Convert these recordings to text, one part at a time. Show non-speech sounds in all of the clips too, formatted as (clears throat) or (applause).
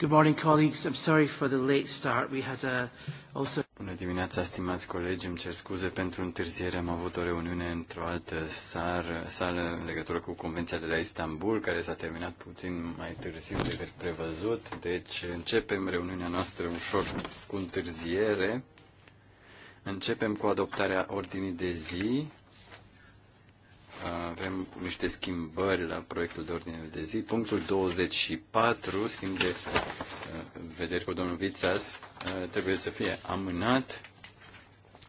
Good morning, colleagues. I'm sorry for the late start. We had a uh, also Bună dimineața, stimați colegi. Îmi cer scuze pentru întârziere. Am avut o reuniune într-o altă sar, sală în legătură cu Convenția de la Istanbul, care s-a terminat puțin mai târziu decât prevăzut. Deci începem reuniunea noastră ușor cu întârziere. Începem cu adoptarea ordinii de zi avem niște schimbări la proiectul de ordine de zi. Punctul 24, schimb de uh, vederi cu domnul Vițas, uh, trebuie să fie amânat.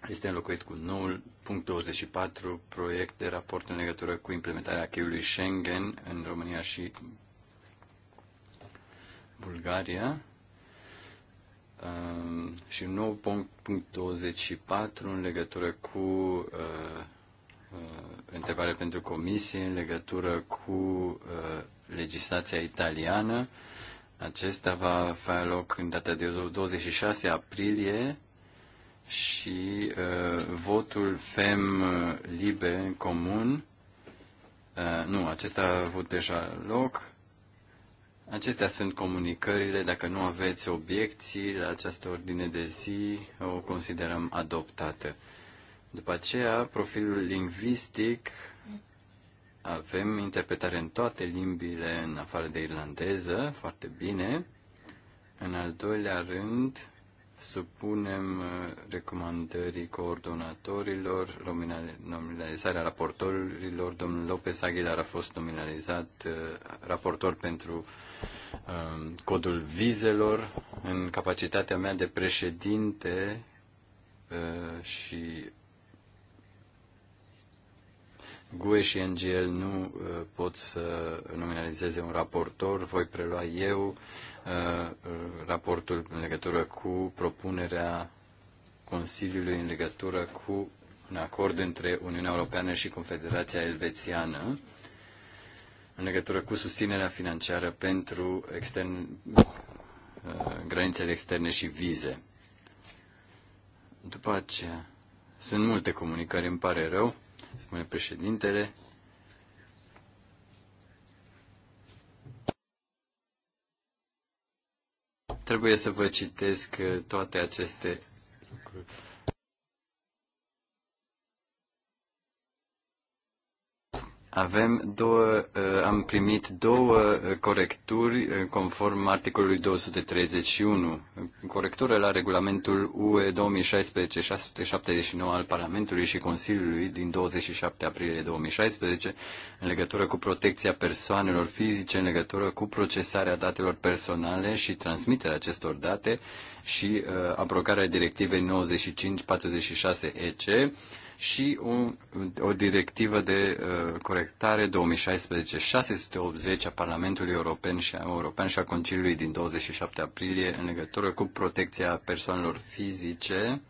Este înlocuit cu noul punct 24, proiect de raport în legătură cu implementarea cheiului Schengen în România și Bulgaria uh, și nou punct, punct 24 în legătură cu uh, Uh, întrebare pentru comisie în legătură cu uh, legislația italiană. Acesta va avea loc în data de 26 aprilie și uh, votul FEM uh, Libe în comun. Uh, nu, acesta a avut deja loc. Acestea sunt comunicările. Dacă nu aveți obiecții la această ordine de zi, o considerăm adoptată. După aceea, profilul lingvistic, avem interpretare în toate limbile, în afară de irlandeză, foarte bine. În al doilea rând, supunem uh, recomandării coordonatorilor, nominalizarea raportorilor. Domnul Lopez Aguilar a fost nominalizat uh, raportor pentru um, codul vizelor. În capacitatea mea de președinte uh, și GUE și NGL nu uh, pot să nominalizeze un raportor, voi prelua eu uh, raportul în legătură cu propunerea Consiliului în legătură cu un acord între Uniunea Europeană și Confederația Elvețiană în legătură cu susținerea financiară pentru extern, uh, granițele externe și vize. După aceea, sunt multe comunicări, îmi pare rău spune președintele. Trebuie să vă citesc uh, toate aceste lucruri. Avem două, uh, am primit două uh, corecturi uh, conform articolului 231, corectură la regulamentul UE 2016-679 al Parlamentului și Consiliului din 27 aprilie 2016 în legătură cu protecția persoanelor fizice în legătură cu procesarea datelor personale și transmiterea acestor date și uh, abrogarea directivei 46 EC și un, o directivă de uh, corectare 2016-680 a Parlamentului European și a, European și a Conciliului din 27 aprilie în legătură cu protecția persoanelor fizice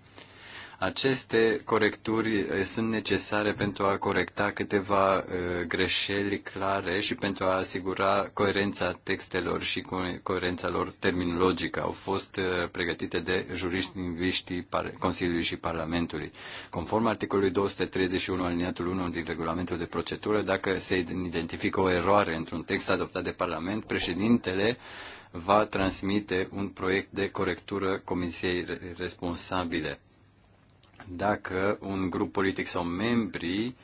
aceste corecturi eh, sunt necesare pentru a corecta câteva eh, greșeli clare și pentru a asigura coerența textelor și coerența lor terminologică. Au fost eh, pregătite de juriști viștii Consiliului și Parlamentului. Conform articolului 231 aliniatul 1 din regulamentul de procedură, dacă se identifică o eroare într-un text adoptat de Parlament, președintele va transmite un proiect de corectură comisiei responsabile dacă un grup politic sau membrii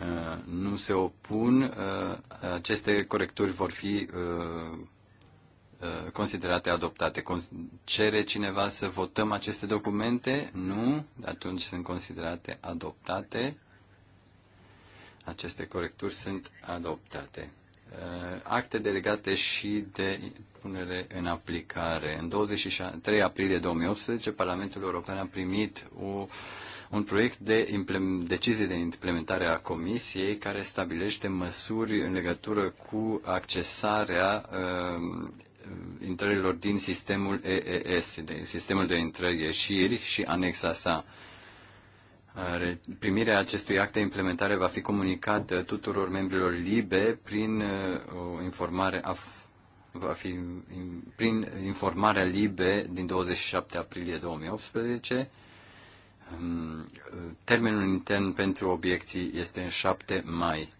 uh, nu se opun, uh, aceste corecturi vor fi uh, considerate adoptate. Cere cineva să votăm aceste documente? Nu. Atunci sunt considerate adoptate. Aceste corecturi sunt adoptate. Acte delegate și de punere în aplicare. În 23 aprilie 2018, Parlamentul European a primit o uh, un proiect de decizie de implementare a Comisiei care stabilește măsuri în legătură cu accesarea uh, intrărilor din sistemul EES, de sistemul de intrări-ieșiri și anexa sa. Primirea acestui act de implementare va fi comunicată tuturor membrilor LIBE prin uh, o informare a va fi prin informarea LIBE din 27 aprilie 2018 Ehm, termenul intern pentru obiecții este în 7 mai.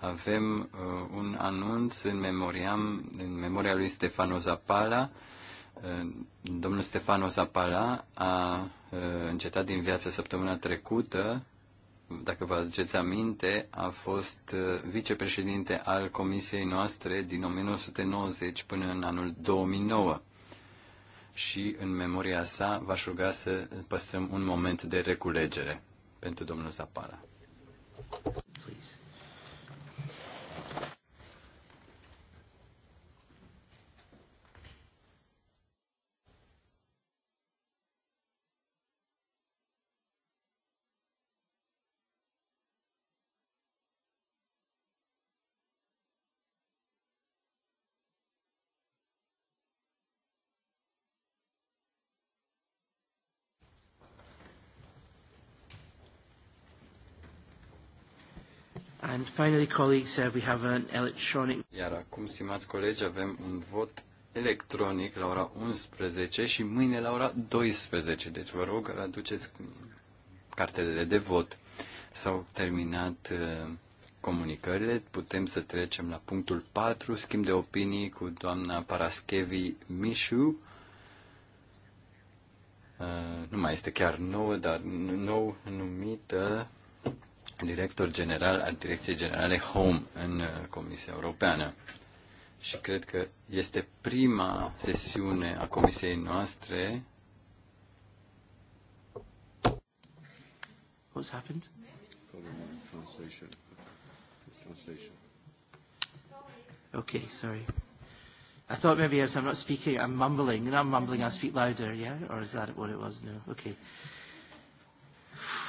Avem uh, un anunț în, memoriam, în memoria lui Stefano Zapala. Uh, ehm, domnul Stefano Zapala a uh, încetat din viață săptămâna trecută. Dacă vă aduceți aminte, a fost uh, vicepreședinte al comisiei noastre din 1990 până în anul 2009 și în memoria sa v-aș ruga să păstrăm un moment de reculegere pentru domnul Zapala. And finally, colleagues, uh, we have an electronic... Iar acum, stimați colegi, avem un vot electronic la ora 11 și mâine la ora 12. Deci vă rog, aduceți cartelele de vot. S-au terminat uh, comunicările. Putem să trecem la punctul 4, schimb de opinii cu doamna Paraschevi Mișu. Uh, nu mai este chiar nouă, dar nou numită director general al Direcției Generale Home în uh, Comisia Europeană. Și cred că este prima sesiune a comisiei noastre. What's happened? Translation. Translation. Okay, sorry. I thought maybe as I'm not speaking, I'm mumbling. And I'm mumbling, I speak louder, yeah? Or is that what it was? No. Okay.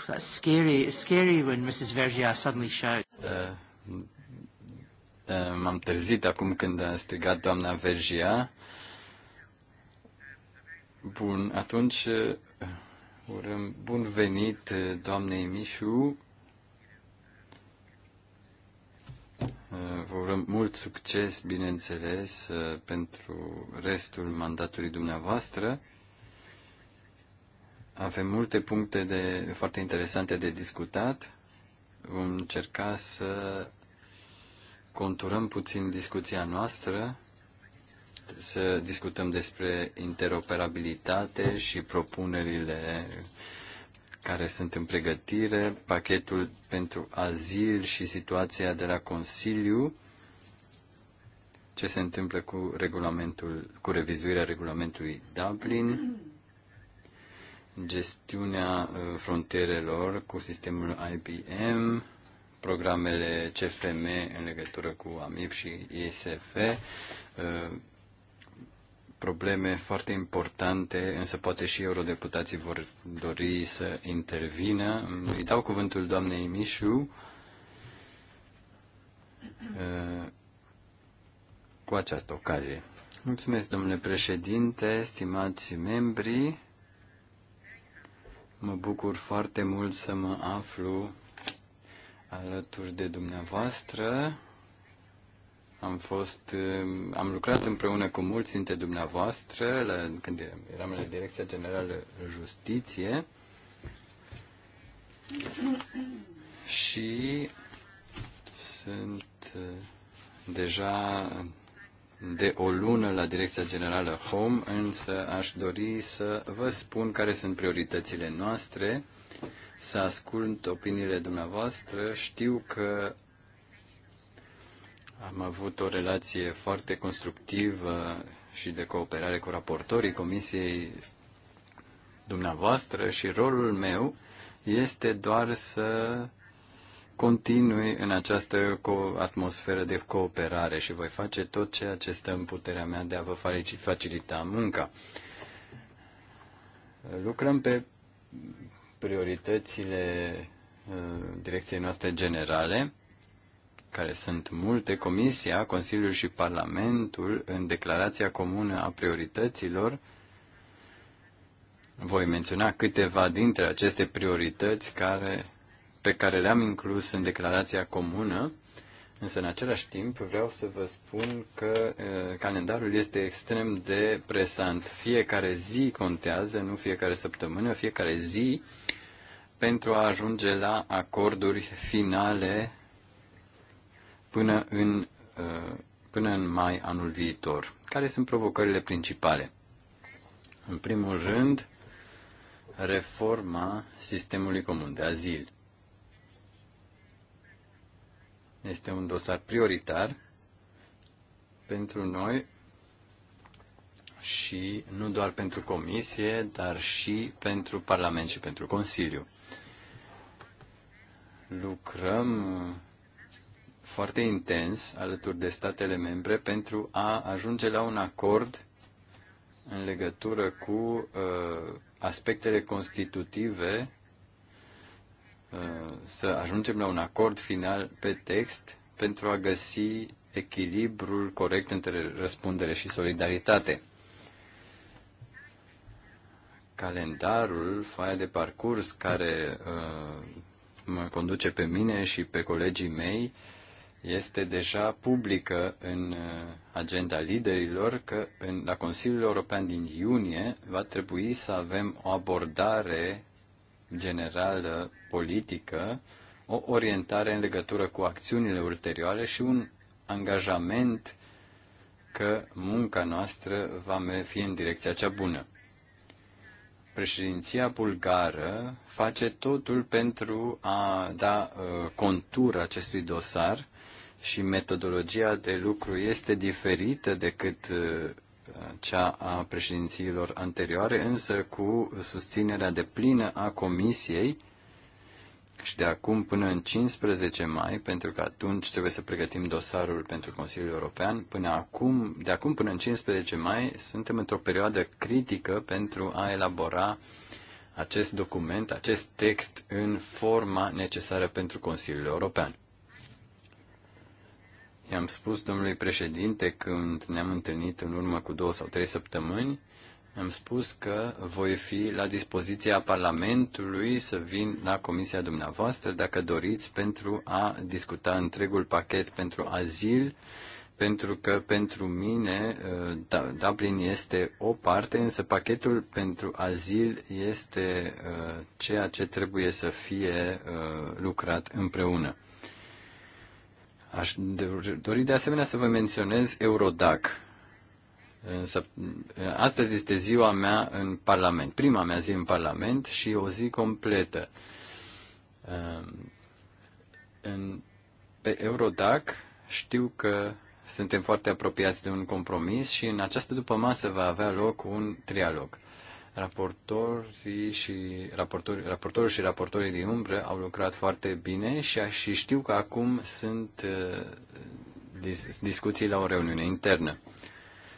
That's scary. It's scary when Mrs. Vergia suddenly shouts. Uh, uh, m-am trezit acum când a strigat doamna Vergia. Bun, atunci uh, urăm bun venit uh, doamnei Mișu. Vă urăm mult succes, bineînțeles, pentru restul mandatului dumneavoastră. Avem multe puncte de, foarte interesante de discutat. Vom încerca să conturăm puțin discuția noastră, să discutăm despre interoperabilitate și propunerile care sunt în pregătire, pachetul pentru azil și situația de la Consiliu, ce se întâmplă cu regulamentul, cu revizuirea regulamentului Dublin gestiunea uh, frontierelor cu sistemul IBM, programele CFM în legătură cu AMIF și ISF, uh, probleme foarte importante, însă poate și eurodeputații vor dori să intervină. Îi dau cuvântul doamnei Mișu uh, cu această ocazie. Mulțumesc, domnule președinte, stimați membri. Mă bucur foarte mult să mă aflu alături de dumneavoastră. Am fost, am lucrat împreună cu mulți dintre dumneavoastră la, când eram la Direcția Generală Justiție și sunt uh, deja de o lună la Direcția Generală Home, însă aș dori să vă spun care sunt prioritățile noastre, să ascult opiniile dumneavoastră. Știu că am avut o relație foarte constructivă și de cooperare cu raportorii Comisiei dumneavoastră și rolul meu este doar să continui în această atmosferă de cooperare și voi face tot ceea ce stă în puterea mea de a vă facilita munca. Lucrăm pe prioritățile uh, direcției noastre generale, care sunt multe, Comisia, Consiliul și Parlamentul, în declarația comună a priorităților, voi menționa câteva dintre aceste priorități care pe care le-am inclus în declarația comună, însă în același timp vreau să vă spun că calendarul este extrem de presant. Fiecare zi contează, nu fiecare săptămână, fiecare zi pentru a ajunge la acorduri finale până în, până în mai anul viitor. Care sunt provocările principale? În primul rând, reforma sistemului comun de azil. Este un dosar prioritar pentru noi și nu doar pentru Comisie, dar și pentru Parlament și pentru Consiliu. Lucrăm foarte intens alături de statele membre pentru a ajunge la un acord în legătură cu uh, aspectele constitutive Uh, să ajungem la un acord final pe text pentru a găsi echilibrul corect între răspundere și solidaritate. Calendarul, foaia de parcurs care uh, mă conduce pe mine și pe colegii mei este deja publică în uh, agenda liderilor că în, la Consiliul European din iunie va trebui să avem o abordare generală politică, o orientare în legătură cu acțiunile ulterioare și un angajament că munca noastră va fi în direcția cea bună. Președinția bulgară face totul pentru a da uh, contur acestui dosar și metodologia de lucru este diferită decât uh, cea a președințiilor anterioare, însă cu susținerea de plină a Comisiei și de acum până în 15 mai, pentru că atunci trebuie să pregătim dosarul pentru Consiliul European, până acum, de acum până în 15 mai suntem într-o perioadă critică pentru a elabora acest document, acest text în forma necesară pentru Consiliul European. I-am spus domnului președinte când ne-am întâlnit în urmă cu două sau trei săptămâni, am spus că voi fi la dispoziția Parlamentului să vin la comisia dumneavoastră dacă doriți pentru a discuta întregul pachet pentru azil, pentru că pentru mine uh, da- Dublin este o parte, însă pachetul pentru azil este uh, ceea ce trebuie să fie uh, lucrat împreună. Aș dori de asemenea să vă menționez Eurodac. Astăzi este ziua mea în Parlament, prima mea zi în Parlament și o zi completă. Ehm, în, pe Eurodac știu că suntem foarte apropiați de un compromis și în această după masă va avea loc un trialog raportori și, raportori, raportorul și raportorii din umbră au lucrat foarte bine și, și știu că acum sunt uh, dis, discuții la o reuniune internă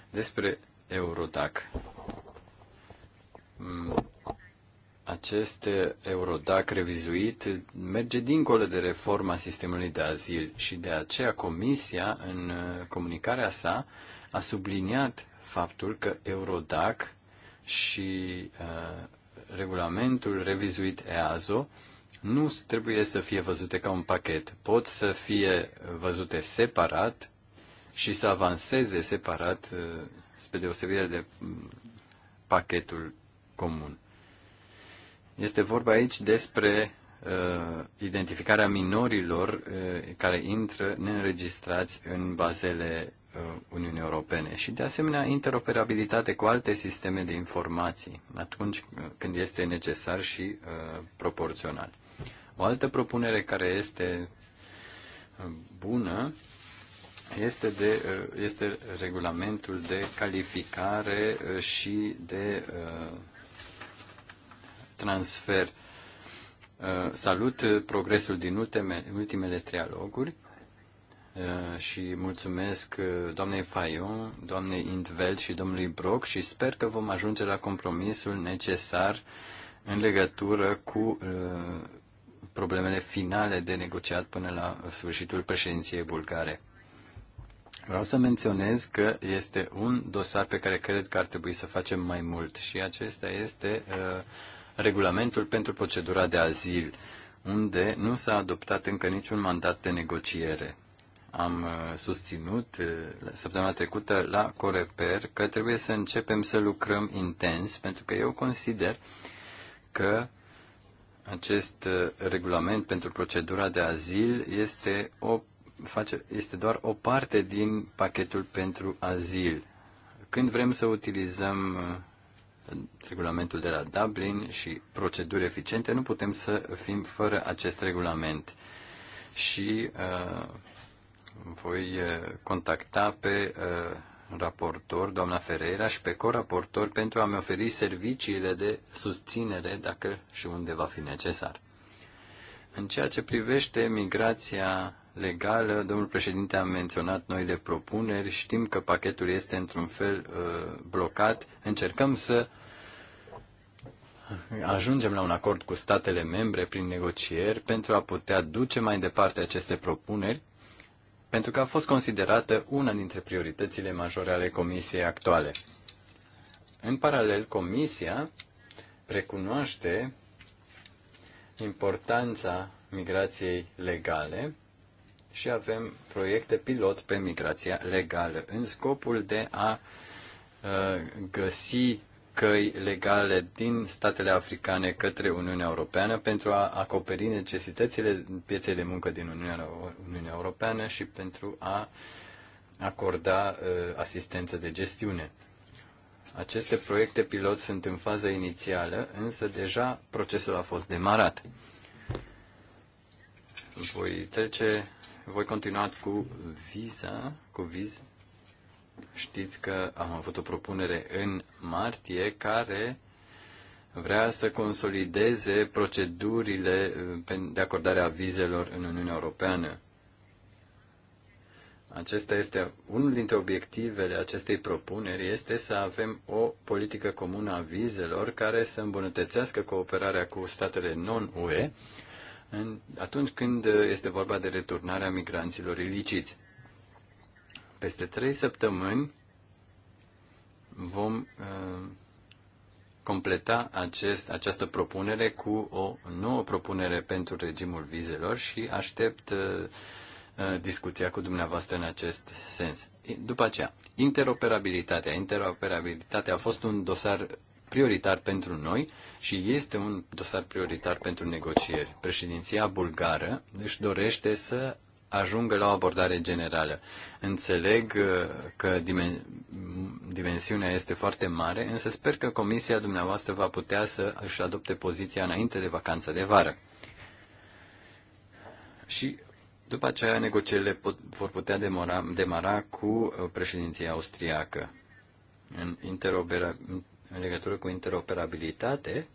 despre Eurodac. Mm, acest Eurodac revizuit merge dincolo de reforma sistemului de azil și de aceea Comisia, în uh, comunicarea sa, a subliniat faptul că Eurodac și uh, regulamentul revizuit EASO nu trebuie să fie văzute ca un pachet. Pot să fie văzute separat și să avanseze separat uh, spre deosebire de mm, pachetul comun. Este vorba aici despre uh, identificarea minorilor uh, care intră neînregistrați în bazele Uh, Uniunii Europene și, de asemenea, interoperabilitate cu alte sisteme de informații atunci uh, când este necesar și uh, proporțional. O altă propunere care este uh, bună este, de, uh, este regulamentul de calificare și de uh, transfer. Salut progresul din ultime, ultimele trialoguri Eh, și mulțumesc eh, doamnei Fayon, doamnei Intveld și domnului Brock și sper că vom ajunge la compromisul necesar în legătură cu eh, problemele finale de negociat până la sfârșitul președinției bulgare. Vreau să menționez că este un dosar pe care cred că ar trebui să facem mai mult și acesta este regulamentul pentru procedura de azil, unde nu s-a adoptat încă niciun mandat de negociere. Am uh, susținut uh, săptămâna trecută la Coreper că trebuie să începem să lucrăm intens, pentru că eu consider că acest uh, regulament pentru procedura de azil este, o, face, este doar o parte din pachetul pentru azil. Când vrem să utilizăm regulamentul de la Dublin și proceduri eficiente, nu putem să fim fără acest regulament. Și uh, voi eh, contacta pe eh, raportor, doamna Ferreira, și pe coraportor pentru a-mi oferi serviciile de susținere dacă și unde va fi necesar. În ceea ce privește migrația legală, domnul președinte a menționat noile propuneri, știm că pachetul este într-un fel eh, blocat, încercăm să ajungem la un acord cu statele membre prin negocieri pentru a putea duce mai departe aceste propuneri pentru că a fost considerată una dintre prioritățile majore ale Comisiei actuale. În paralel, Comisia recunoaște importanța migrației legale și avem proiecte pilot pe migrația legală în scopul de a uh, găsi căi legale din statele africane către Uniunea Europeană pentru a acoperi necesitățile pieței de muncă din Uniunea, Europeană și pentru a acorda uh, asistență de gestiune. Aceste proiecte pilot sunt în fază inițială, însă deja procesul a fost demarat. Voi trece, voi continua cu viza, cu viza Știți că am avut o propunere în martie care vrea să consolideze procedurile uh, de acordare a vizelor în Uniunea Europeană. Acesta este unul dintre obiectivele acestei propuneri este să avem o politică comună a vizelor care să îmbunătățească cooperarea cu statele non-UE atunci când uh, este vorba de returnarea migranților iliciți. Peste trei săptămâni vom uh, completa acest, această propunere cu o nouă propunere pentru regimul vizelor și aștept uh, uh discuția cu dumneavoastră în acest sens. După aceea, interoperabilitatea. Interoperabilitatea a fost un dosar prioritar pentru noi și este un dosar prioritar pentru negocieri. Președinția bulgară își dorește să ajungă la o abordare generală. Înțeleg uh, că dimensiunea este foarte mare, însă sper că comisia dumneavoastră va putea să își adopte poziția înainte de vacanța de vară. Și după aceea negocierile pot, vor putea demora, demara cu uh, președinția austriacă. În, în legătură cu interoperabilitate,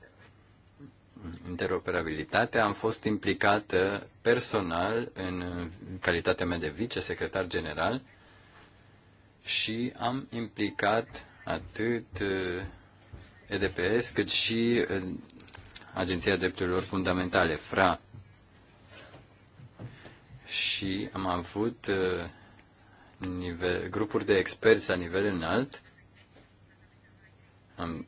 interoperabilitatea, am fost implicată personal în calitatea mea de vicesecretar general și am implicat atât EDPS eh, cât și eh, Agenția Drepturilor Fundamentale, FRA. Și am avut eh, nivel, grupuri de experți la nivel înalt. Am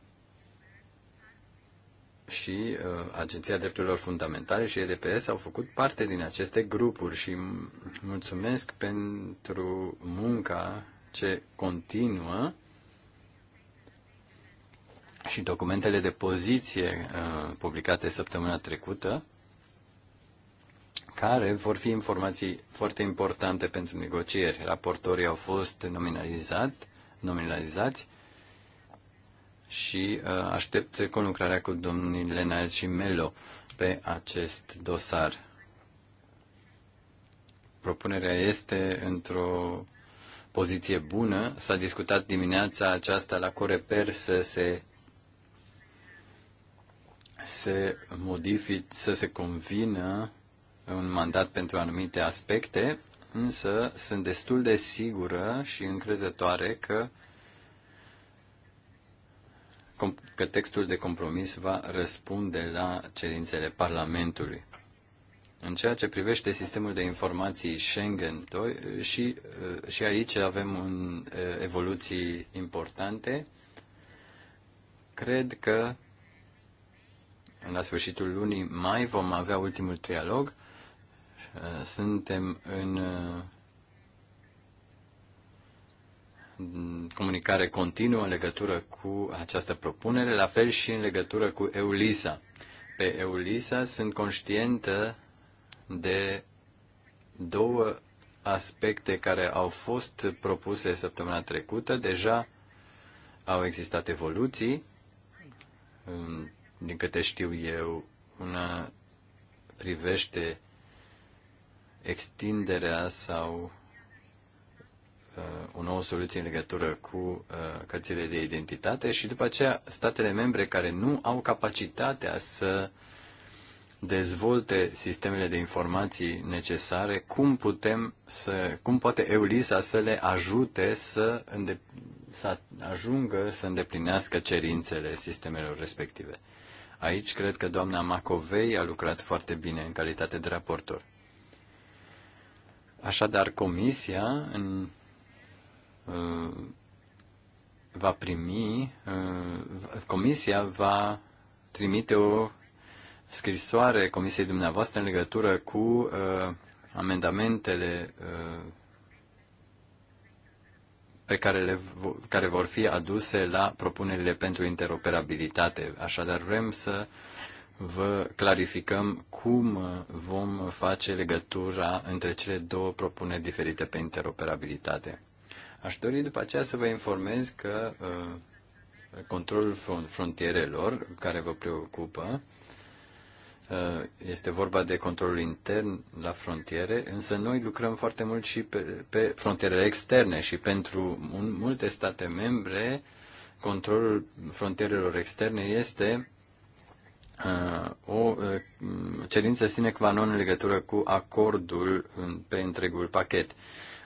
și uh, Agenția Drepturilor Fundamentale și EDPS au făcut parte din aceste grupuri și mulțumesc pentru munca ce continuă și documentele de poziție uh, publicate săptămâna trecută, care vor fi informații foarte importante pentru negocieri. Raportorii au fost nominalizați, nominalizați și uh, aștept conlucrarea cu domnii Lenaez și Melo pe acest dosar. Propunerea este într-o poziție bună. S-a discutat dimineața aceasta la Coreper să se se modifice, să se convină un mandat pentru anumite aspecte, însă sunt destul de sigură și încrezătoare că că textul de compromis va răspunde la cerințele Parlamentului. În ceea ce privește sistemul de informații Schengen și, uh, și aici avem un, uh, evoluții importante. Cred că la sfârșitul lunii mai vom avea ultimul trialog. Uh, suntem în Mm, comunicare continuă în legătură cu această propunere, la fel și în legătură cu EULISA. Pe EULISA sunt conștientă de două aspecte care au fost propuse săptămâna trecută. Deja au existat evoluții. Mm, din câte știu eu, una privește extinderea sau Uh, o nouă soluție în legătură cu uh, cărțile de identitate și după aceea statele membre care nu au capacitatea să dezvolte sistemele de informații necesare, cum putem să, cum poate Eulisa să le ajute să, înde, să ajungă să îndeplinească cerințele sistemelor respective. Aici cred că doamna Macovei a lucrat foarte bine în calitate de raportor. Așadar, Comisia, în Uh, va primi, uh, comisia va trimite o scrisoare comisiei dumneavoastră în legătură cu uh, amendamentele pe care, le, care vor fi aduse la propunerile pentru interoperabilitate. Așadar, vrem să vă clarificăm cum vom face legătura între cele două propuneri diferite pe interoperabilitate. Aș dori după aceea să vă informez că uh, controlul frontierelor care vă preocupă uh, este vorba de controlul intern la frontiere, însă noi lucrăm foarte mult și pe, pe frontierele externe și pentru multe state membre controlul frontierelor externe este uh, o cerință sine qua non în legătură cu acordul pe întregul pachet.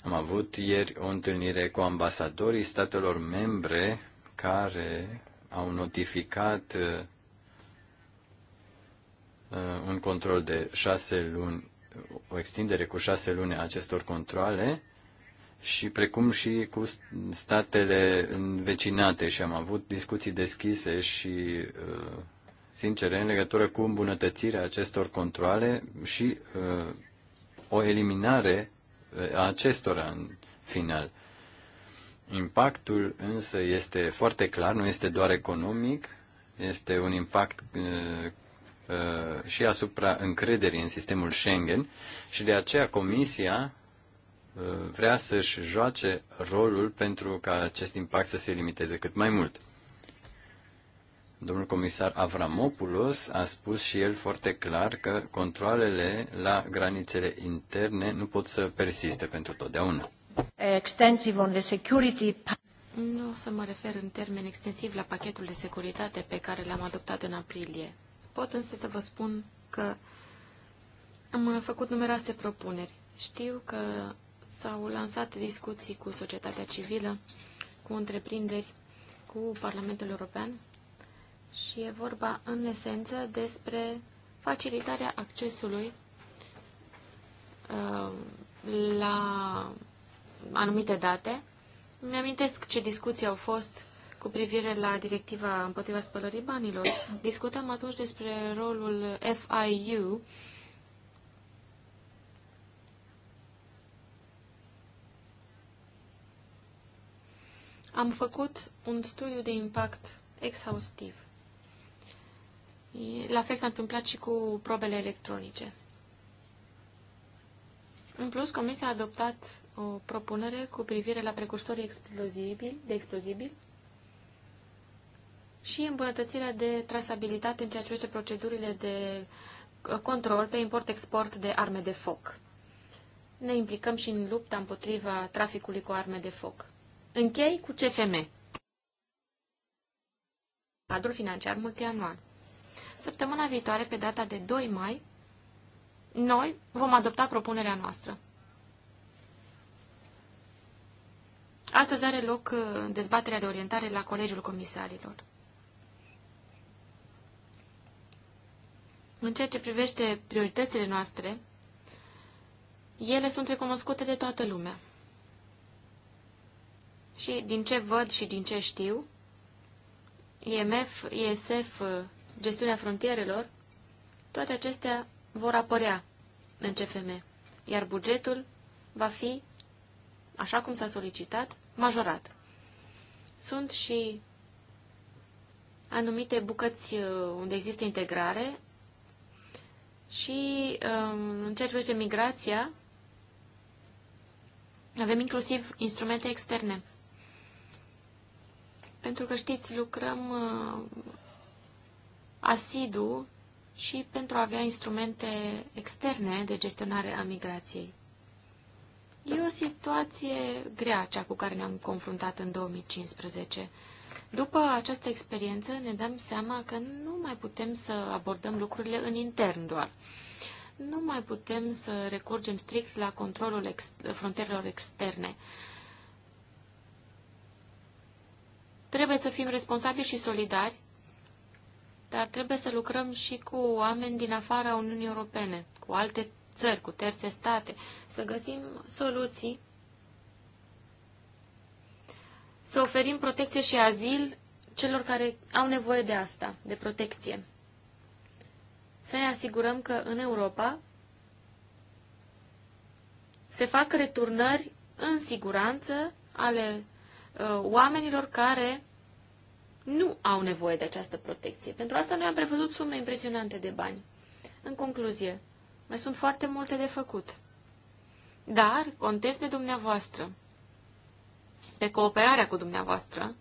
Am avut ieri o întâlnire cu ambasadorii statelor membre care au notificat uh, uh, un control de șase luni, o extindere cu șase luni a acestor controle și precum și cu statele învecinate și am avut discuții deschise și uh, sincere în legătură cu îmbunătățirea acestor controle și o eliminare acestora în final. Impactul însă este foarte clar, nu este doar economic, este un impact uh, uh, și asupra încrederii în sistemul Schengen și de aceea Comisia uh, vrea să-și joace rolul pentru ca acest impact să se limiteze cât mai mult. Domnul comisar Avramopoulos a spus și el foarte clar că controlele la granițele interne nu pot să persiste pentru totdeauna. nu o să mă refer în termen extensiv la pachetul de securitate pe care l-am adoptat în aprilie. Pot însă să vă spun că am făcut numeroase propuneri. Știu că s-au lansat discuții cu societatea civilă, cu întreprinderi, cu Parlamentul European și e vorba în esență despre facilitarea accesului uh, la anumite date. Îmi amintesc ce discuții au fost cu privire la directiva împotriva spălării banilor. Discutam atunci despre rolul FIU, Am făcut un studiu de impact exhaustiv. La fel s-a întâmplat și cu probele electronice. În plus, Comisia a adoptat o propunere cu privire la precursorii explozibili, de explozibili și îmbunătățirea de trasabilitate în ceea ce privește procedurile de uh, control pe import-export de arme de foc. Ne implicăm și în lupta împotriva traficului cu arme de foc. Închei cu CFM. Cadrul financiar multianual săptămâna viitoare, pe data de 2 mai, noi vom adopta propunerea noastră. Astăzi are loc uh, dezbaterea de orientare la Colegiul Comisarilor. În ceea ce privește prioritățile noastre, ele sunt recunoscute de toată lumea. Și din ce văd și din ce știu, IMF, ISF, gestiunea frontierelor, toate acestea vor apărea în CFM, iar bugetul va fi, așa cum s-a solicitat, majorat. Sunt și anumite bucăți uh, unde există integrare și um, în ceea ce privește migrația, avem inclusiv instrumente externe. Pentru că știți, lucrăm uh, asidu și pentru a avea instrumente externe de gestionare a migrației. E o situație grea cea cu care ne-am confruntat în 2015. După această experiență ne dăm seama că nu mai putem să abordăm lucrurile în intern doar. Nu mai putem să recurgem strict la controlul ex frontierelor externe. Trebuie să fim responsabili și solidari dar trebuie să lucrăm și cu oameni din afara Uniunii Europene, cu alte țări, cu terțe state, să găsim soluții, să oferim protecție și azil celor care au nevoie de asta, de protecție. Să ne asigurăm că în Europa se fac returnări în siguranță ale uh, oamenilor care nu au nevoie de această protecție. Pentru asta noi am prevăzut sume impresionante de bani. În concluzie, mai sunt foarte multe de făcut. Dar contez pe dumneavoastră, pe cooperarea cu dumneavoastră.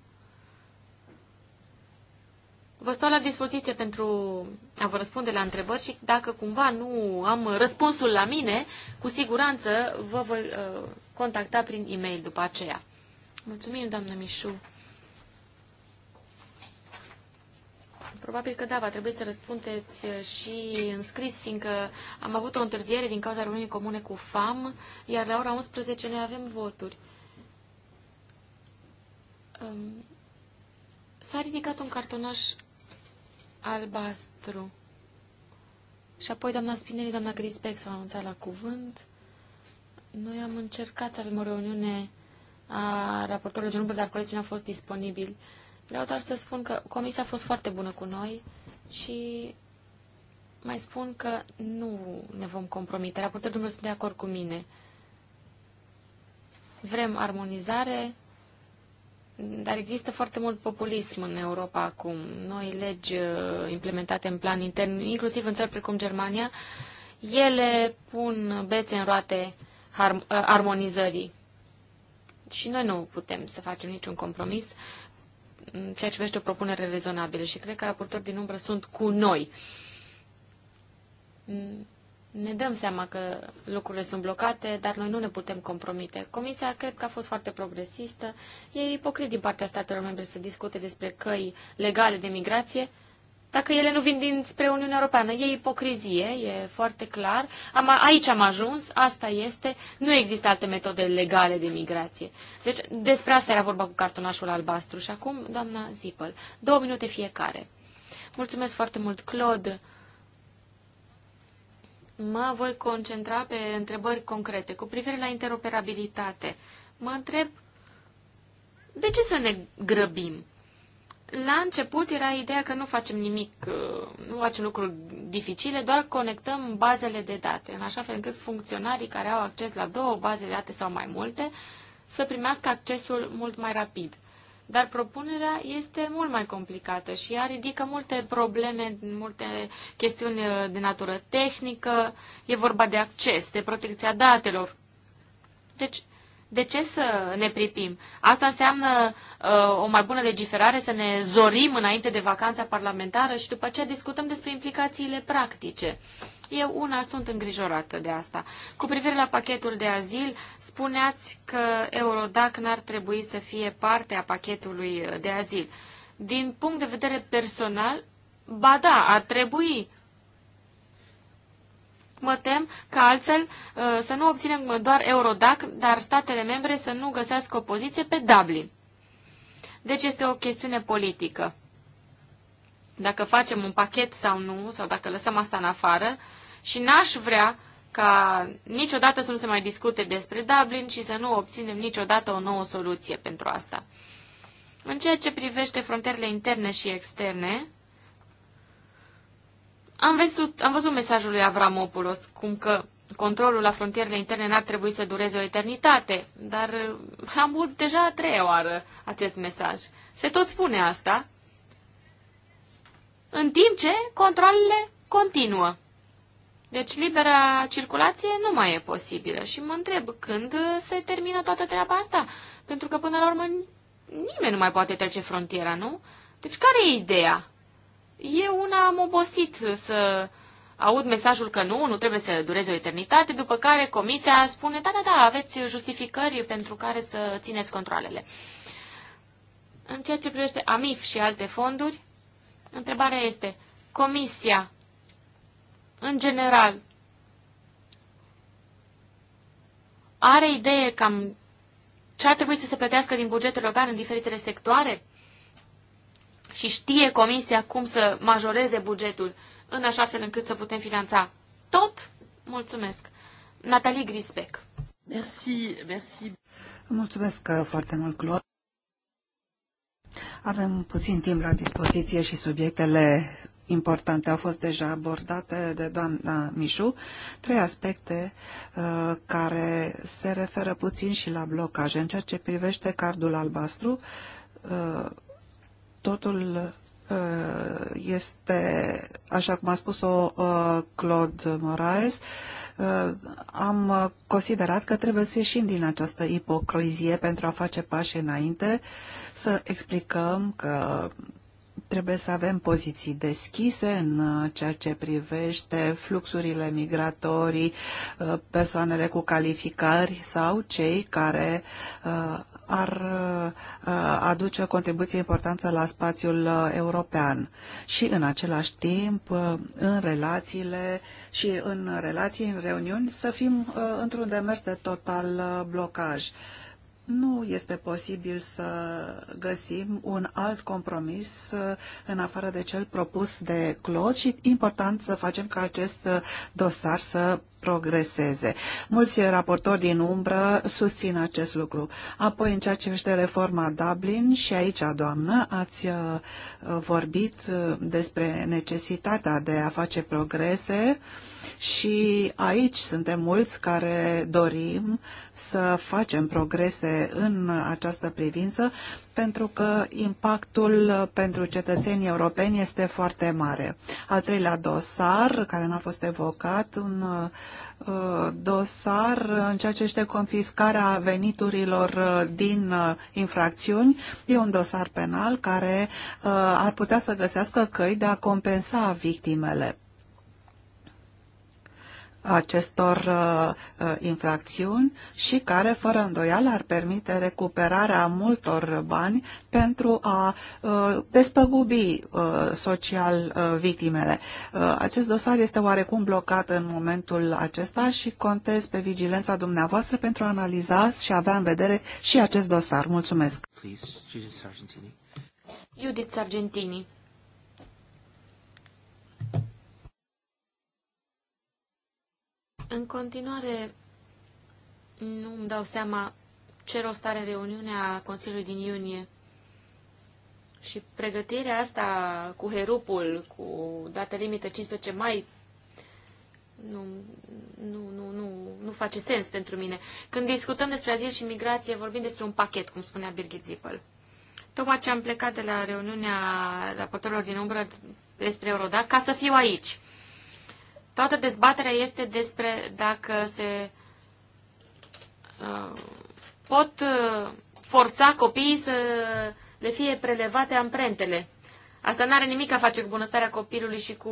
Vă stau la dispoziție pentru a vă răspunde la întrebări și dacă cumva nu am răspunsul la mine, cu siguranță vă voi uh, contacta prin e-mail după aceea. Mulțumim, doamnă Mișu. Probabil că da, va trebui să răspundeți eh, și în scris, fiindcă am avut o întârziere din cauza reuniunii comune cu FAM, iar la ora 11 ne avem voturi. S-a ridicat un cartonaș albastru. Și apoi doamna Spinelli, doamna Grisbeck s-au anunțat la cuvânt. Noi am încercat să avem o reuniune a raportorului de număr, dar colegii n-au fost disponibili. Vreau doar să spun că comisia a fost foarte bună cu noi și mai spun că nu ne vom compromite. Raportul dumneavoastră sunt de acord cu mine. Vrem armonizare, dar există foarte mult populism în Europa acum. Noi legi uh, implementate în plan intern, inclusiv în țări precum Germania, ele pun bețe în roate uh, armonizării. Și noi nu putem să facem niciun compromis ceea ce vește o propunere rezonabilă și cred că raportori din umbră sunt cu noi. Ne dăm seama că lucrurile sunt blocate, dar noi nu ne putem compromite. Comisia cred că a fost foarte progresistă. E ipocrit din partea statelor membre să discute despre căi legale de migrație, dacă ele nu vin dinspre Uniunea Europeană. E ipocrizie, e foarte clar. Am, aici am ajuns, asta este. Nu există alte metode legale de migrație. Deci despre asta era vorba cu cartonașul albastru. Și acum, doamna Zipăl, două minute fiecare. Mulțumesc foarte mult, Claude. Mă voi concentra pe întrebări concrete cu privire la interoperabilitate. Mă întreb de ce să ne grăbim? la început era ideea că nu facem nimic, uh, nu facem lucruri dificile, doar conectăm bazele de date, în așa fel încât funcționarii care au acces la două baze de date sau mai multe să primească accesul mult mai rapid. Dar propunerea este mult mai complicată și ea ridică multe probleme, multe chestiuni uh, de natură tehnică, e vorba de acces, de protecția datelor. Deci de ce să ne pripim? Asta înseamnă uh, o mai bună legiferare, să ne zorim înainte de vacanța parlamentară și după aceea discutăm despre implicațiile practice. Eu una sunt îngrijorată de asta. Cu privire la pachetul de azil, spuneați că Eurodac n-ar trebui să fie parte a pachetului de azil. Din punct de vedere personal, ba da, ar trebui, Mă tem că altfel uh, să nu obținem doar Eurodac, dar statele membre să nu găsească o poziție pe Dublin. Deci este o chestiune politică. Dacă facem un pachet sau nu, sau dacă lăsăm asta în afară, și n-aș vrea ca niciodată să nu se mai discute despre Dublin și să nu obținem niciodată o nouă soluție pentru asta. În ceea ce privește frontierele interne și externe, am văzut, am văzut mesajul lui Avramopoulos, cum că controlul la frontierele interne n-ar trebui să dureze o eternitate, dar eh, am avut deja a treia oară acest mesaj. Se tot spune asta, în timp ce controlele continuă. Deci libera circulație nu mai e posibilă și mă întreb când eh, se termină toată treaba asta, pentru că până la urmă nimeni nu mai poate trece frontiera, nu? Deci care e ideea? Eu una am obosit să aud mesajul că nu, nu trebuie să dureze o eternitate, după care comisia spune, da, da, da, aveți justificări pentru care să țineți controlele. În ceea ce privește AMIF și alte fonduri, întrebarea este, comisia, în general, are idee cam ce ar trebui să se plătească din bugetul european în diferitele sectoare? și știe Comisia cum să majoreze bugetul în așa fel încât să putem finanța tot? Mulțumesc. Natalie Grisbeck. Merci, merci. Mulțumesc foarte mult, Claude. Avem puțin timp la dispoziție și subiectele importante au fost deja abordate de doamna Mișu. Trei aspecte uh, care se referă puțin și la blocaje. În ceea ce privește cardul albastru, uh, Totul uh, este, așa cum a spus-o uh, Claude Moraes, uh, am considerat că trebuie să ieșim din această ipocrizie pentru a face pași înainte, să explicăm că trebuie să avem poziții deschise în ceea ce privește fluxurile migratorii, persoanele cu calificări sau cei care ar uh, aduce o contribuție importantă la spațiul uh, european și în același timp uh, în relațiile și în relații, în reuniuni, să fim într-un demers de total blocaj nu este posibil să găsim un alt compromis uh, în afară de cel propus de Claude și important să facem ca acest uh, dosar să progreseze. Mulți raportori din umbră susțin acest lucru. Apoi, în ceea ce privește reforma Dublin, și aici, doamnă, ați uh, vorbit despre necesitatea de a face progrese uh, și aici suntem mulți care dorim să facem progrese în această privință, pentru că impactul pentru cetățenii europeni este foarte mare. Al treilea dosar, care n-a fost evocat, un uh, dosar în ceea ce este confiscarea veniturilor uh, din uh, infracțiuni. E un dosar penal care ar putea să găsească căi de a compensa victimele acestor uh, uh, infracțiuni și care, fără îndoială, ar permite recuperarea multor bani pentru a uh, despăgubi social victimele. Acest dosar este oarecum blocat în momentul acesta și contez pe vigilența dumneavoastră pentru a analiza și avea în vedere și acest dosar. Mulțumesc! Please, Judith Sargentini. Judith Sargentini. În continuare, nu îmi dau seama ce rost are reuniunea Consiliului din iunie. Și pregătirea asta cu herupul, cu data limită 15 mai, nu, nu, nu, nu, nu face sens pentru mine. Când discutăm despre azil și migrație, vorbim despre un pachet, cum spunea Birgit Zippel. Tocmai ce am plecat de la reuniunea raportorilor din umbră despre Eurodac, ca să fiu aici. Toată dezbaterea este despre dacă se uh, pot uh, forța copiii să le fie prelevate amprentele. Asta nu are nimic a face cu bunăstarea copilului și cu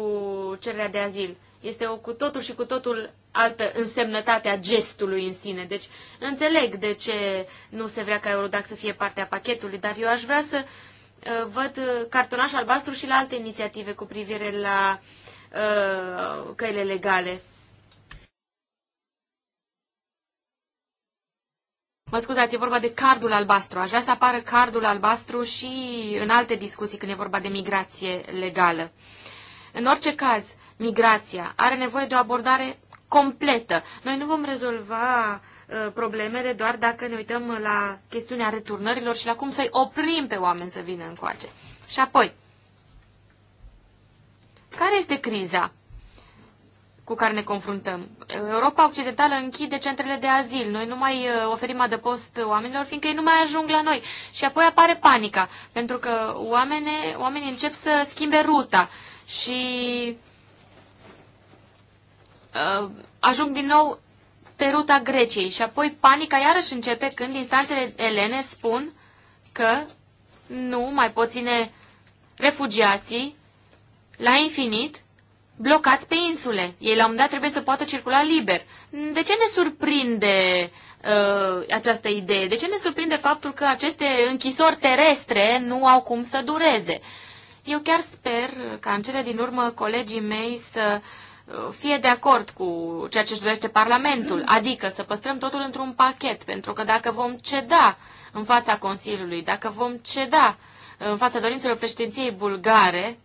cererea de azil. Este o cu totul și cu totul altă însemnătate a gestului în sine. Deci înțeleg de ce nu se vrea ca Eurodac să fie parte a pachetului, dar eu aș vrea să uh, văd cartonaș albastru și la alte inițiative cu privire la uh, uh, căile legale. Mă scuzați, e vorba de cardul albastru. Aș vrea să apară cardul albastru și în alte discuții când e vorba de migrație legală. În orice caz, migrația are nevoie de o abordare completă. Noi nu vom rezolva uh, problemele doar dacă ne uităm la chestiunea returnărilor și la cum să-i oprim pe oameni să vină încoace. Și apoi, care este criza cu care ne confruntăm? Europa Occidentală închide centrele de azil. Noi nu mai uh, oferim adăpost oamenilor, fiindcă ei nu mai ajung la noi. Și apoi apare panica, pentru că oamenii oamenii încep să schimbe ruta și uh, ajung din nou pe ruta Greciei. Și apoi panica iarăși începe când instanțele elene spun că nu mai pot ține refugiații la infinit, blocați pe insule. Ei la un moment dat trebuie să poată circula liber. De ce ne surprinde uh, această idee? De ce ne surprinde faptul că aceste închisori terestre nu au cum să dureze? Eu chiar sper ca în cele din urmă colegii mei să uh, fie de acord cu ceea ce își dorește Parlamentul, adică să păstrăm totul într-un pachet, pentru că dacă vom ceda în fața Consiliului, dacă vom ceda în fața dorințelor președinției bulgare,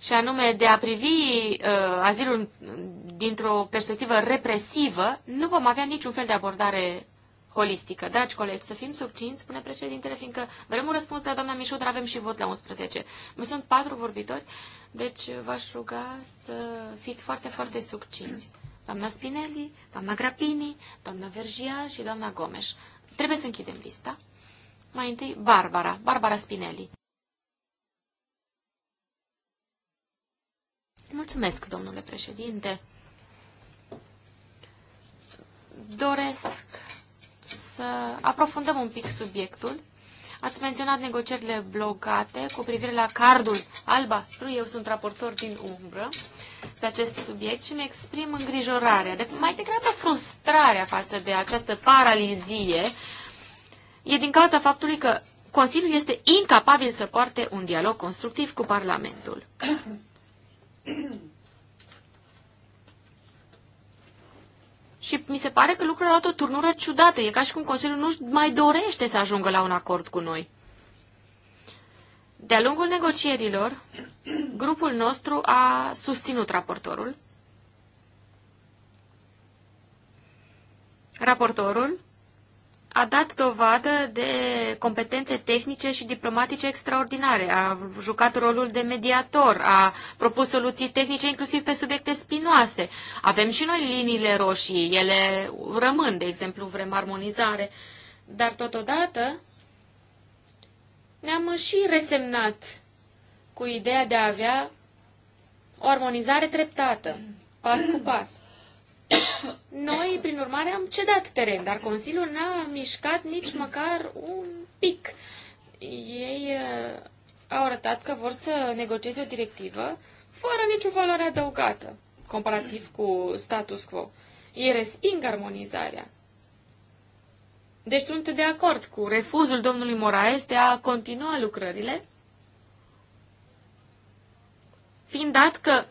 și anume de a privi uh, azilul dintr-o perspectivă represivă, nu vom avea niciun fel de abordare holistică. Dragi colegi, să fim subținți, spune președintele, fiindcă vrem un răspuns de la doamna Mișu, dar avem și vot la 11. Mai sunt patru vorbitori, deci v-aș ruga să fiți foarte, foarte subțini. Doamna Spinelli, doamna Grapini, doamna Vergia și doamna Gomes. Trebuie să închidem lista. Mai întâi, Barbara, Barbara Spinelli. Mulțumesc, domnule președinte. Doresc să aprofundăm un pic subiectul. Ați menționat negocierile blocate cu privire la cardul albastru. Eu sunt raportor din umbră pe acest subiect și mi exprim îngrijorarea, de, mai degrabă frustrarea față de această paralizie. E din cauza faptului că Consiliul este incapabil să poarte un dialog constructiv cu Parlamentul. (clears throat) Și mi se pare că lucrurile au luat o turnură ciudată. E ca și cum Consiliul nu mai dorește să ajungă la un acord cu noi. De-a lungul negocierilor, (clears throat) grupul nostru a susținut raportorul. Raportorul a dat dovadă de competențe tehnice și diplomatice extraordinare, a jucat rolul de mediator, a propus soluții tehnice inclusiv pe subiecte spinoase. Avem și noi liniile roșii, ele rămân, de exemplu, vrem armonizare, dar totodată ne-am și resemnat cu ideea de a avea o armonizare treptată, pas cu pas. Noi, prin urmare, am cedat teren, dar Consiliul n-a mișcat nici măcar un pic. Ei uh, au arătat că vor să negocieze o directivă fără nicio valoare adăugată, comparativ cu status quo. Ei resping armonizarea. Deci sunt de acord cu refuzul domnului Moraes de a continua lucrările, fiind dat că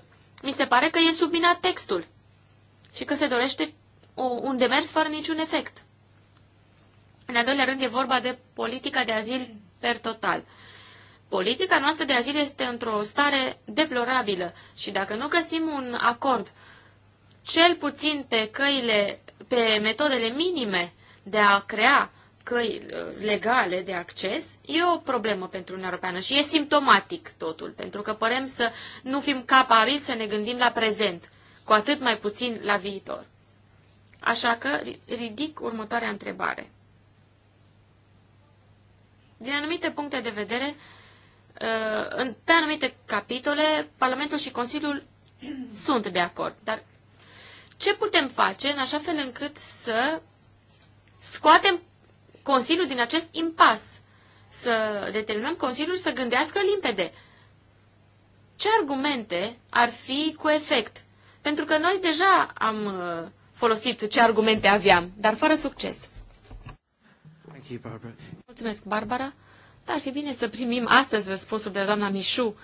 mi se pare că e subminat textul și că se dorește o, un demers fără niciun efect. În al doilea rând e vorba de politica de azil per total. Politica noastră de azil este într-o stare deplorabilă și dacă nu găsim un acord, cel puțin pe căile, pe metodele minime de a crea căi uh, legale de acces, e o problemă pentru Uniunea Europeană și e simptomatic totul, pentru că părem să nu fim capabili să ne gândim la prezent cu atât mai puțin la viitor. Așa că ridic următoarea întrebare. Din anumite puncte de vedere, uh, pe anumite capitole, Parlamentul și Consiliul (clears throat) sunt de acord. Dar ce putem face în așa fel încât să scoatem Consiliul din acest impas? Să determinăm Consiliul să gândească limpede. Ce argumente ar fi cu efect pentru că noi deja am uh, folosit ce argumente aveam, dar fără succes. Thank you, Barbara. Mulțumesc, Barbara. Dar ar fi bine să primim astăzi răspunsul de la doamna Mișu.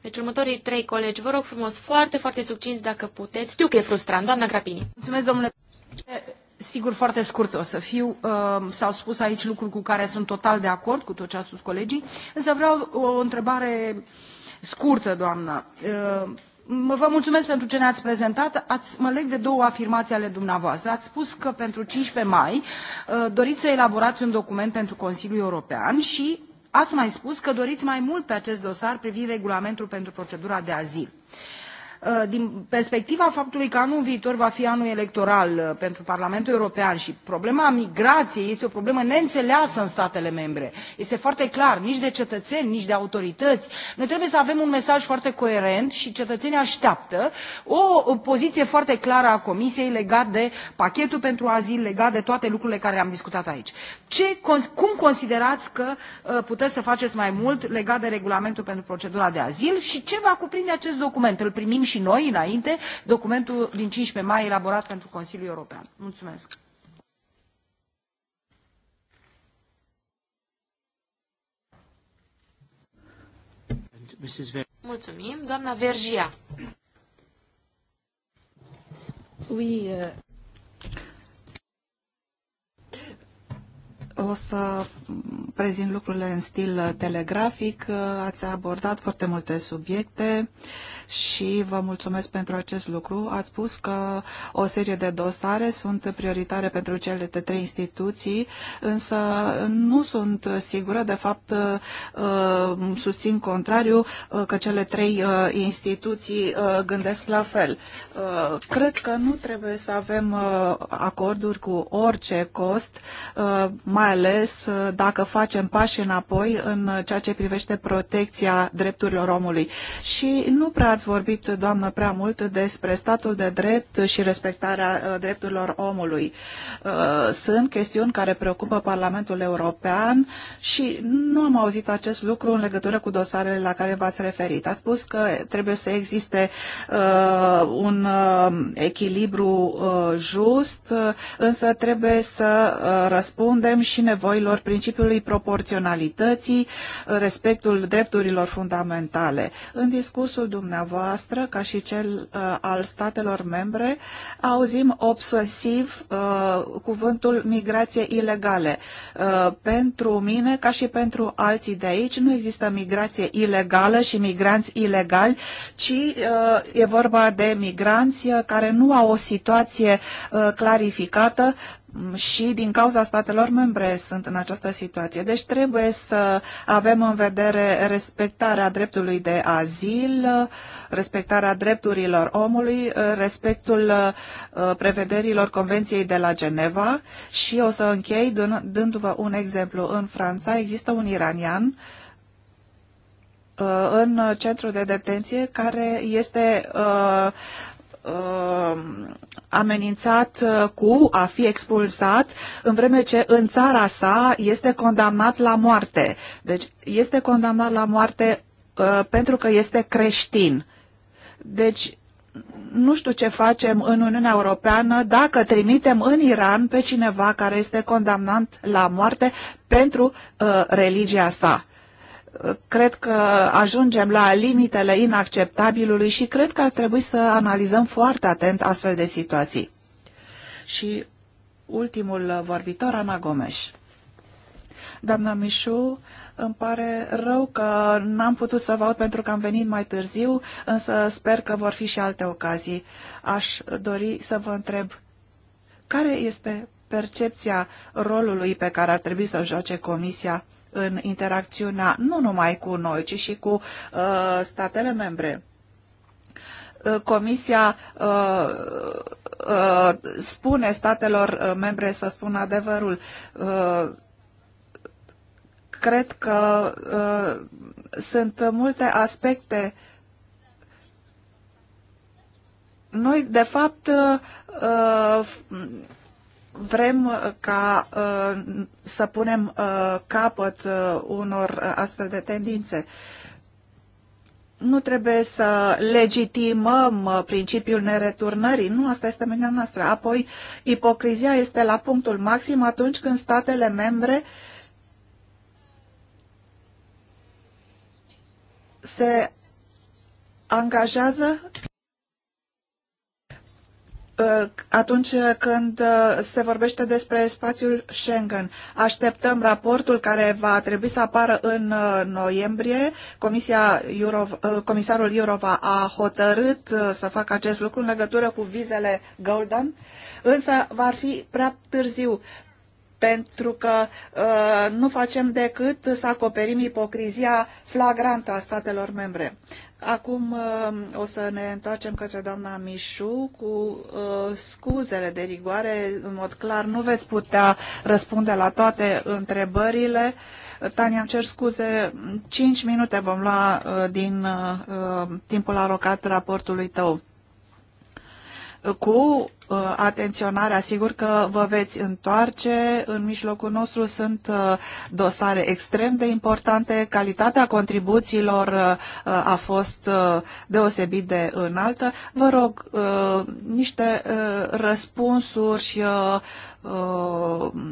Deci următorii trei colegi, vă rog frumos, foarte, foarte succinți dacă puteți. Știu că e frustrant. Doamna Grapini. Mulțumesc, domnule. Sigur, foarte scurt o să fiu. Ehm, s-au spus aici lucruri cu care sunt total de acord cu tot ce a spus colegii, însă vreau o întrebare scurtă, doamna. Ehm, vă mulțumesc pentru ce ne ați prezentat ați, mă leg de două afirmații ale dumneavoastră ați spus că pentru cincisprezece mai uh, doriți să elaborați un document pentru consiliul european și ați mai spus că doriți mai mult pe acest dosar privind regulamentul pentru procedura de azil. Uh, din perspectiva faptului că anul viitor va fi anul electoral uh, pentru Parlamentul European și problema migrației este o problemă neînțeleasă în statele membre. Este foarte clar, nici de cetățeni, nici de autorități. Noi trebuie să avem un mesaj foarte coerent și cetățenii așteaptă o poziție foarte clară a Comisiei legat de pachetul pentru azil, legat de toate lucrurile care am discutat aici. Ce, cum considerați că uh, puteți să faceți mai mult legat de regulamentul pentru procedura de azil și ce va cuprinde acest document? Îl primim și noi înainte documentul din 15 mai elaborat pentru Consiliul European. Mulțumesc! Mulțumim. Doamna Vergia. Oui, euh, O să prezint lucrurile în stil telegrafic. Ați abordat foarte multe subiecte și vă mulțumesc pentru acest lucru. Ați spus că o serie de dosare sunt prioritare pentru cele de trei instituții, însă nu sunt sigură, de fapt uh, susțin contrariu, uh, că cele trei uh, instituții gândesc la fel. Cred că nu trebuie să avem acorduri cu orice cost, mai mai ales uh, dacă facem pași înapoi în ceea ce privește protecția drepturilor omului. Și nu prea ați vorbit, doamnă, prea mult despre statul de drept și respectarea uh, drepturilor omului. Uh, sunt chestiuni care preocupă Parlamentul European și nu am auzit acest lucru în legătură cu dosarele la care v-ați referit. Ați spus că trebuie să existe un echilibru just, însă trebuie să răspundem și și nevoilor principiului proporționalității, respectul drepturilor fundamentale. În discursul dumneavoastră, ca și cel uh, al statelor membre, auzim obsesiv uh, cuvântul migrație ilegale. Uh, pentru mine, ca și pentru alții de aici, nu există migrație ilegală și migranți ilegali, ci uh, e vorba de migranți uh, care nu au o situație uh, clarificată, și din cauza statelor membre sunt în această situație. Deci trebuie să avem în vedere respectarea dreptului de azil, respectarea drepturilor omului, respectul uh, prevederilor Convenției de la Geneva și o să închei dându-vă un exemplu. În Franța există un iranian uh, în centru de detenție care este uh, uh, amenințat uh, cu a fi expulsat, în vreme ce în țara sa este condamnat la moarte. Deci este condamnat la moarte uh, pentru că este creștin. Deci nu știu ce facem în Uniunea Europeană dacă trimitem în Iran pe cineva care este condamnat la moarte pentru uh, religia sa cred că ajungem la limitele inacceptabilului și cred că ar trebui să analizăm foarte atent astfel de situații. Și ultimul vorbitor, Ana Gomes. Doamna Mișu, îmi pare rău că n-am putut să vă aud pentru că am venit mai târziu, însă sper că vor fi și alte ocazii. Aș dori să vă întreb care este percepția rolului pe care ar trebui să-l joace Comisia în interacțiunea nu numai cu noi, ci și cu uh, statele membre. Uh, Comisia uh, uh, spune statelor uh, membre să spună adevărul. Uh, cred că uh, sunt multe aspecte. Noi, de fapt, vrem uh, ca uh, să punem uh, capăt unor astfel de tendințe. Nu trebuie să legitimăm principiul nereturnării, nu, asta este menirea noastră. Apoi, ipocrizia este la punctul maxim atunci când statele membre se angajează Uh, atunci când uh, se vorbește despre spațiul Schengen. Așteptăm raportul care va trebui să apară în uh, noiembrie. Comisia Euro, comisarul Iurova a hotărât să facă acest lucru în legătură cu vizele Golden, însă va fi prea târziu pentru că uh, nu facem decât să acoperim ipocrizia flagrantă a statelor membre. Acum uh, o să ne întoarcem către doamna Mișu cu uh, scuzele de rigoare. În mod clar nu veți putea răspunde la toate întrebările. Tania, îmi cer scuze, 5 minute vom lua uh, din uh, timpul alocat raportului tău cu Uh, atenționarea. Sigur că vă veți întoarce. În mijlocul nostru sunt uh, dosare extrem de importante. Calitatea contribuțiilor uh, a fost deosebit de înaltă. Vă rog niște răspunsuri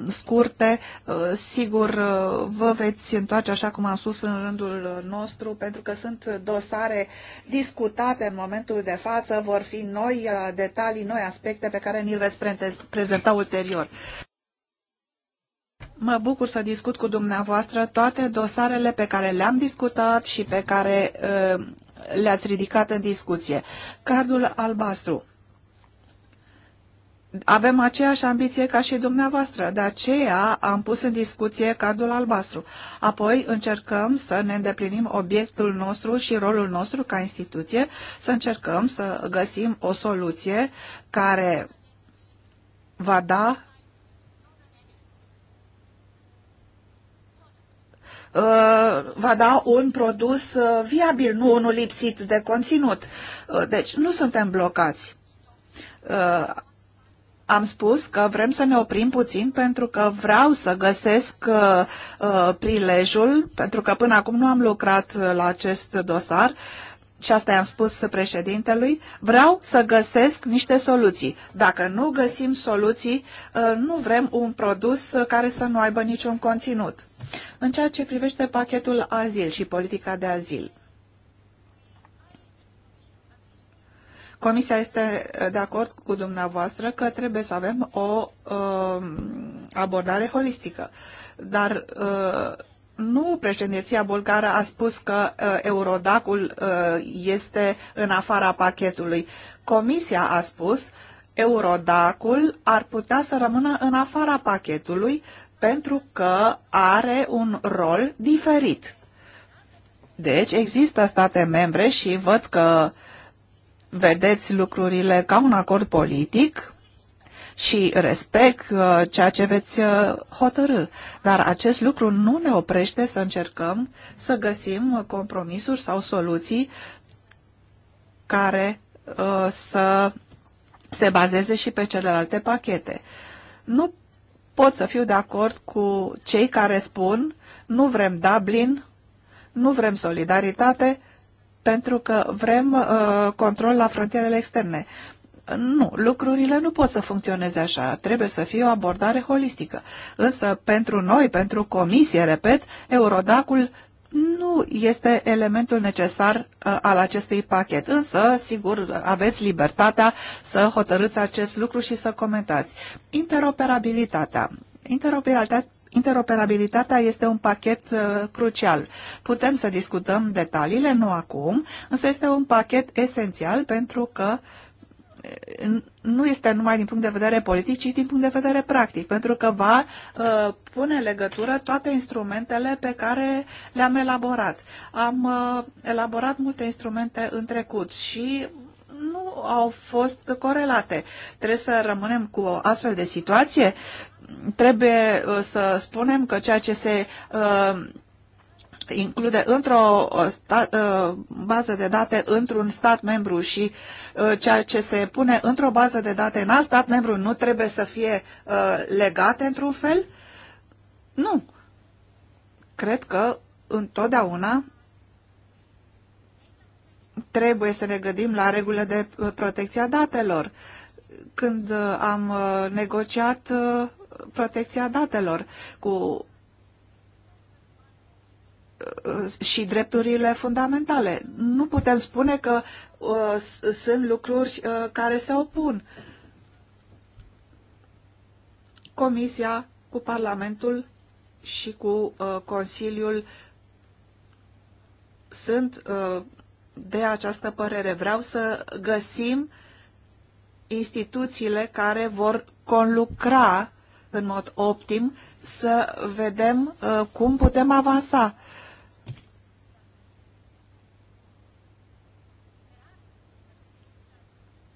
scurte. Sigur, vă veți întoarce, așa cum am spus, în rândul nostru, pentru că sunt dosare discutate în momentul de față, vor fi noi detalii, noi aspecte proiecte pe care ni l veți prezenta ulterior. Mă bucur să discut cu dumneavoastră toate dosarele pe care le-am discutat și pe care uh, le-ați ridicat în discuție. Cardul albastru avem aceeași ambiție ca și dumneavoastră, de aceea am pus în discuție cardul albastru. Apoi încercăm să ne îndeplinim obiectul nostru și rolul nostru ca instituție, să încercăm să găsim o soluție care va da uh, va da un produs uh, viabil, nu unul lipsit de conținut. Uh, deci nu suntem blocați am spus că vrem să ne oprim puțin pentru că vreau să găsesc uh, uh, prilejul, pentru că până acum nu am lucrat la acest dosar și asta i-am spus președintelui, vreau să găsesc niște soluții. Dacă nu găsim soluții, uh, nu vrem un produs care să nu aibă niciun conținut. În ceea ce privește pachetul azil și politica de azil, Comisia este eh, de acord cu dumneavoastră că trebuie să avem o uh, abordare holistică. Dar uh, nu președinția bulgară a spus că uh, Eurodacul uh, este în afara pachetului. Comisia a spus Eurodacul ar putea să rămână în afara pachetului pentru că are un rol diferit. Deci există state membre și văd că uh, vedeți lucrurile ca un acord politic și respect uh, ceea ce veți uh, hotărâ. Dar acest lucru nu ne oprește să încercăm să găsim compromisuri sau soluții care uh, să se bazeze și pe celelalte pachete. Nu pot să fiu de acord cu cei care spun nu vrem Dublin, nu vrem solidaritate, pentru că vrem uh, control la frontierele externe. Nu, lucrurile nu pot să funcționeze așa, trebuie să fie o abordare holistică. Însă, pentru noi, pentru comisie, repet, Eurodacul nu este elementul necesar uh, al acestui pachet. Însă, sigur, aveți libertatea să hotărâți acest lucru și să comentați. Interoperabilitatea. Interoperabilitatea interoperabilitatea este un pachet uh, crucial. Putem să discutăm detaliile, nu acum, însă este un pachet esențial pentru că uh, nu este numai din punct de vedere politic, ci din punct de vedere practic, pentru că va uh, pune în legătură toate instrumentele pe care le-am elaborat. Am uh, elaborat multe instrumente în trecut și nu au fost corelate. Trebuie să rămânem cu o astfel de situație trebuie uh, să spunem că ceea ce se uh, include într-o uh, bază de date într-un stat membru și ceea ce se pune într-o bază de date în alt stat membru nu trebuie să fie legate într-un fel? Nu. Cred că întotdeauna trebuie să ne gândim la regulile de protecție a datelor. Când am negociat protecția datelor, cu uh, și drepturile fundamentale. Nu putem spune că uh, sunt lucruri uh, care se opun. Comisia cu Parlamentul și cu uh, Consiliul sunt uh, de această părere. Vreau să găsim instituțiile care vor conlucra în mod optim, să vedem uh, cum putem avansa.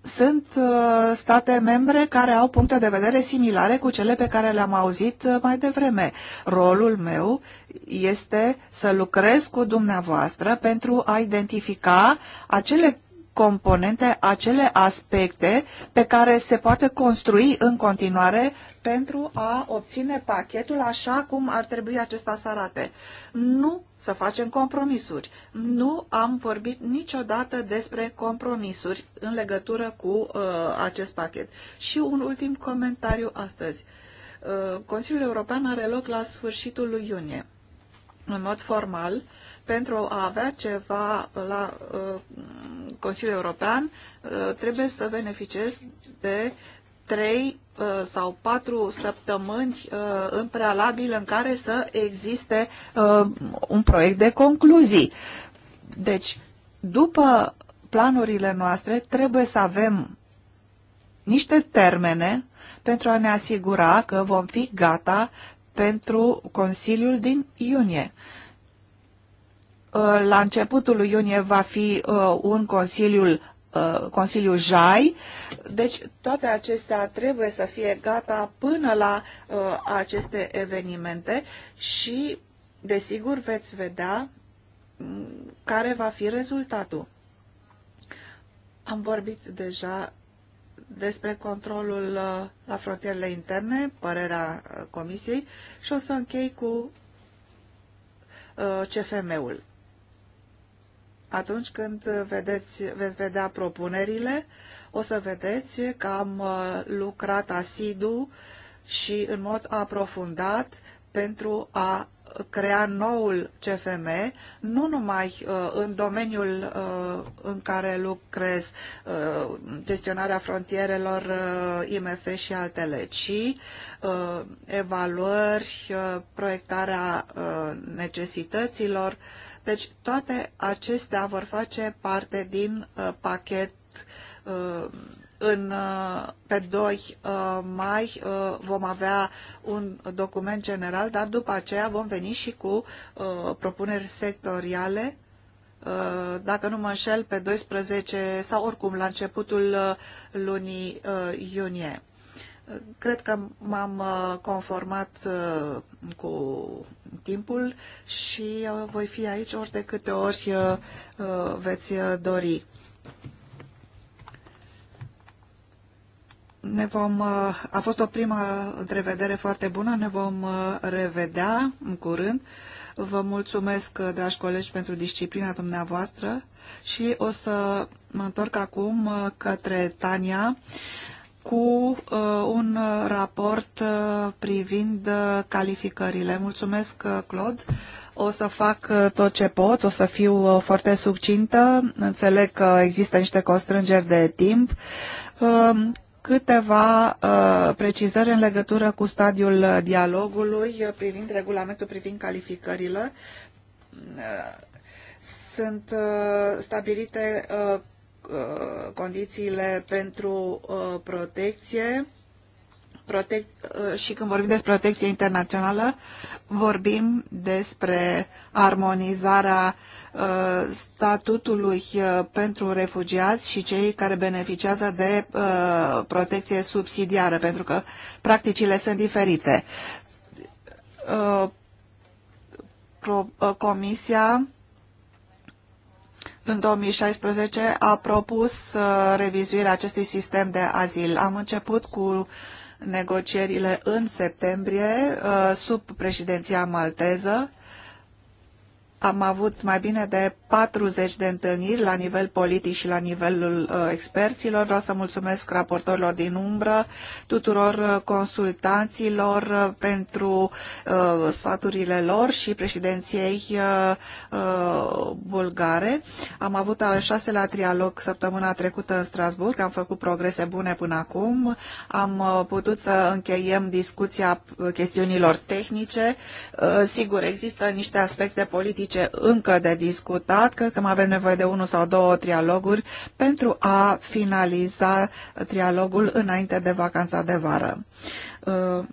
Sunt uh, state membre care au puncte de vedere similare cu cele pe care le-am auzit uh, mai devreme. Rolul meu este să lucrez cu dumneavoastră pentru a identifica acele componente, acele aspecte pe care se poate construi în continuare pentru a obține pachetul așa cum ar trebui acesta să arate. Nu să facem compromisuri. Nu am vorbit niciodată despre compromisuri în legătură cu uh, acest pachet. Și un ultim comentariu astăzi. Uh, Consiliul European are loc la sfârșitul lui iunie. În mod formal, pentru a avea ceva la uh, Consiliul European, uh, trebuie să beneficiez de trei Uh, sau patru săptămâni uh, în prealabil în care să existe uh, un proiect de concluzii. Deci, după planurile noastre, trebuie să avem niște termene pentru a ne asigura că vom fi gata pentru Consiliul din iunie. La începutul lui iunie va fi un Consiliul Uh, Consiliul JAI. Deci toate acestea trebuie să fie gata până la uh, aceste evenimente și, desigur, veți vedea mm, care va fi rezultatul. Am vorbit deja despre controlul uh, la frontierele interne, părerea uh, Comisiei, și o să închei cu uh, CFM-ul atunci când vedeți, veți vedea propunerile, o să vedeți că am uh, lucrat asidu și în mod aprofundat pentru a crea noul CFM, nu numai uh, în domeniul uh, în care lucrez, uh, gestionarea frontierelor uh, IMF și altele, ci uh, evaluări, uh, proiectarea uh, necesităților, uh, deci toate acestea vor face parte din uh, pachet uh, în, uh, pe 2 uh, mai uh, vom avea un document general, dar după aceea vom veni și cu propuneri sectoriale. Dacă nu mă înșel, pe 12 sau oricum la începutul lunii iunie. Cred că m-am uh, conformat uh, cu timpul și uh, voi fi aici ori de câte ori veți dori. Ne vom, a fost o primă întrevedere foarte bună, ne vom revedea în curând. Vă mulțumesc, dragi colegi, pentru disciplina dumneavoastră și o să mă întorc acum către Tania cu uh, un raport uh, privind uh, calificările. Mulțumesc, uh, Claude. O să fac uh, tot ce pot, o să fiu uh, foarte succintă. Înțeleg că există niște constrângeri de timp. Uh, câteva uh, precizări în legătură cu stadiul dialogului uh, privind regulamentul privind calificările. Uh, sunt uh, stabilite uh, Uh, condițiile pentru uh, protecție protec uh, și când vorbim despre protecție internațională, vorbim despre armonizarea statutului pentru refugiați și cei care beneficiază de protecție subsidiară, pentru că practicile sunt diferite. Comisia în 2016 a propus uh, revizuirea acestui sistem de azil. Am început cu negocierile în septembrie uh, sub președinția malteză am avut mai bine de 40 de întâlniri la nivel politic și la nivelul uh, experților. Vreau să mulțumesc raportorilor din umbră, tuturor uh, consultanților uh, pentru uh, sfaturile lor și președinției uh, uh, bulgare. Am avut al șaselea trialog săptămâna trecută în Strasburg. Am făcut progrese bune până acum. Am uh, putut să încheiem discuția uh, chestiunilor tehnice. Uh, sigur, există niște aspecte politice politice încă de discutat. Cred că mai avem nevoie de unul sau două trialoguri pentru a finaliza trialogul înainte de vacanța de vară. Uh,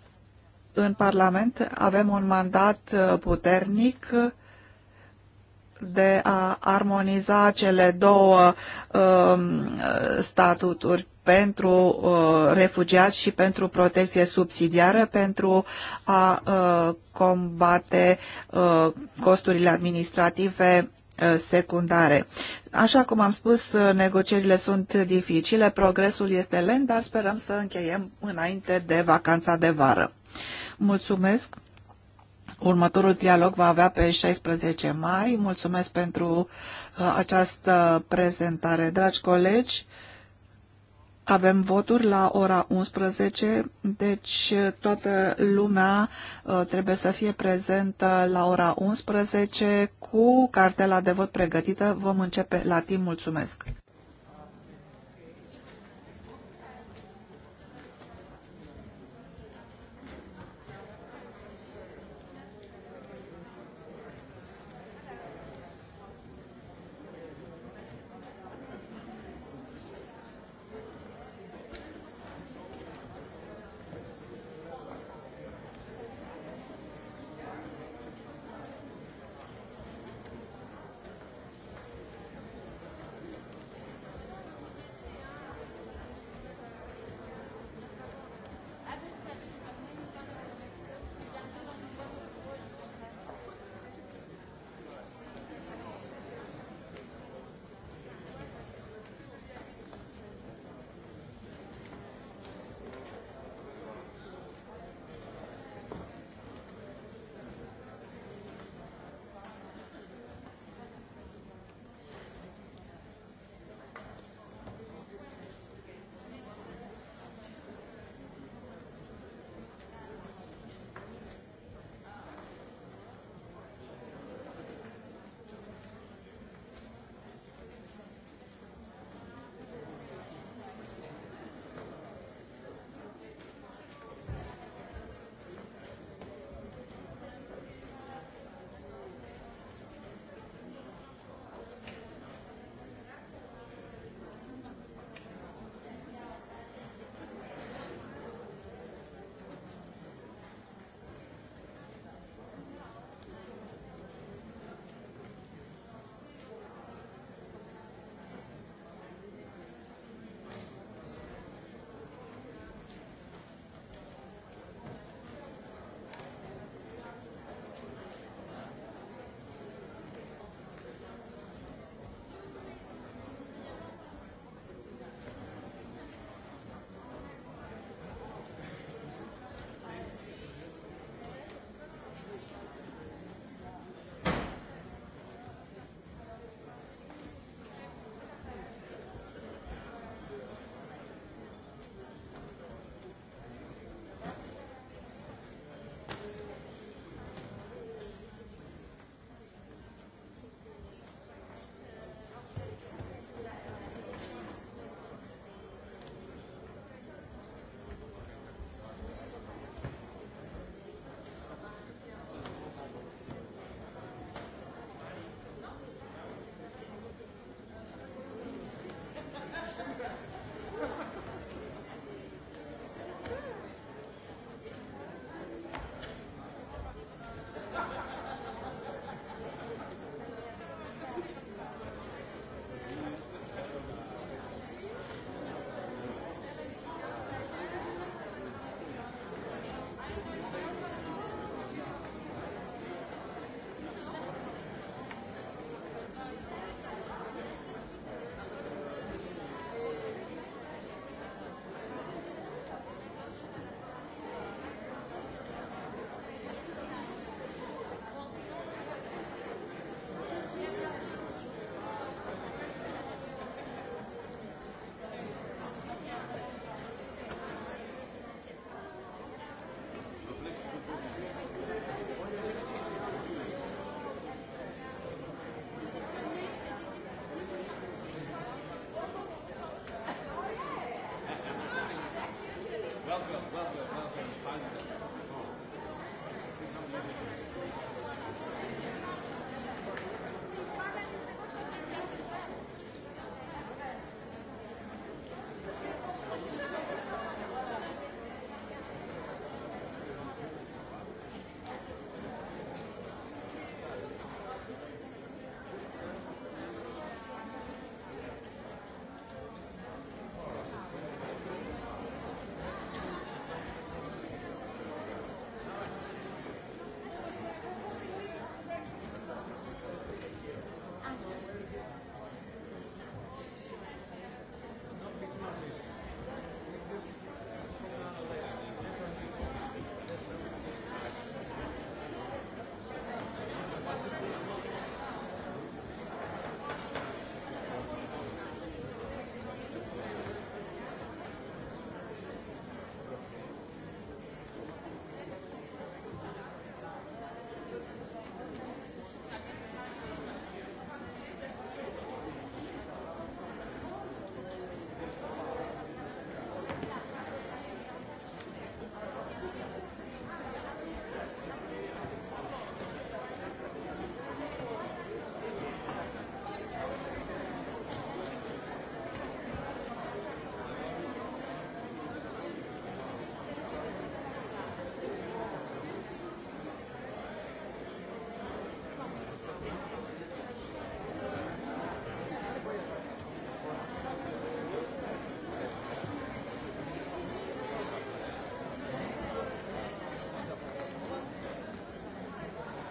în Parlament avem un mandat uh, puternic de a armoniza cele două uh, statuturi pentru uh, refugiați și pentru protecție subsidiară pentru a uh, combate uh, costurile administrative uh, secundare. Așa cum am spus, uh, negocierile sunt dificile, progresul este lent, dar sperăm să încheiem înainte de vacanța de vară. Mulțumesc! Următorul dialog va avea pe 16 mai. Mulțumesc pentru uh, această prezentare. Dragi colegi, avem voturi la ora 11, deci toată lumea uh, trebuie să fie prezentă la ora 11 cu cartela de vot pregătită. Vom începe la timp. Mulțumesc!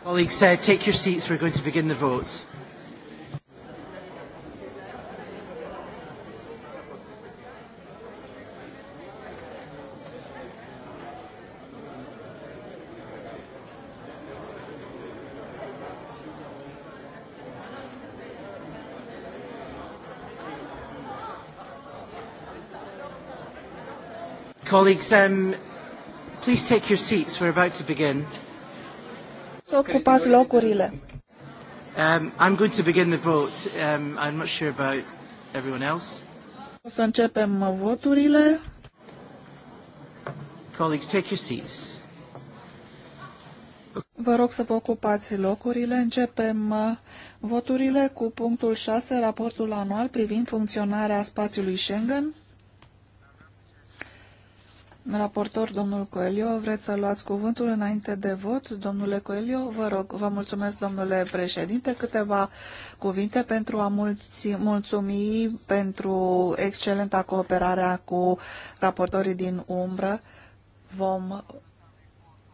Colleagues, uh, take your seats. We're going to begin the votes. Colleagues, um, please take your seats. We're about to begin să ocupați locurile. Um, I'm going to begin the vote. Um, I'm not sure about everyone else. O să începem voturile. Colleagues, take your seats. Vă rog să vă ocupați locurile. Începem uh, voturile cu punctul 6, raportul anual privind funcționarea spațiului Schengen raportor, domnul Coelio, vreți să luați cuvântul înainte de vot? Domnule Coelio, vă rog, vă mulțumesc, domnule președinte, câteva cuvinte pentru a mulți, mulțumi pentru excelenta cooperare cu raportorii din umbră. Vom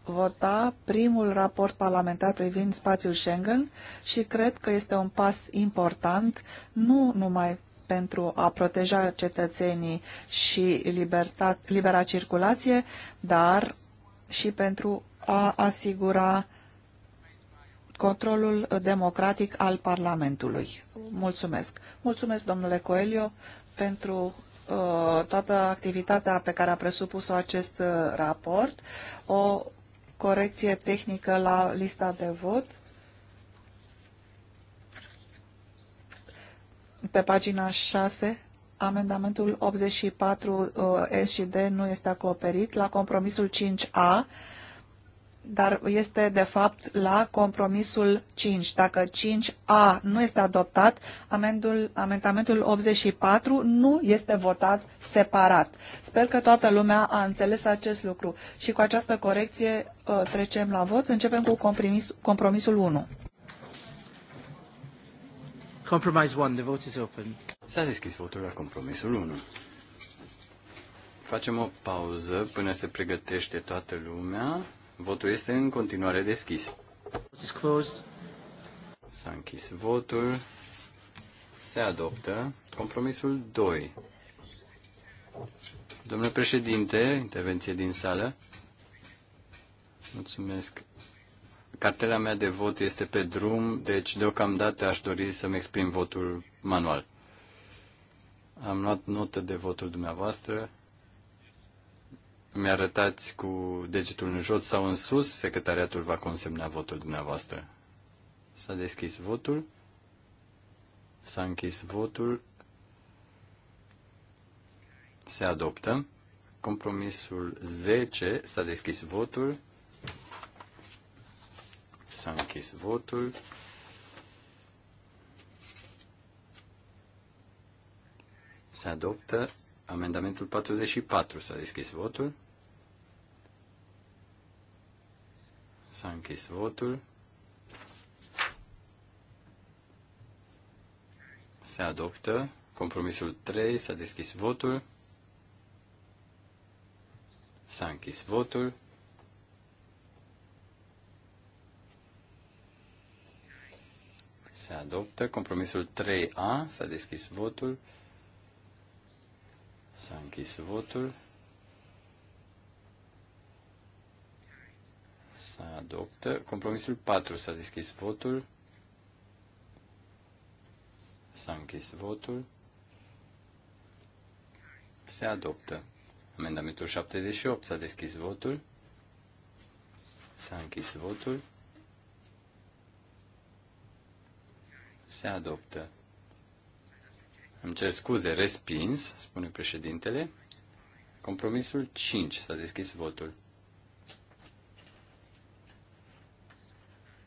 vota primul raport parlamentar privind spațiul Schengen și cred că este un pas important nu numai pentru a proteja cetățenii și libertat, libera circulație, dar și pentru a asigura controlul democratic al Parlamentului. Mulțumesc. Mulțumesc, domnule Coelio, pentru uh, toată activitatea pe care a presupus-o acest uh, raport. O corecție tehnică la lista de vot. pe pagina 6, amendamentul 84 uh, S și D nu este acoperit la compromisul 5A, dar este de fapt la compromisul 5. Dacă 5A nu este adoptat, amendul, amendamentul 84 nu este votat separat. Sper că toată lumea a înțeles acest lucru. Și cu această corecție uh, trecem la vot. Începem cu compromis, compromisul 1. Compromise 1, the vote is open. S-a deschis votul la compromisul 1. Facem o pauză până se pregătește toată lumea. Votul este în continuare deschis. S-a închis votul. Se adoptă compromisul 2. Domnule președinte, intervenție din sală. Mulțumesc. Cartela mea de vot este pe drum, deci deocamdată aș dori să-mi exprim votul manual. Am luat notă de votul dumneavoastră. Mi-arătați cu degetul în jos sau în sus, secretariatul va consemna votul dumneavoastră. S-a deschis votul. S-a închis votul. Se adoptă. Compromisul 10. S-a deschis votul. S-a închis votul. Se adoptă amendamentul 44. S-a deschis votul. S-a închis votul. Se adoptă. Compromisul 3. S-a deschis votul. S-a închis votul. se adoptă. Compromisul 3A, s-a deschis votul. S-a închis votul. Se adoptă. Compromisul 4 s-a deschis votul. S-a închis votul. Se adoptă. Amendamentul 78 s-a deschis votul. S-a închis votul. se adoptă. Îmi cer scuze, respins, spune președintele. Compromisul 5 s-a deschis votul.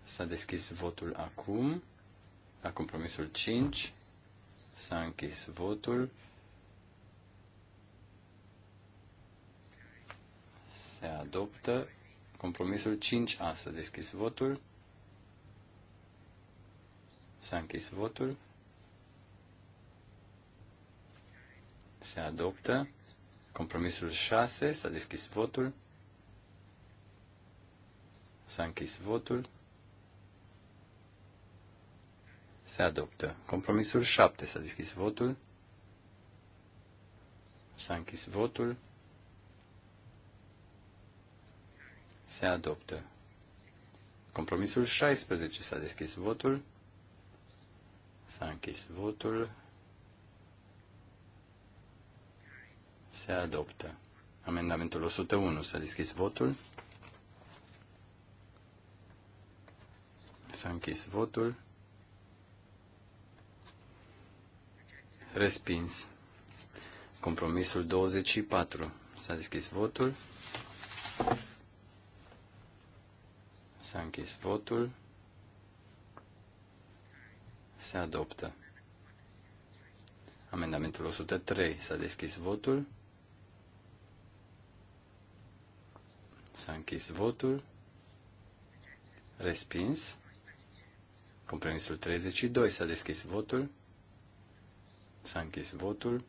S-a deschis votul acum. La compromisul 5 s-a închis votul. Se adoptă compromisul 5A. S-a deschis votul. S-a închis votul. Se adoptă. Compromisul 6. S-a deschis votul. S-a închis votul. Se adoptă. Compromisul 7. S-a deschis votul. S-a închis votul. Se adoptă. Compromisul 16. S-a deschis votul. S-a închis votul. Se adoptă. Amendamentul 101. S-a deschis votul. S-a închis votul. Respins. Compromisul 24. S-a deschis votul. S-a închis votul. Se adoptă. Amendamentul 103. S-a deschis votul. S-a închis votul. Respins. Compromisul 32. S-a deschis votul. S-a închis votul.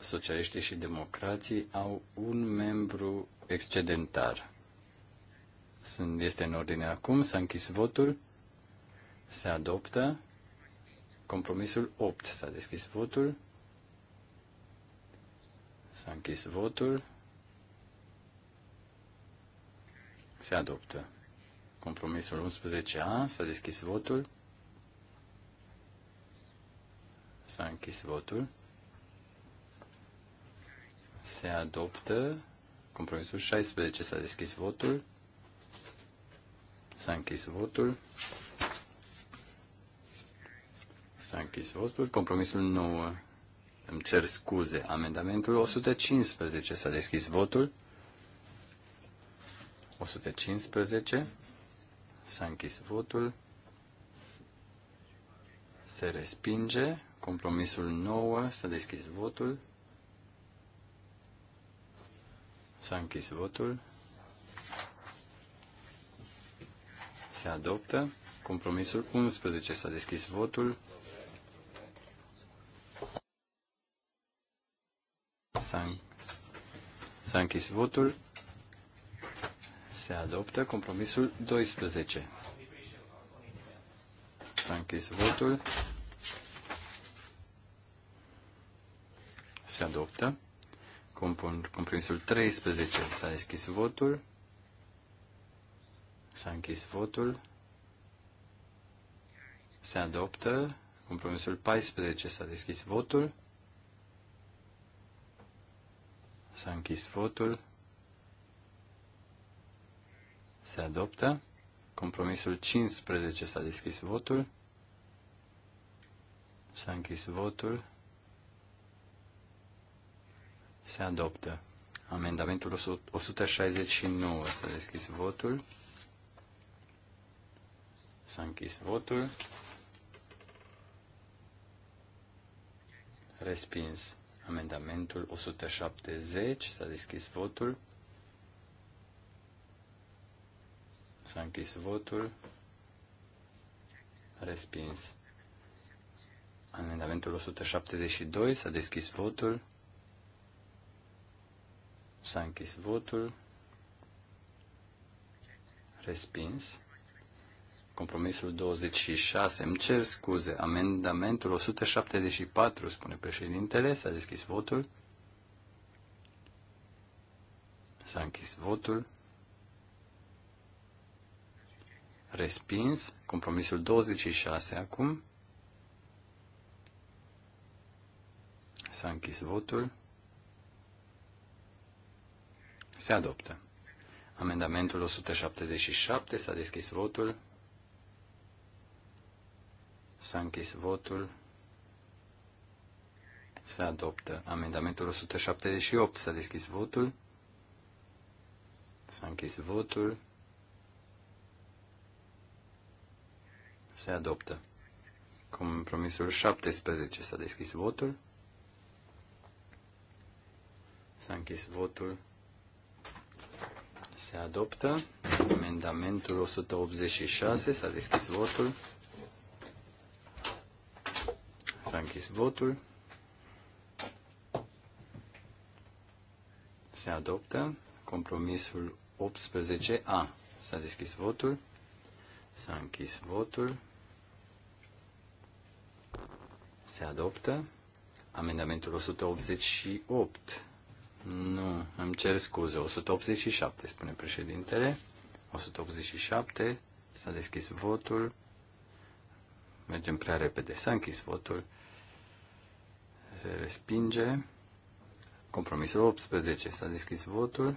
Socialiștii și democrații au un membru excedentar. Sunt, este în ordine acum, s-a închis votul, se adoptă. Compromisul 8 s-a deschis votul, s-a închis votul, se adoptă. Compromisul 11A s-a deschis votul, s-a închis votul, se adoptă Compromisul 16 s-a deschis votul. S-a închis votul. S-a închis votul. Compromisul 9. Îmi cer scuze. Amendamentul 115 s-a deschis votul. 115. S-a închis votul. Se respinge. Compromisul 9 s-a deschis votul. S-a închis votul. Se adoptă. Compromisul 11. S-a deschis votul. S-a închis votul. Se adoptă compromisul 12. S-a închis votul. Se adoptă. Compromisul 13. S-a deschis votul. S-a închis votul. Se adoptă. Compromisul 14. S-a deschis votul. S-a închis votul. Se adoptă. Compromisul 15 s-a deschis votul. S-a închis votul. Se adoptă. Amendamentul 169. S-a deschis votul. S-a închis votul. Respins. Amendamentul 170. S-a deschis votul. S-a închis votul. Respins. Amendamentul 172. S-a deschis votul. S-a închis votul. Respins. Compromisul 26. Îmi cer scuze. Amendamentul 174, spune președintele. S-a deschis votul. S-a închis votul. Respins. Compromisul 26 acum. S-a închis votul. Se adoptă. Amendamentul 177 s-a deschis votul. S-a închis votul. Se adoptă. Amendamentul 178 s-a deschis votul. S-a închis votul. Se adoptă. Compromisul 17 s-a deschis votul. S-a închis votul. Se adoptă. Amendamentul 186. S-a deschis votul. S-a închis votul. Se adoptă. Compromisul 18A. S-a deschis votul. S-a închis votul. Se adoptă. Amendamentul 188. Nu, îmi cer scuze. 187, spune președintele. 187, s-a deschis votul. Mergem prea repede. S-a închis votul. Se respinge. Compromisul 18, s-a deschis votul.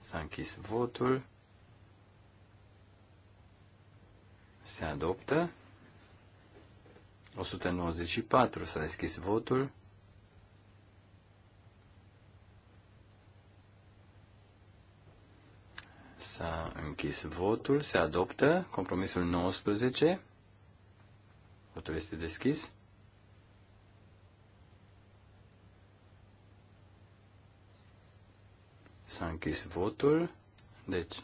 S-a închis votul. Se adoptă. 194 s-a deschis votul. S-a închis votul, se adoptă compromisul 19. Votul este deschis. S-a închis votul, deci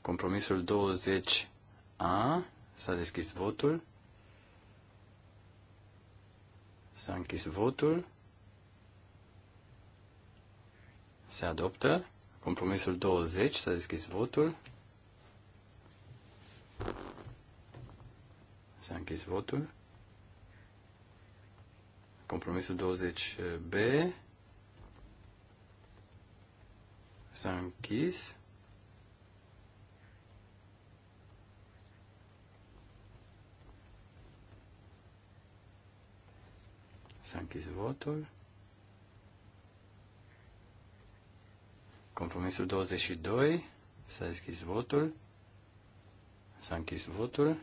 compromisul 20A s-a deschis votul, s-a închis votul. Se adoptă. Compromisul 20. S-a deschis votul. S-a închis votul. Compromisul 20B. S-a închis. S-a închis votul. Compromisul 22. S-a deschis votul. S-a închis votul.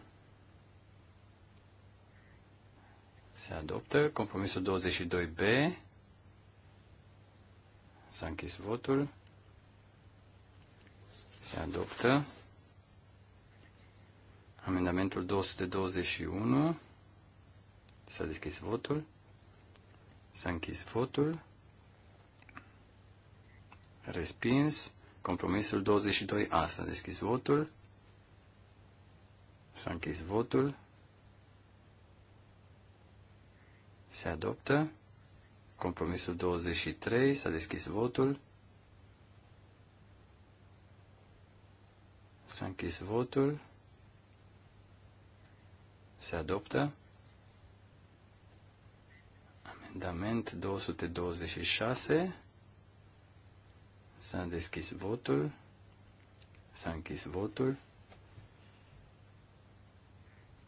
Se adoptă. Compromisul 22B. S-a închis votul. Se adoptă. Amendamentul 221. S-a deschis votul. S-a închis votul. Respins. Compromisul 22A. S-a deschis votul. S-a închis votul. Se adoptă. Compromisul 23. S-a deschis votul. S-a închis votul. Se adoptă. Amendament 226. S-a deschis votul. S-a închis votul.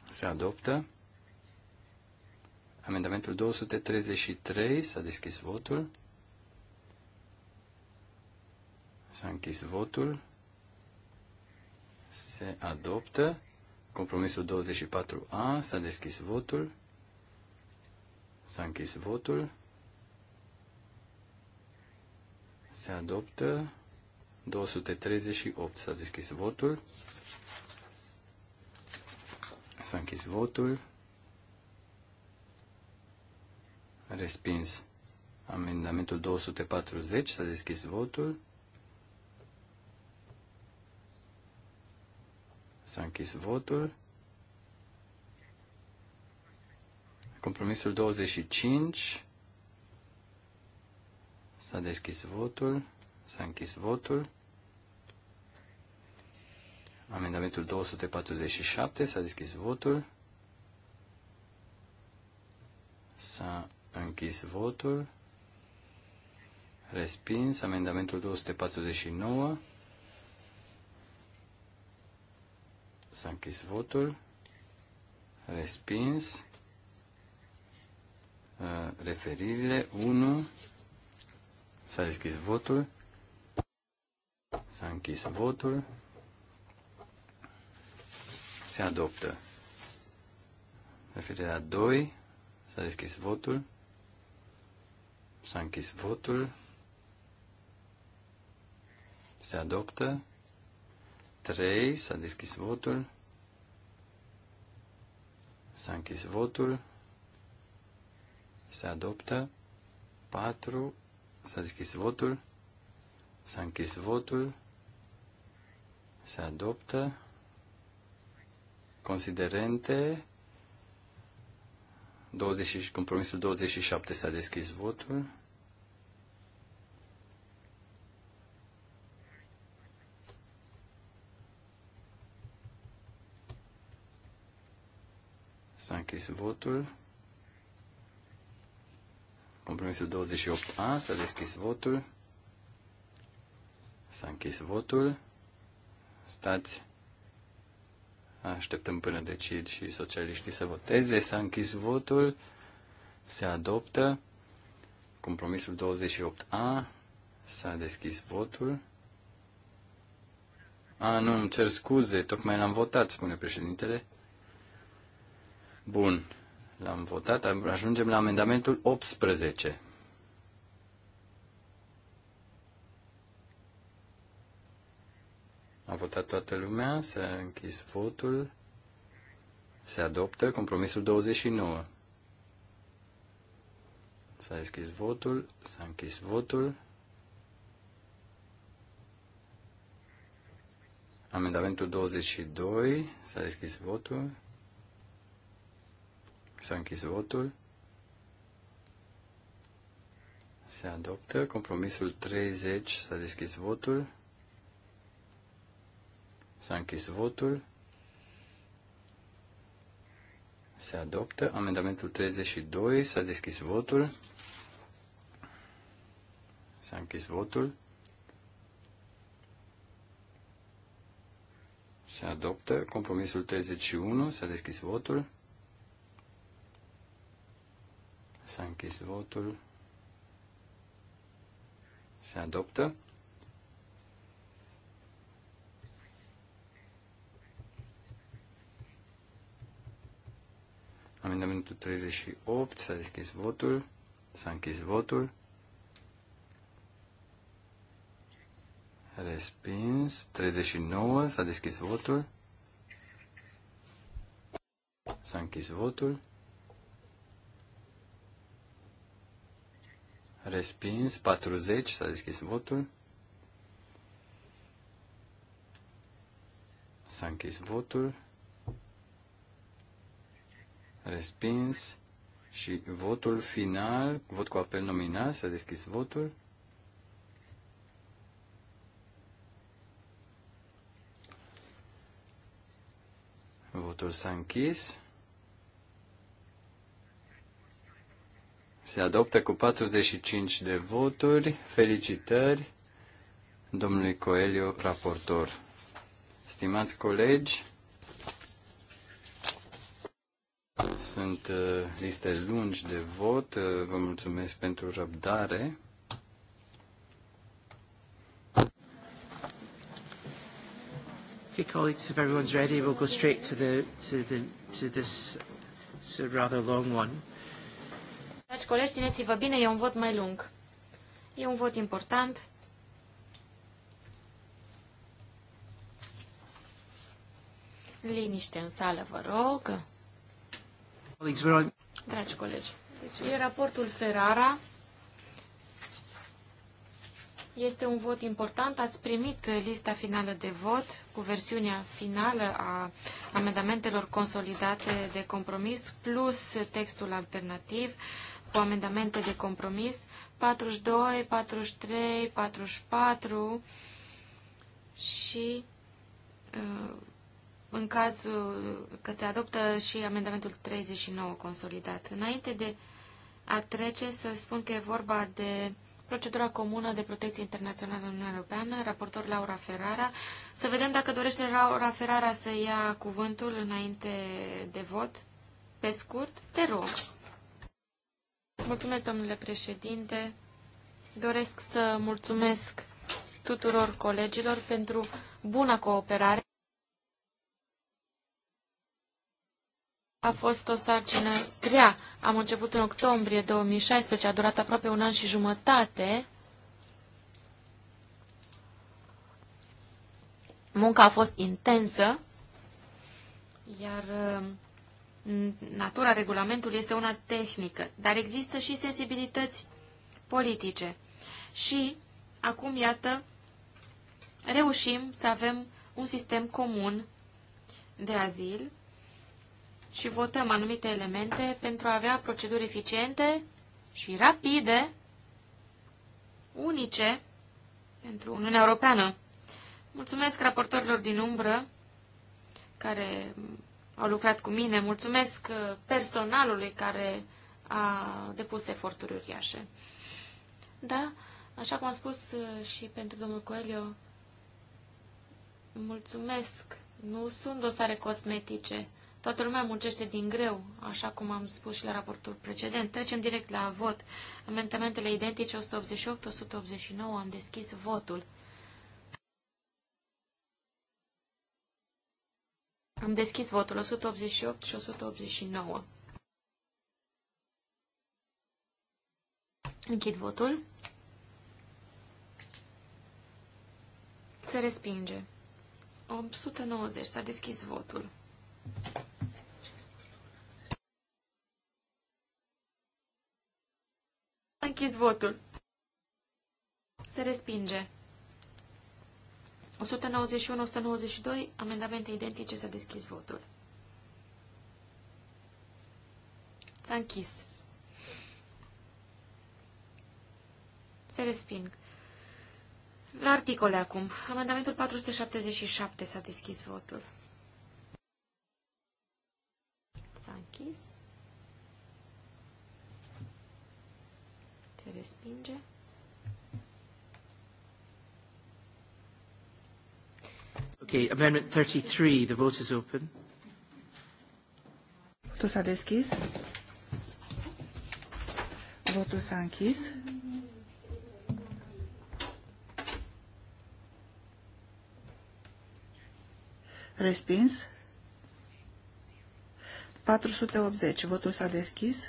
Se adoptă. Amendamentul 233. S-a deschis votul. S-a închis votul. Se adoptă. Compromisul 24A. S-a deschis votul. S-a închis votul. Se adoptă 238. S-a deschis votul. S-a închis votul. Respins. Amendamentul 240. S-a deschis votul. S-a închis votul. Compromisul 25. S-a deschis votul. S-a închis votul. Amendamentul 247. S-a deschis votul. S-a închis votul. Respins. Amendamentul 249. S-a închis votul. Respins. Uh, referirile 1. S-a deschis votul. S-a închis votul. Se adoptă. Referirea 2. S-a deschis votul. S-a închis votul. Se adoptă. 3. S-a deschis votul. S-a închis votul. Se adoptă. 4. S-a deschis votul. S-a închis votul. Se adoptă. Considerente. 20, compromisul 27 s-a deschis votul. S-a închis votul. Compromisul 28A, s-a deschis votul. S-a închis votul. Stați. Așteptăm până decid și socialiștii să voteze. S-a închis votul. Se adoptă. Compromisul 28A. S-a deschis votul. A, nu, îmi cer scuze, tocmai l-am votat, spune președintele. Bun, L-am votat. Ajungem la amendamentul 18. A votat toată lumea, s-a închis votul, se adoptă compromisul 29. S-a deschis votul, s-a închis votul. Amendamentul 22, s-a deschis votul. S-a închis votul. Se adoptă. Compromisul 30. S-a deschis votul. S-a închis votul. Se adoptă. Amendamentul 32. S-a deschis votul. S-a închis votul. Se adoptă. Compromisul 31. S-a deschis votul. S-a închis votul. Se adoptă. Amendamentul 38. S-a deschis votul. S-a închis votul. Respins. 39. S-a deschis votul. S-a închis votul. Respins. 40. S-a deschis votul. S-a închis votul. Respins. Și votul final, vot cu apel nominal, s-a deschis votul. Votul s-a închis. Se adoptă cu 45 de voturi. Felicitări domnului Coelio, raportor. Stimați colegi, sunt uh, liste lungi de vot. Uh, vă mulțumesc pentru răbdare. Okay, colleagues, if everyone's ready, we'll go straight to the to the to this so rather long one. Dragi colegi, țineți-vă bine, e un vot mai lung. E un vot important. Liniște în sală, vă rog. Dragi colegi, deci e raportul Ferrara. Este un vot important. Ați primit lista finală de vot cu versiunea finală a amendamentelor consolidate de compromis plus textul alternativ cu amendamente de compromis 42, 43, 44 și uh, în cazul uh, că se adoptă și amendamentul 39 consolidat. Înainte de a trece să spun că e vorba de procedura comună de protecție internațională în Uniunea Europeană, raportor Laura Ferrara. Să vedem dacă dorește Laura Ferrara să ia cuvântul înainte de vot. Pe scurt, te rog. Mulțumesc, domnule președinte. Doresc să mulțumesc tuturor colegilor pentru buna cooperare. A fost o sarcină grea. Am început în octombrie 2016, a durat aproape un an și jumătate. Munca a fost intensă, iar natura regulamentului este una tehnică, dar există și sensibilități politice. Și acum, iată, reușim să avem un sistem comun de azil și votăm anumite elemente pentru a avea proceduri eficiente și rapide, unice, pentru Uniunea Europeană. Mulțumesc raportorilor din umbră care au lucrat cu mine. Mulțumesc uh, personalului care a depus eforturi uriașe. Da, așa cum am spus uh, și pentru domnul Coelho, mulțumesc. Nu sunt dosare cosmetice. Toată lumea muncește din greu, așa cum am spus și la raportul precedent. Trecem direct la vot. Amendamentele identice 188-189 am deschis votul. Am deschis votul 188 și 189. Închid votul. Se respinge. 890. S-a deschis votul. S-a închis votul. Se respinge. 191-192, amendamente identice, s-a deschis votul. S-a închis. Se resping. La articole acum. Amendamentul 477 s-a deschis votul. S-a închis. Se respinge. Okay, amendment 33, the vote is open. Votul s-a deschis. Votul s-a închis. Respins. 480. Votul s-a deschis.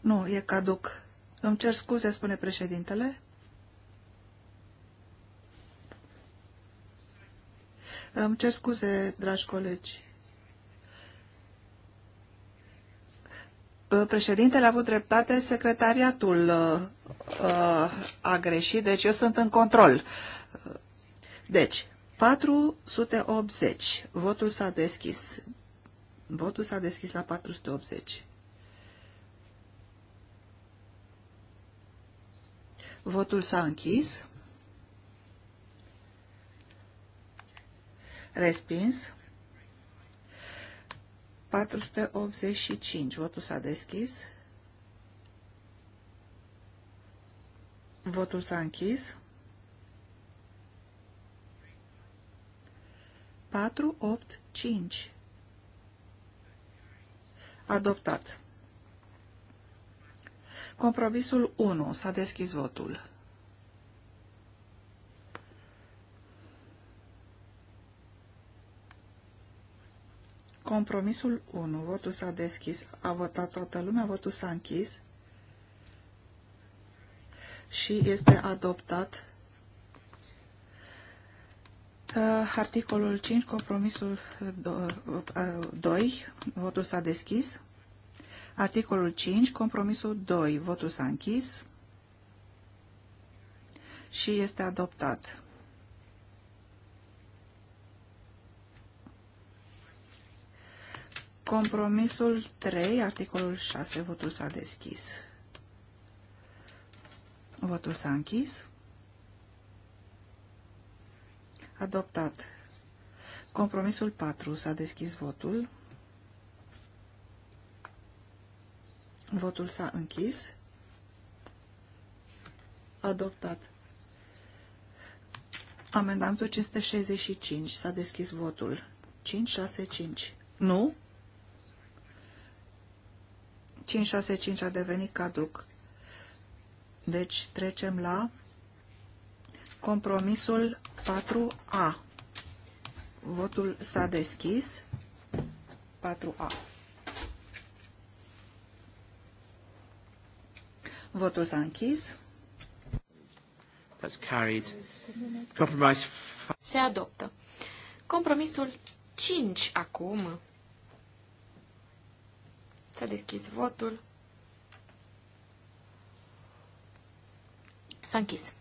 Nu, e caduc. Îmi cer scuze, spune președintele. Îmi cer scuze, dragi colegi. Ă, președintele a avut dreptate, secretariatul uh, a greșit, deci eu sunt în control. Deci, 480. Votul s-a deschis. Votul s-a deschis la 480. Votul s-a închis. Respins. 485. Votul s-a deschis. Votul s-a închis. 4, 8, 5. Adoptat. Compromisul 1. S-a deschis votul. Compromisul 1. Votul s-a deschis. A votat toată lumea. Votul s-a închis. Și este adoptat uh, articolul 5, compromisul 2, uh, uh, votul s-a deschis. Articolul 5, compromisul 2, votul s-a închis și este adoptat. Compromisul 3, articolul 6, votul s-a deschis. Votul s-a închis. Adoptat. Compromisul 4, s-a deschis votul. Votul s-a închis. Adoptat. Amendamentul 565. S-a deschis votul. 565. Nu? 565 a devenit caduc. Deci trecem la compromisul 4A. Votul s-a deschis. 4A. Votul s-a închis. That's carried. Compromise. Se adoptă. Compromisul 5 acum S-a deschis votul. S-a închis.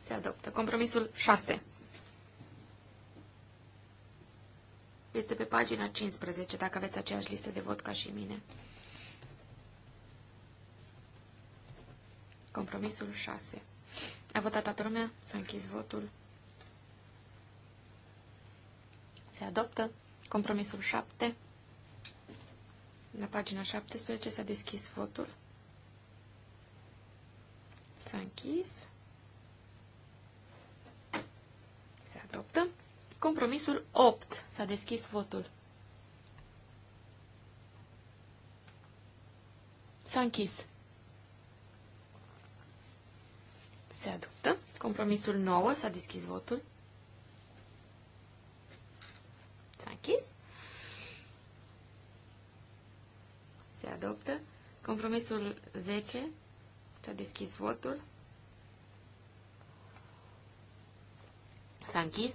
Se adoptă. Compromisul 6. Este pe pagina 15, dacă aveți aceeași listă de vot ca și mine. Compromisul 6. A votat toată lumea? S-a închis votul. Se adoptă. Compromisul 7. La pagina 17 s-a deschis votul. S-a închis. Se adoptă. Compromisul 8. S-a deschis votul. S-a închis. Se adoptă. Compromisul 9. S-a deschis votul. închis. Se adoptă. Compromisul 10. S-a deschis votul. S-a închis.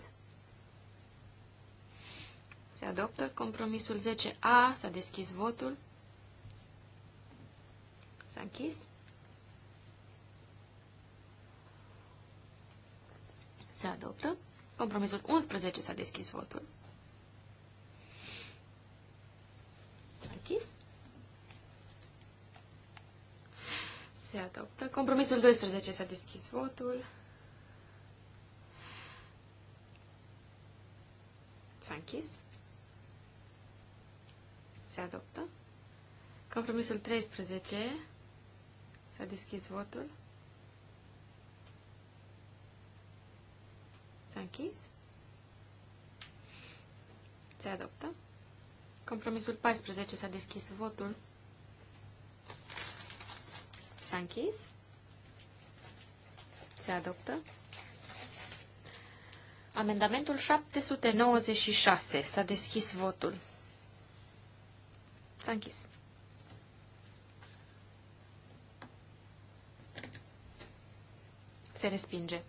Se adoptă. Compromisul 10A. S-a deschis votul. S-a închis. Se adoptă. Compromisul 11 s-a deschis votul. deschis. Se adoptă. Compromisul 12 s-a deschis votul. S-a închis. Se adoptă. Compromisul 13 s-a deschis votul. S-a închis. Se adoptă. Compromisul 14 s-a deschis votul. S-a închis. Se adoptă. Amendamentul 796 s-a deschis votul. S-a închis. Se respinge.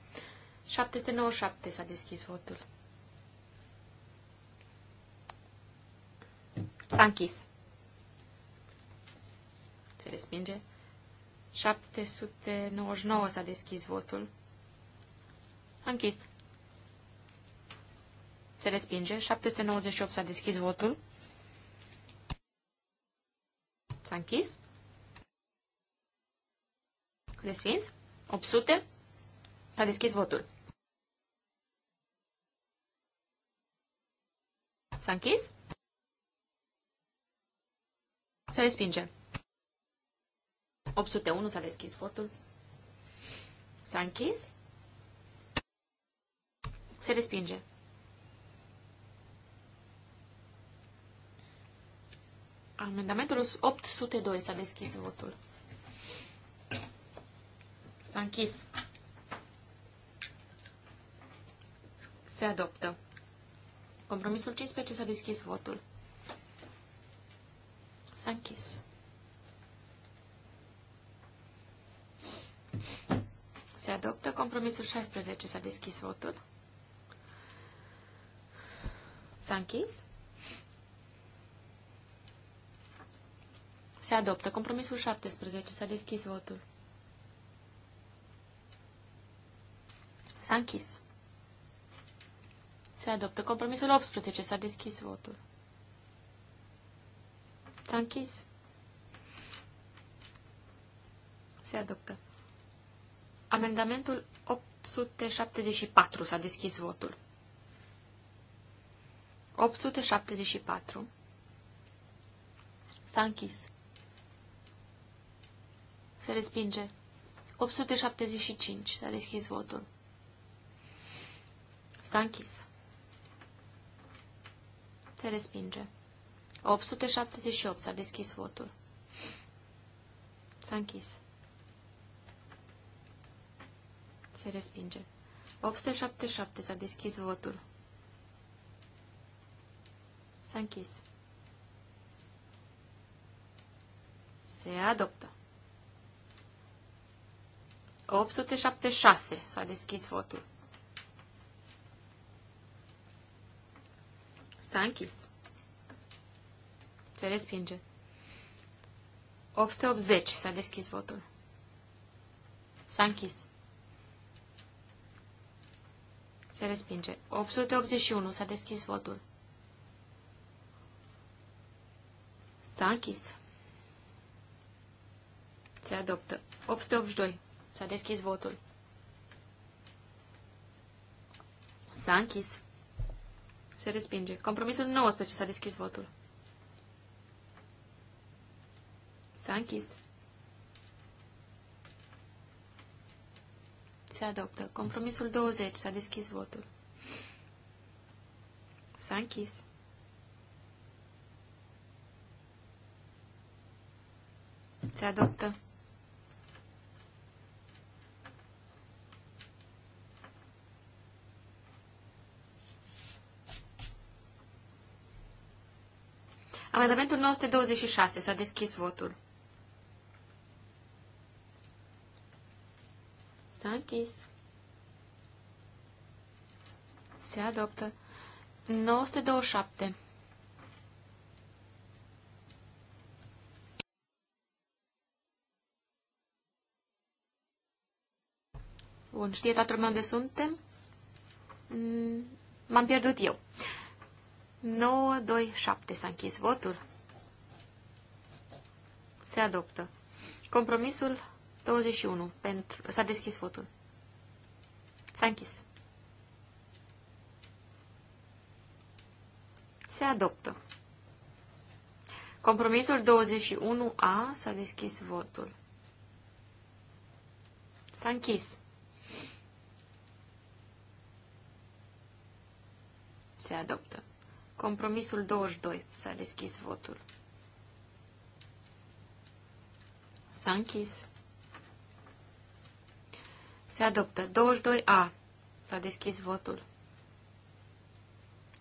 797 s-a deschis votul. S-a închis. Se respinge. 799 s-a deschis votul. A Închis. Se respinge. 798 s-a deschis votul. S-a închis. Respins. 800 s-a deschis votul. S-a închis. Se respinge. 801 s-a deschis votul. S-a închis. Se respinge. Amendamentul 802 s-a deschis votul. S-a închis. Se adoptă. Compromisul 15 s-a deschis votul. S-a închis. Se adoptă compromisul 16. S-a deschis votul. S-a închis. Se adoptă compromisul 17. S-a deschis votul. S-a închis. Se adoptă compromisul 18. S-a deschis votul. S-a închis. Se adoptă. Amendamentul 874. S-a deschis votul. 874. S-a închis. Se respinge. 875. S-a deschis votul. S-a închis. Se respinge. 878. S-a deschis votul. S-a închis. Se respinge. 877. S-a deschis votul. S-a închis. Se adoptă. 876. S-a deschis votul. S-a închis. Se respinge. 880. S-a deschis votul. S-a închis. Se respinge. 881. S-a deschis votul. S-a închis. Se adoptă. 882. S-a deschis votul. S-a închis. Se respinge. Compromisul 19. S-a deschis votul. S-a închis. Se adoptă. Compromisul 20. S-a deschis votul. S-a închis. Se adoptă. Amendamentul 926. S-a deschis votul. S-a închis. Se adoptă. 927. Bun, știe toată lumea unde suntem? Mm, m-am pierdut eu. 927 s-a închis votul. Se adoptă. Compromisul 21. Pentru... S-a deschis votul. S-a închis. Se adoptă. Compromisul 21A s-a deschis votul. S-a închis. Se adoptă. Compromisul 22 s-a deschis votul. S-a închis. Se adoptă. 22A. S-a deschis votul.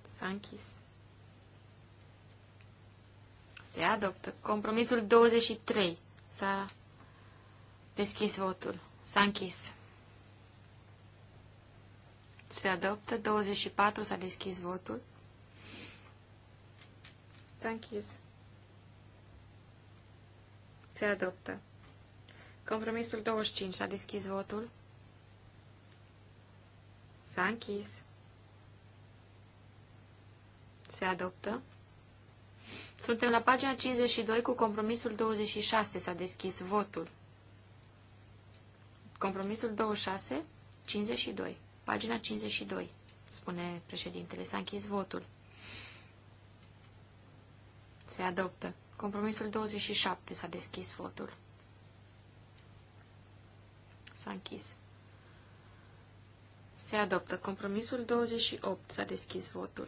S-a închis. Se adoptă. Compromisul 23. S-a deschis votul. S-a închis. Se adoptă. 24. S-a deschis votul. S-a închis. Se adoptă. Compromisul 25. S-a deschis votul. S-a închis. Se adoptă. Suntem la pagina 52 cu compromisul 26. S-a deschis votul. Compromisul 26, 52. Pagina 52, spune președintele. S-a închis votul. Se adoptă. Compromisul 27 s-a deschis votul. S-a închis. Se adoptă. Compromisul 28. S-a deschis votul.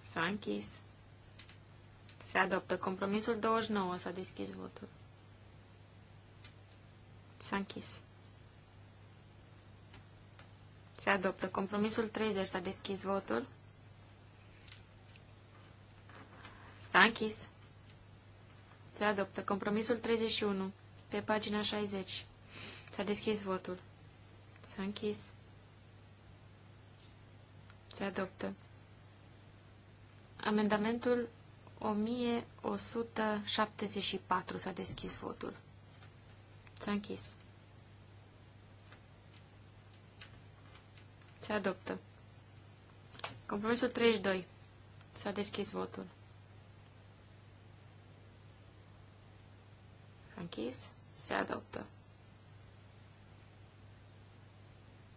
S-a închis. Se adoptă. Compromisul 29. S-a deschis votul. S-a închis. Se adoptă. Compromisul 30. S-a deschis votul. S-a închis. Se adoptă. Compromisul 31. Pe pagina 60. S-a deschis votul. S-a închis. Se adoptă. Amendamentul 1174 s-a deschis votul. S-a închis. Se adoptă. Compromisul 32. S-a deschis votul. S-a închis. Se adoptă.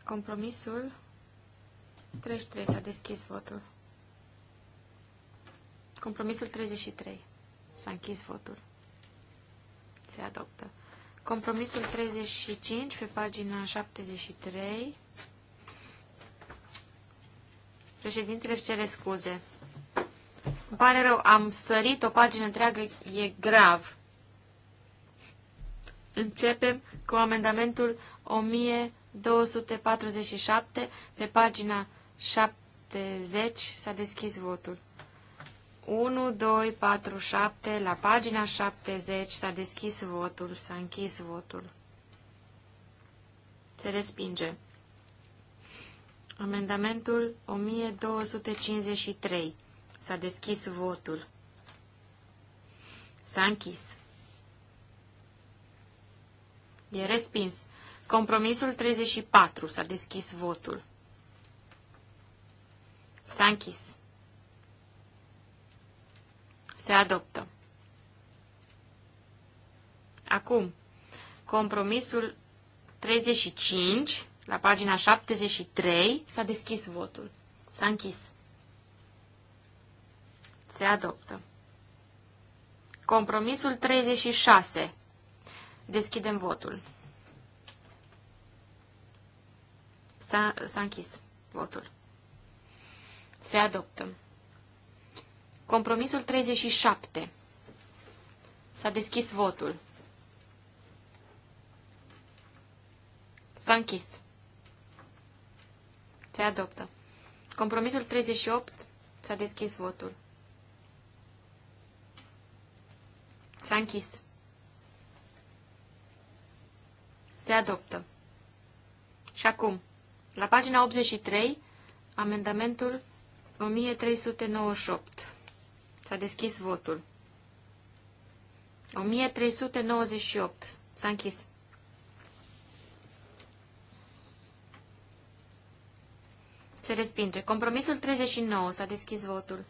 Compromisul 33. S-a deschis votul. Compromisul 33. S-a închis votul. Se adoptă. Compromisul 35 pe pagina 73. Președintele își cere scuze. Îmi pare rău, am sărit o pagină întreagă, e grav. Începem cu amendamentul 1000. 247 pe pagina 70 s-a deschis votul. 1, 2, 4, 7, la pagina 70 s-a deschis votul, s-a închis votul. Se respinge. Amendamentul 1253. S-a deschis votul. S-a închis. E respins. Compromisul 34. S-a deschis votul. S-a închis. Se adoptă. Acum, compromisul 35, la pagina 73, s-a deschis votul. S-a închis. Se adoptă. Compromisul 36. Deschidem votul. S-a, închis votul. Se adoptă. Compromisul 37. S-a deschis votul. S-a închis. Se adoptă. Compromisul 38. S-a deschis votul. S-a închis. Se adoptă. Și acum, la pagina 83, amendamentul 1398. S-a deschis votul. 1398. S-a închis. Se respinge. Compromisul 39. S-a deschis votul.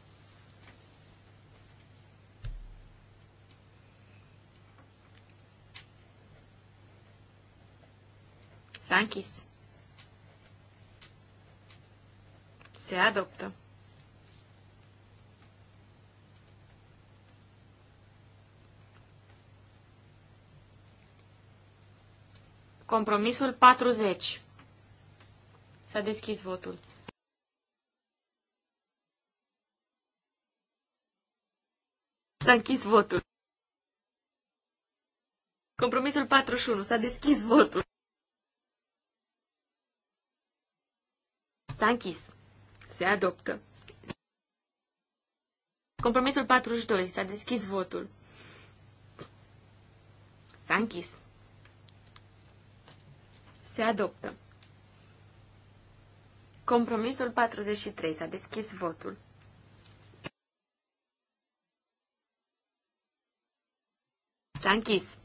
S-a închis. Se adoptă. Compromisul 40. S-a deschis votul. S-a închis votul. Compromisul 41. S-a deschis votul. S-a închis. Se adoptă. Compromisul 42. S-a deschis votul. S-a închis. Se adoptă. Compromisul 43. S-a deschis votul. S-a închis.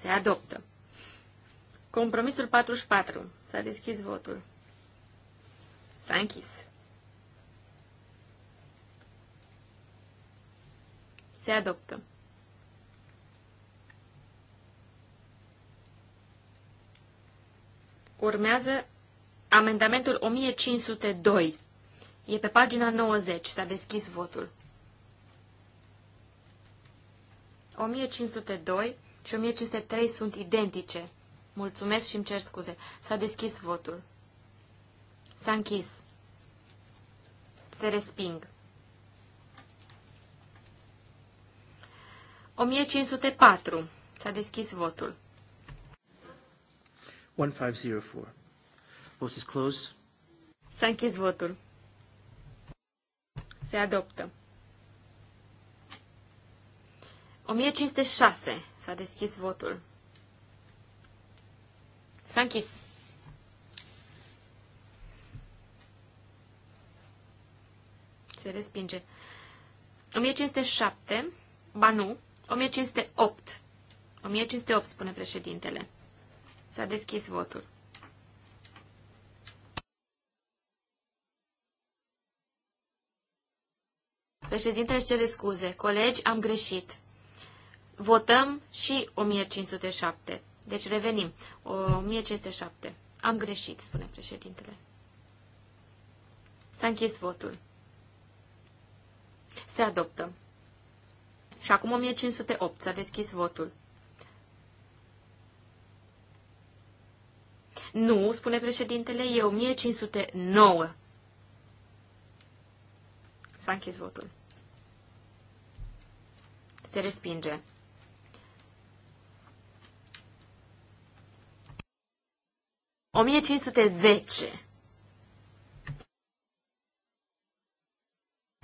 Se adoptă. Compromisul 44. S-a deschis votul. S-a închis. Se adoptă. Urmează amendamentul 1502. E pe pagina 90. S-a deschis votul. 1502 și 1503 sunt identice. Mulțumesc și îmi cer scuze. S-a deschis votul. S-a închis. Se resping. 1504. S-a deschis votul. 1504. Vote is closed. S-a închis votul. Se adoptă. 1506. S-a deschis votul. S-a închis. Se respinge. 1507. Ba nu. 1508. 1508, spune președintele. S-a deschis votul. Președintele își cere scuze. Colegi, am greșit. Votăm și 1507. Deci revenim. 1507. Am greșit, spune președintele. S-a închis votul. Se adoptă. Și acum 1508. S-a deschis votul. Nu, spune președintele, e 1509. S-a închis votul. Se respinge. O mie cinci zece.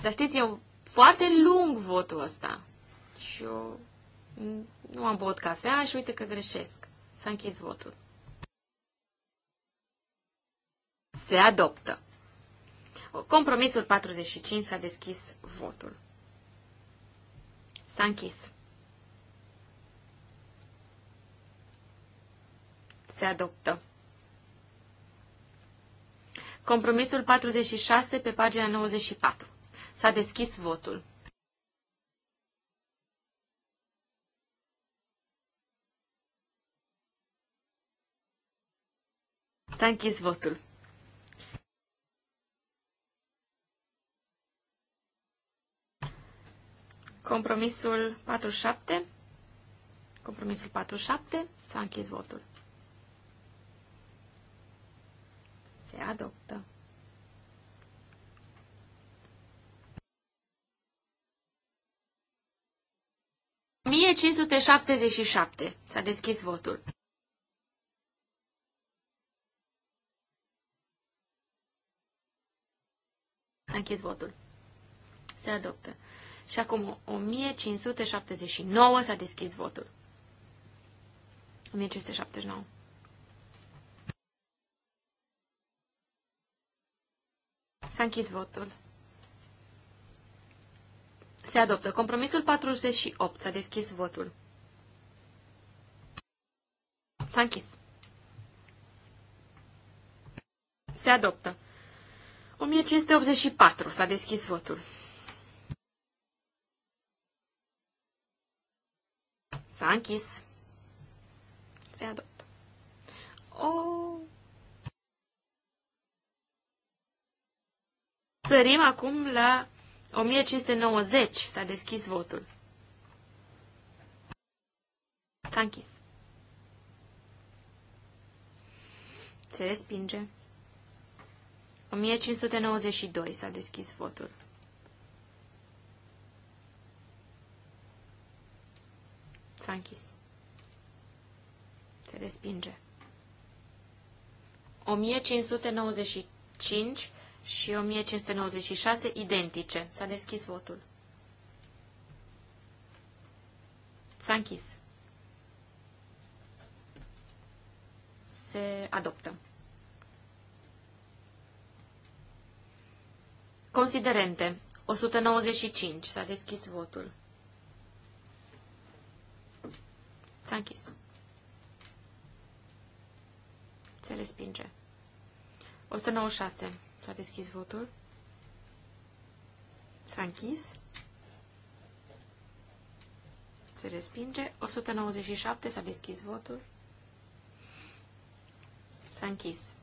Dar știți, e foarte lung votul ăsta deci eu nu am băut cafea și uite că greșesc. S-a închis votul. Se adoptă. Compromisul 45 s-a deschis votul. S-a închis. Se adoptă. Compromisul 46 pe pagina 94. S-a deschis votul. S-a închis votul. Compromisul 47. Compromisul 47. S-a închis votul. Se adoptă. 1.577. S-a deschis votul. S-a închis votul. Se adoptă. Și acum 1579 s-a deschis votul. 1579. S-a închis votul. Se adoptă. Compromisul 48. S-a deschis votul. S-a închis. Se adoptă. 1584. S-a deschis votul. S-a închis. Se adopt. O... Sărim acum la 1590. S-a deschis votul. S-a închis. Se respinge. 1592 s-a deschis votul. S-a închis. Se respinge. 1595 și 1596 identice. S-a deschis votul. S-a închis. Se adoptă. Considerente. 195. S-a deschis votul. S-a închis. Se respinge. 196. S-a deschis votul. S-a închis. Se respinge. 197. S-a deschis votul. S-a închis.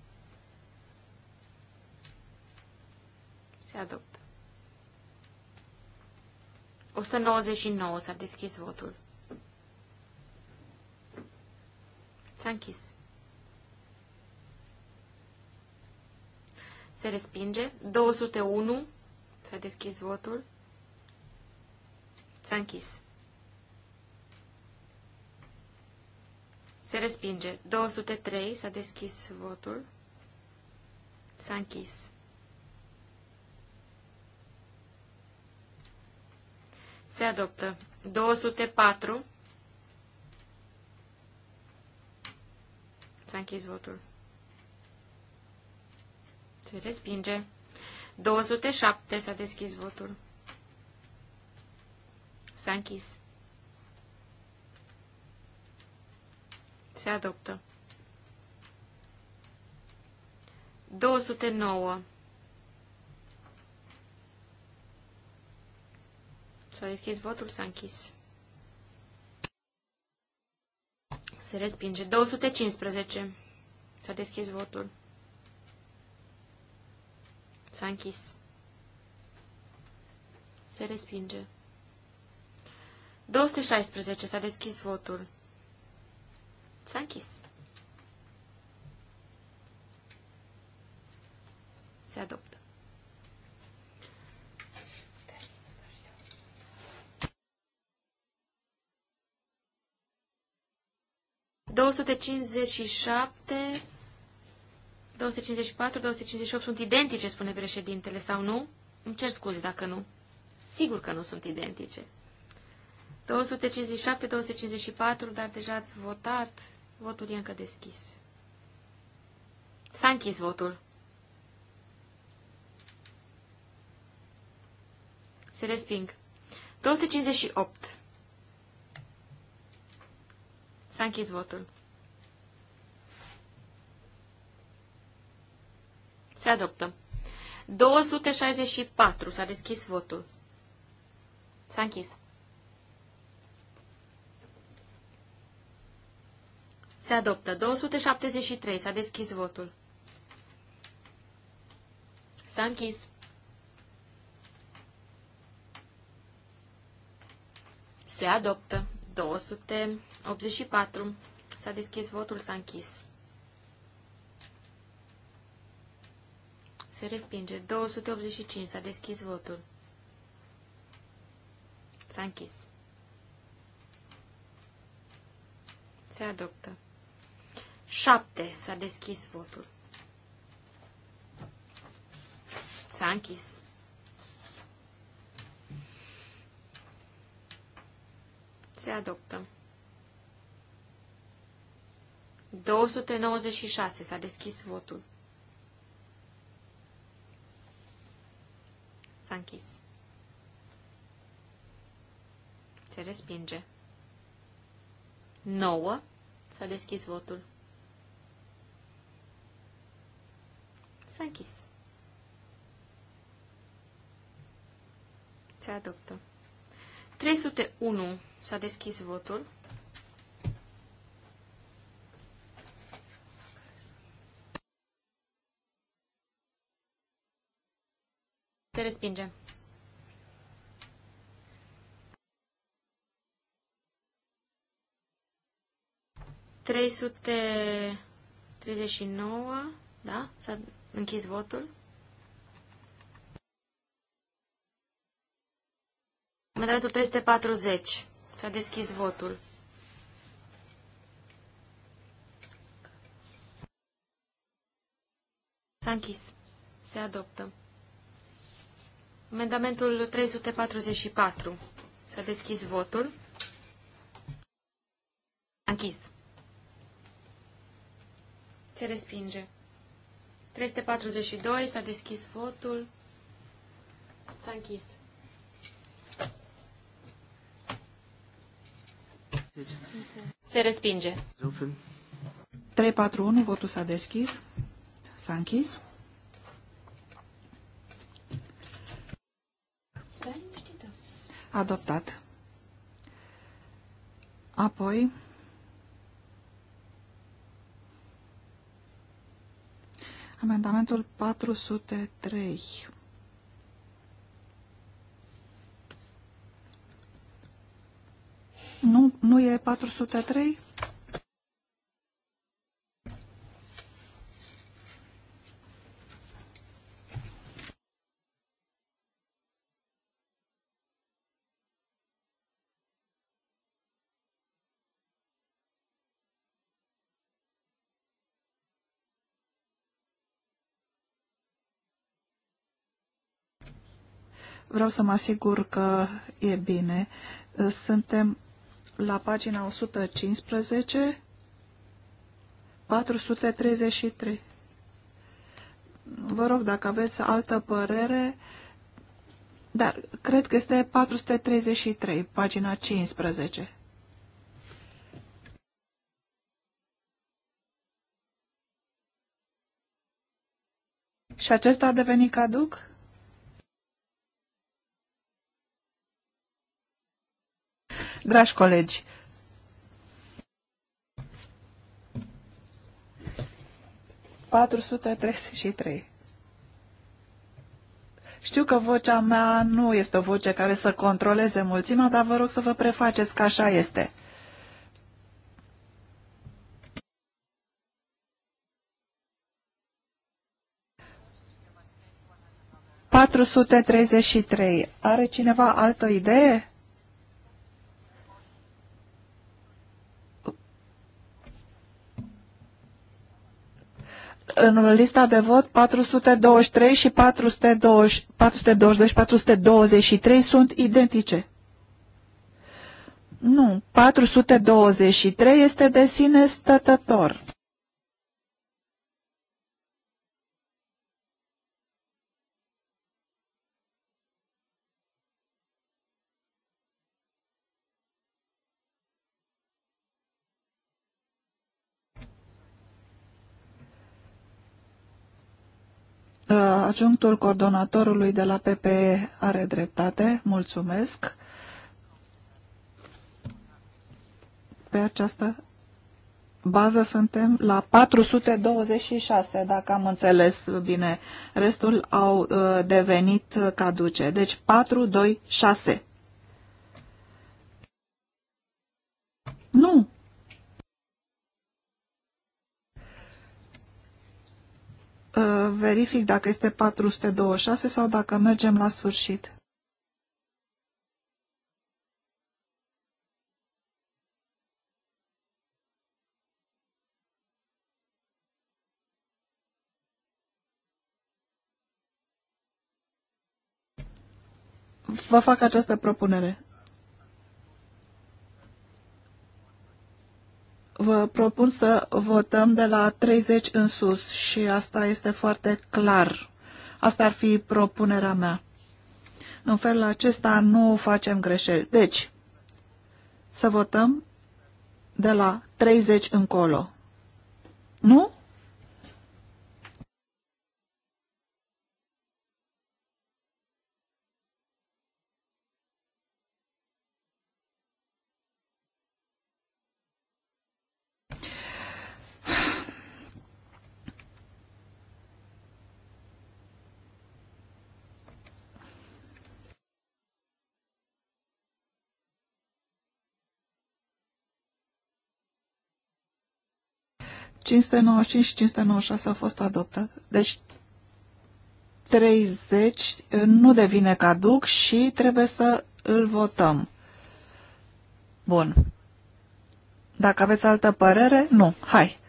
Se adoptă. 199. S-a deschis votul. S-a închis. Se respinge. 201. S-a deschis votul. S-a închis. Se respinge. 203. S-a deschis votul. S-a închis. Se adoptă. 204. S-a închis votul. Se respinge. 207. S-a deschis votul. S-a închis. Se adoptă. 209. S-a deschis votul, s-a închis. Se respinge. 215. S-a deschis votul. S-a închis. Se respinge. 216. S-a deschis votul. S-a închis. Se adoptă. 257, 254, 258 sunt identice, spune președintele, sau nu? Îmi cer scuze dacă nu. Sigur că nu sunt identice. 257, 254, dar deja ați votat. Votul e încă deschis. S-a închis votul. Se resping. 258. S-a închis votul. Se adoptă. 264. S-a deschis votul. S-a închis. Se adoptă. 273. S-a deschis votul. S-a închis. Se adoptă. 200. 84. S-a deschis votul, s-a închis. Se respinge. 285. S-a deschis votul. S-a închis. Se adoptă. 7. S-a deschis votul. S-a închis. Se adoptă. 296. S-a deschis votul. S-a închis. Se respinge. 9. S-a deschis votul. S-a închis. Se adoptă. 301. S-a deschis votul. se respinge. Trei sute treizeci și nouă, da? S-a închis votul. Amendamentul 340. S-a deschis votul. S-a închis. Se adoptă. Amendamentul 344. S-a deschis votul. închis. Se respinge. 342. S-a deschis votul. S-a închis. Se respinge. 341. Votul s-a deschis. S-a închis. adoptat. Apoi, amendamentul 403. Nu, nu e 403? Vreau să mă asigur că e bine. Suntem la pagina 115, 433. Vă rog, dacă aveți altă părere, dar cred că este 433, pagina 15. Și acesta a devenit caduc? Dragi colegi, Știu că vocea mea nu este o voce care să controleze mulțimea, dar vă rog să vă prefaceți că așa este. patru sute treizeci și trei. Are cineva altă idee? în lista de vot 423 și 420, 422 423 sunt identice. Nu, 423 este de sine stătător. Ă, Ajunctul coordonatorului de la PPE are dreptate. Mulțumesc. Pe această bază suntem la 426, dacă am înțeles bine. Restul au ă, devenit caduce. Deci 426. Uh, verific dacă este 426 sau dacă mergem la sfârșit. Vă fac această propunere. Vă propun să votăm de la 30 în sus și asta este foarte clar. Asta ar fi propunerea mea. În felul acesta nu facem greșeli. Deci, să votăm de la 30 încolo. Nu? 595 și 596 au fost adoptate. Deci 30 nu devine caduc și trebuie să îl votăm. Bun. Dacă aveți altă părere, nu. Hai.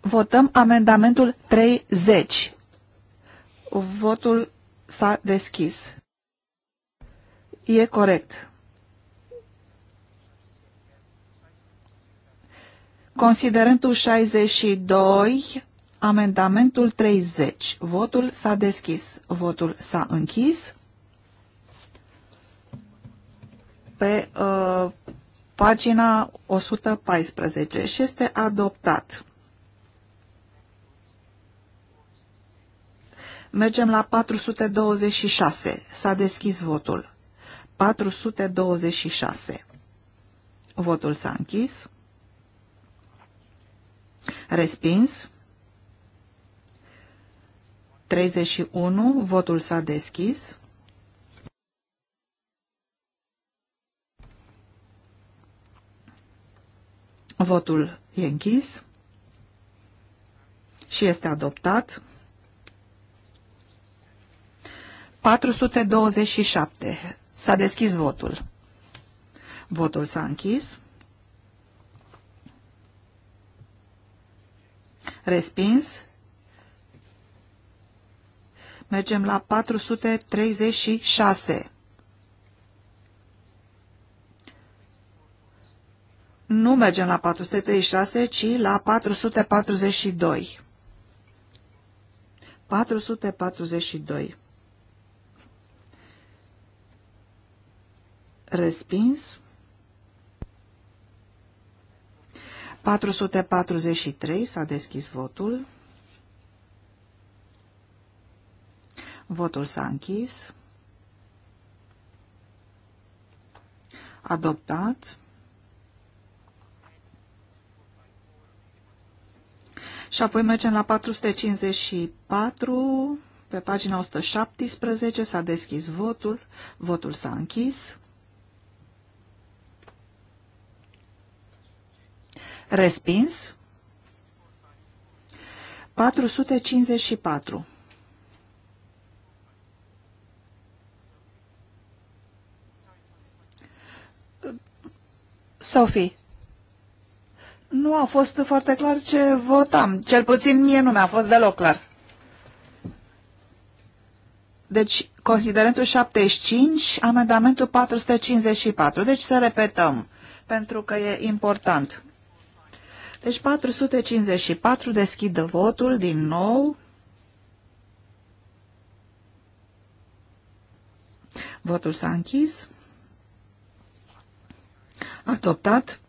Votăm amendamentul 30. Votul s-a deschis. E corect. Considerentul 62, amendamentul 30. Votul s-a deschis. Votul s-a închis. Pe uh, pagina 114 și este adoptat. Mergem la 426. S-a deschis votul. 426. Votul s-a închis. Respins. 31. Votul s-a deschis. Votul e închis și este adoptat. 427. S-a deschis votul. Votul s-a închis. Respins. Mergem la 436. Nu mergem la 436, ci la 442. 442. Respins. 443 s-a deschis votul. Votul s-a închis. Adoptat. Și apoi mergem la 454. Pe pagina 117 s-a deschis votul. Votul s-a închis. Respins. 454. Sophie, nu a fost foarte clar ce votam. Cel puțin mie nu mi-a fost deloc clar. Deci, considerentul 75, amendamentul 454. Deci să repetăm, pentru că e important. Deci 454 deschidă votul din nou. Votul s-a închis. Adoptat.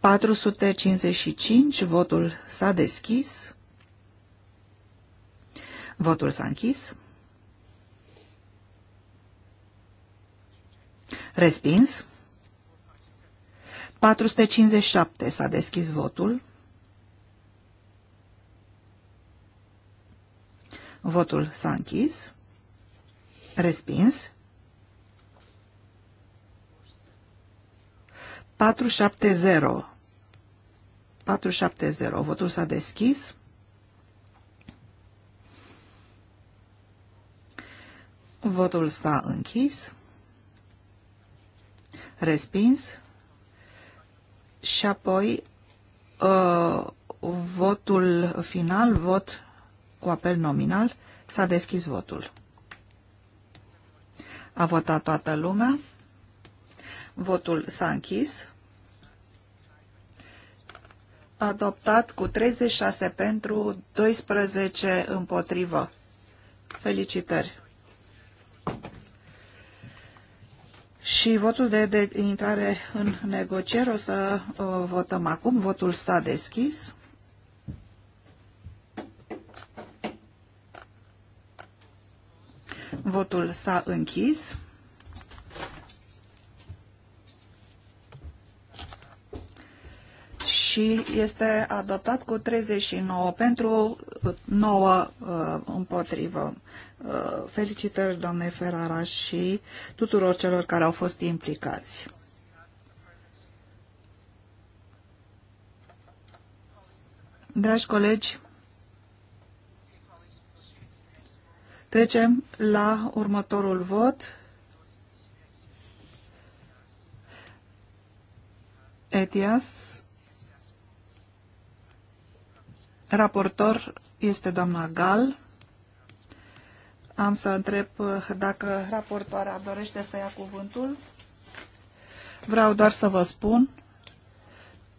455, votul s-a deschis. Votul s-a închis. Respins. 457 s-a deschis votul. Votul s-a închis. Respins. 470. 470. Votul s-a deschis. Votul s-a închis. Respins și apoi uh, votul final, vot cu apel nominal, s-a deschis votul. A votat toată lumea. Votul s-a închis. Adoptat cu 36 pentru, 12 împotrivă. Felicitări! Și votul de, de intrare în negocieri o să uh, votăm acum. Votul s-a deschis. Votul s-a închis. și este adoptat cu 39 pentru 9 uh, împotrivă. Uh, felicitări, doamne Ferrara, și tuturor celor care au fost implicați. Dragi colegi, trecem la următorul vot. Etias Raportor este doamna Gal. Am să întreb uh, dacă raportoarea dorește să ia cuvântul. Vreau doar să vă spun,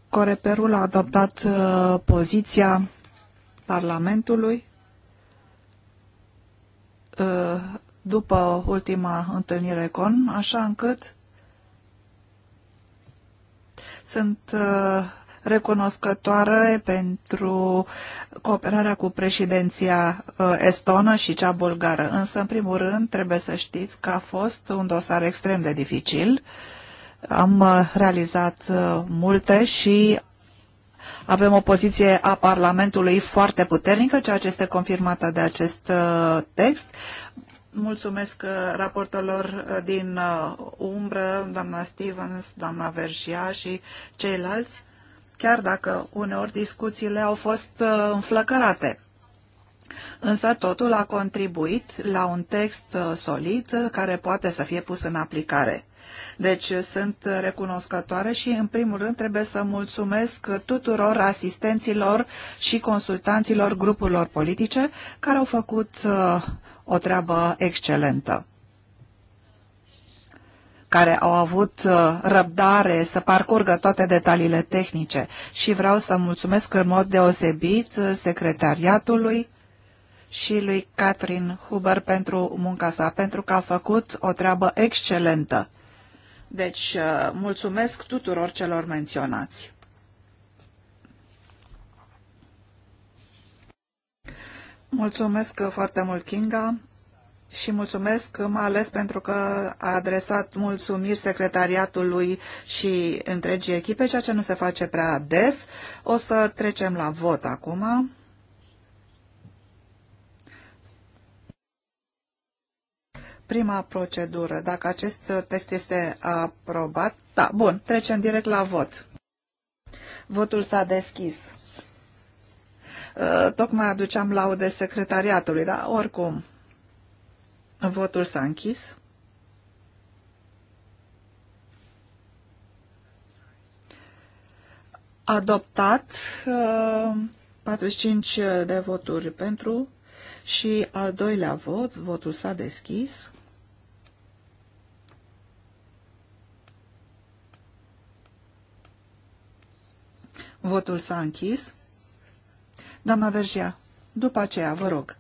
Coreperul a adoptat uh, poziția Parlamentului uh, după ultima întâlnire CON, așa încât sunt recunoscătoare pentru cooperarea cu președinția uh, estonă și cea bulgară. Însă, în primul rând, trebuie să știți că a fost un dosar extrem de dificil. Am uh, realizat uh, multe și avem o poziție a Parlamentului foarte puternică, ceea ce este confirmată de acest text. Mulțumesc raportorilor din umbră, doamna Stevens, doamna Vergia și ceilalți chiar dacă uneori discuțiile au fost uh, înflăcărate. Însă totul a contribuit la un text uh, solid uh, care poate să fie pus în aplicare. Deci sunt recunoscătoare și în primul rând trebuie să mulțumesc tuturor asistenților și consultanților grupurilor politice care au făcut o treabă excelentă care au avut uh, răbdare să parcurgă toate detaliile tehnice și vreau să mulțumesc în mod deosebit uh, secretariatului și lui Catherine Huber pentru munca sa, pentru că a făcut o treabă excelentă. Deci, uh, mulțumesc tuturor celor menționați. Mulțumesc foarte mult, Kinga și mulțumesc mai ales pentru că a adresat mulțumiri secretariatului și întregii echipe, ceea ce nu se face prea des. O să trecem la vot acum. Prima procedură, dacă acest text este aprobat, da, bun, trecem direct la vot. Votul s-a deschis. Uh, tocmai aduceam laude secretariatului, dar oricum, Votul s-a închis. Adoptat 45 uh, de voturi pentru și al doilea vot, votul s-a deschis. Votul s-a închis. Doamna Vergea, după aceea, vă rog.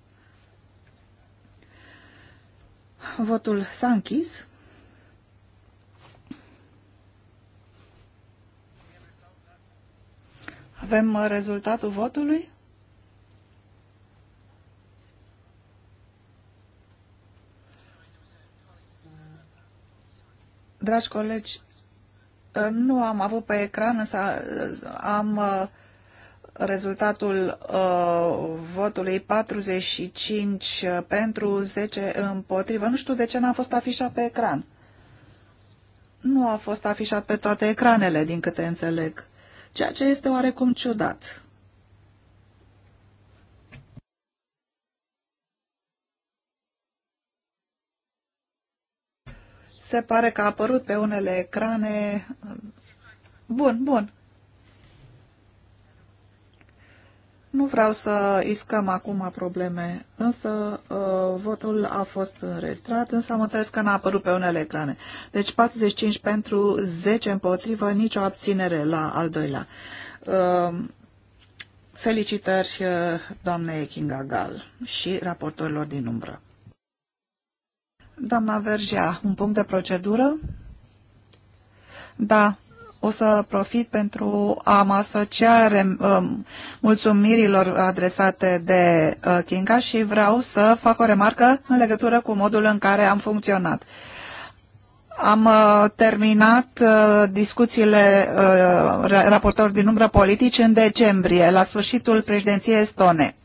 Votul s-a închis. Avem uh, rezultatul votului? Dragi colegi, uh, nu am avut pe ecran, însă uh, am rezultatul uh, votului 45 uh, pentru 10 împotrivă. Nu știu de ce n-a fost afișat pe ecran. Nu a fost afișat pe toate ecranele, din câte înțeleg, ceea ce este oarecum ciudat. Se pare că a apărut pe unele ecrane... Bun, bun. Nu vreau să iscăm acum probleme, însă uh, votul a fost înregistrat, însă am înțeles că n-a apărut pe unele ecrane. Deci 45 pentru, 10 împotrivă, nicio abținere la al doilea. Uh, felicitări uh, doamnei Kinga Gal și raportorilor din umbră. Doamna Vergea, un punct de procedură? Da, o să profit pentru a mă asocia uh, mulțumirilor adresate de uh, Kinga și vreau să fac o remarcă în legătură cu modul în care am funcționat. Am uh, terminat discuțiile uh, din umbră politici în decembrie, la sfârșitul președinției estone.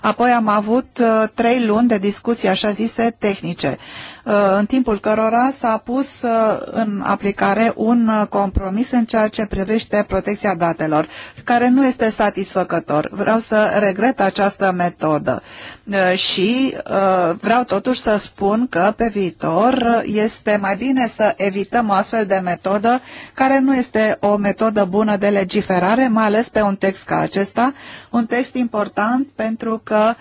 Apoi am avut uh, trei luni de discuții așa zise tehnice, uh, în timpul cărora s-a pus uh, în aplicare un compromis în ceea ce privește protecția datelor, care nu este satisfăcător. Vreau să regret această metodă și vreau totuși să spun că pe viitor este mai bine să evităm o astfel de metodă care nu este o metodă bună de legiferare, mai ales pe un text ca acesta, un text important pentru pentru că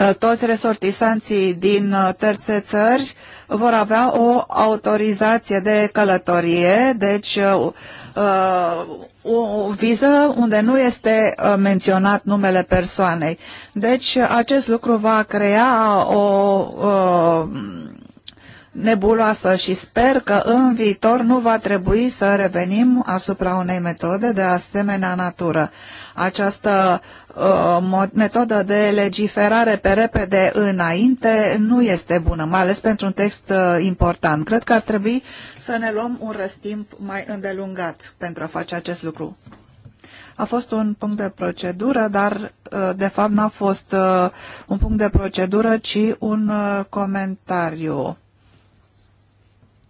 uh, toți resortisanții din uh, terțe țări vor avea o autorizație de călătorie, deci uh, o viză unde nu este menționat numele persoanei. Deci acest lucru va crea o nebuloasă și sper că în viitor nu va trebui să revenim asupra unei metode de asemenea natură. Această Uh, metodă de legiferare pe repede înainte nu este bună, mai ales pentru un text uh, important. Cred că ar trebui să ne luăm un răstimp mai îndelungat pentru a face acest lucru. A fost un punct de procedură, dar uh, de fapt n-a fost un punct de procedură, ci un comentariu.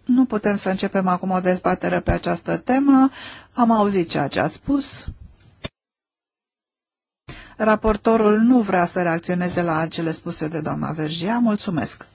Nu putem să începem acum o dezbatere pe această temă. Am auzit ceea ce ați spus. Raportorul nu vrea să reacționeze la cele spuse de doamna Vergia. Mulțumesc!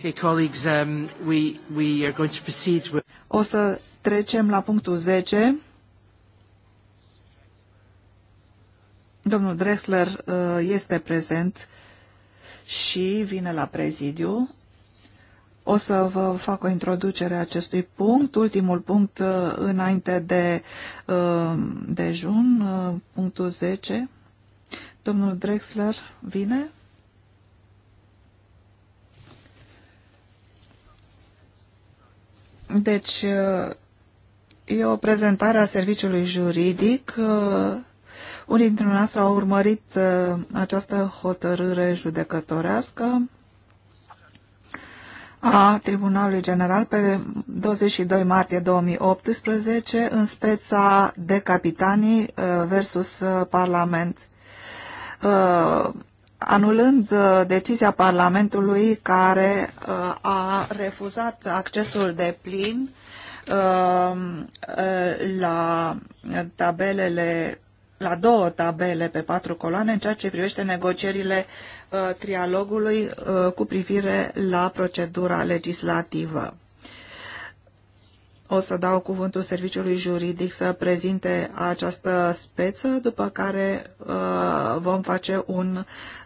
Okay, colleagues, um, we, we are going to proceed with... O să trecem la punctul 10. Domnul Dressler uh, este prezent și vine la prezidiu. O să vă fac o introducere a acestui punct, ultimul punct uh, înainte de uh, dejun, punctul 10. Domnul Drexler vine? Deci, e o prezentare a serviciului juridic. Unii dintre noastre au urmărit uh, această hotărâre judecătorească a Tribunalului General pe 22 martie 2018 în speța de capitanii uh, versus uh, Parlament anulând uh, decizia Parlamentului care uh, a refuzat accesul de plin uh, la tabelele la două tabele pe patru coloane în ceea ce privește negocierile uh, trialogului uh, cu privire la procedura legislativă. O să dau cuvântul serviciului juridic să prezinte această speță, după care uh, vom face un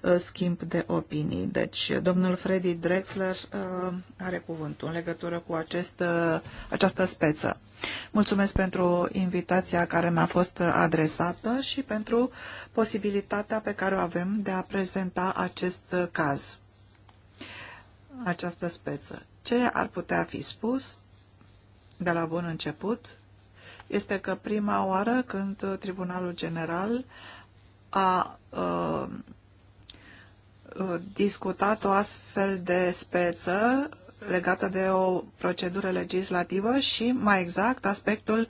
uh, schimb de opinii. Deci, domnul Freddy Drexler uh, are cuvântul în legătură cu acest, uh, această speță. Mulțumesc pentru invitația care mi-a fost adresată și pentru posibilitatea pe care o avem de a prezenta acest caz, această speță. Ce ar putea fi spus? de la bun început este că prima oară când Tribunalul General a uh, uh, discutat o astfel de speță legată de o procedură legislativă și, mai exact, aspectul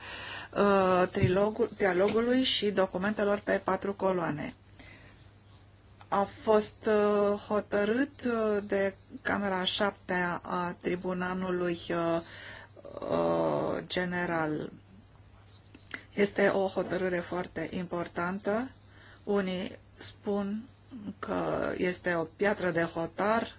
dialogului uh, trialogului și documentelor pe patru coloane. A fost hotărât de Camera 7 a Tribunalului Uh, general. Este o hotărâre foarte importantă. Unii spun că este o piatră de hotar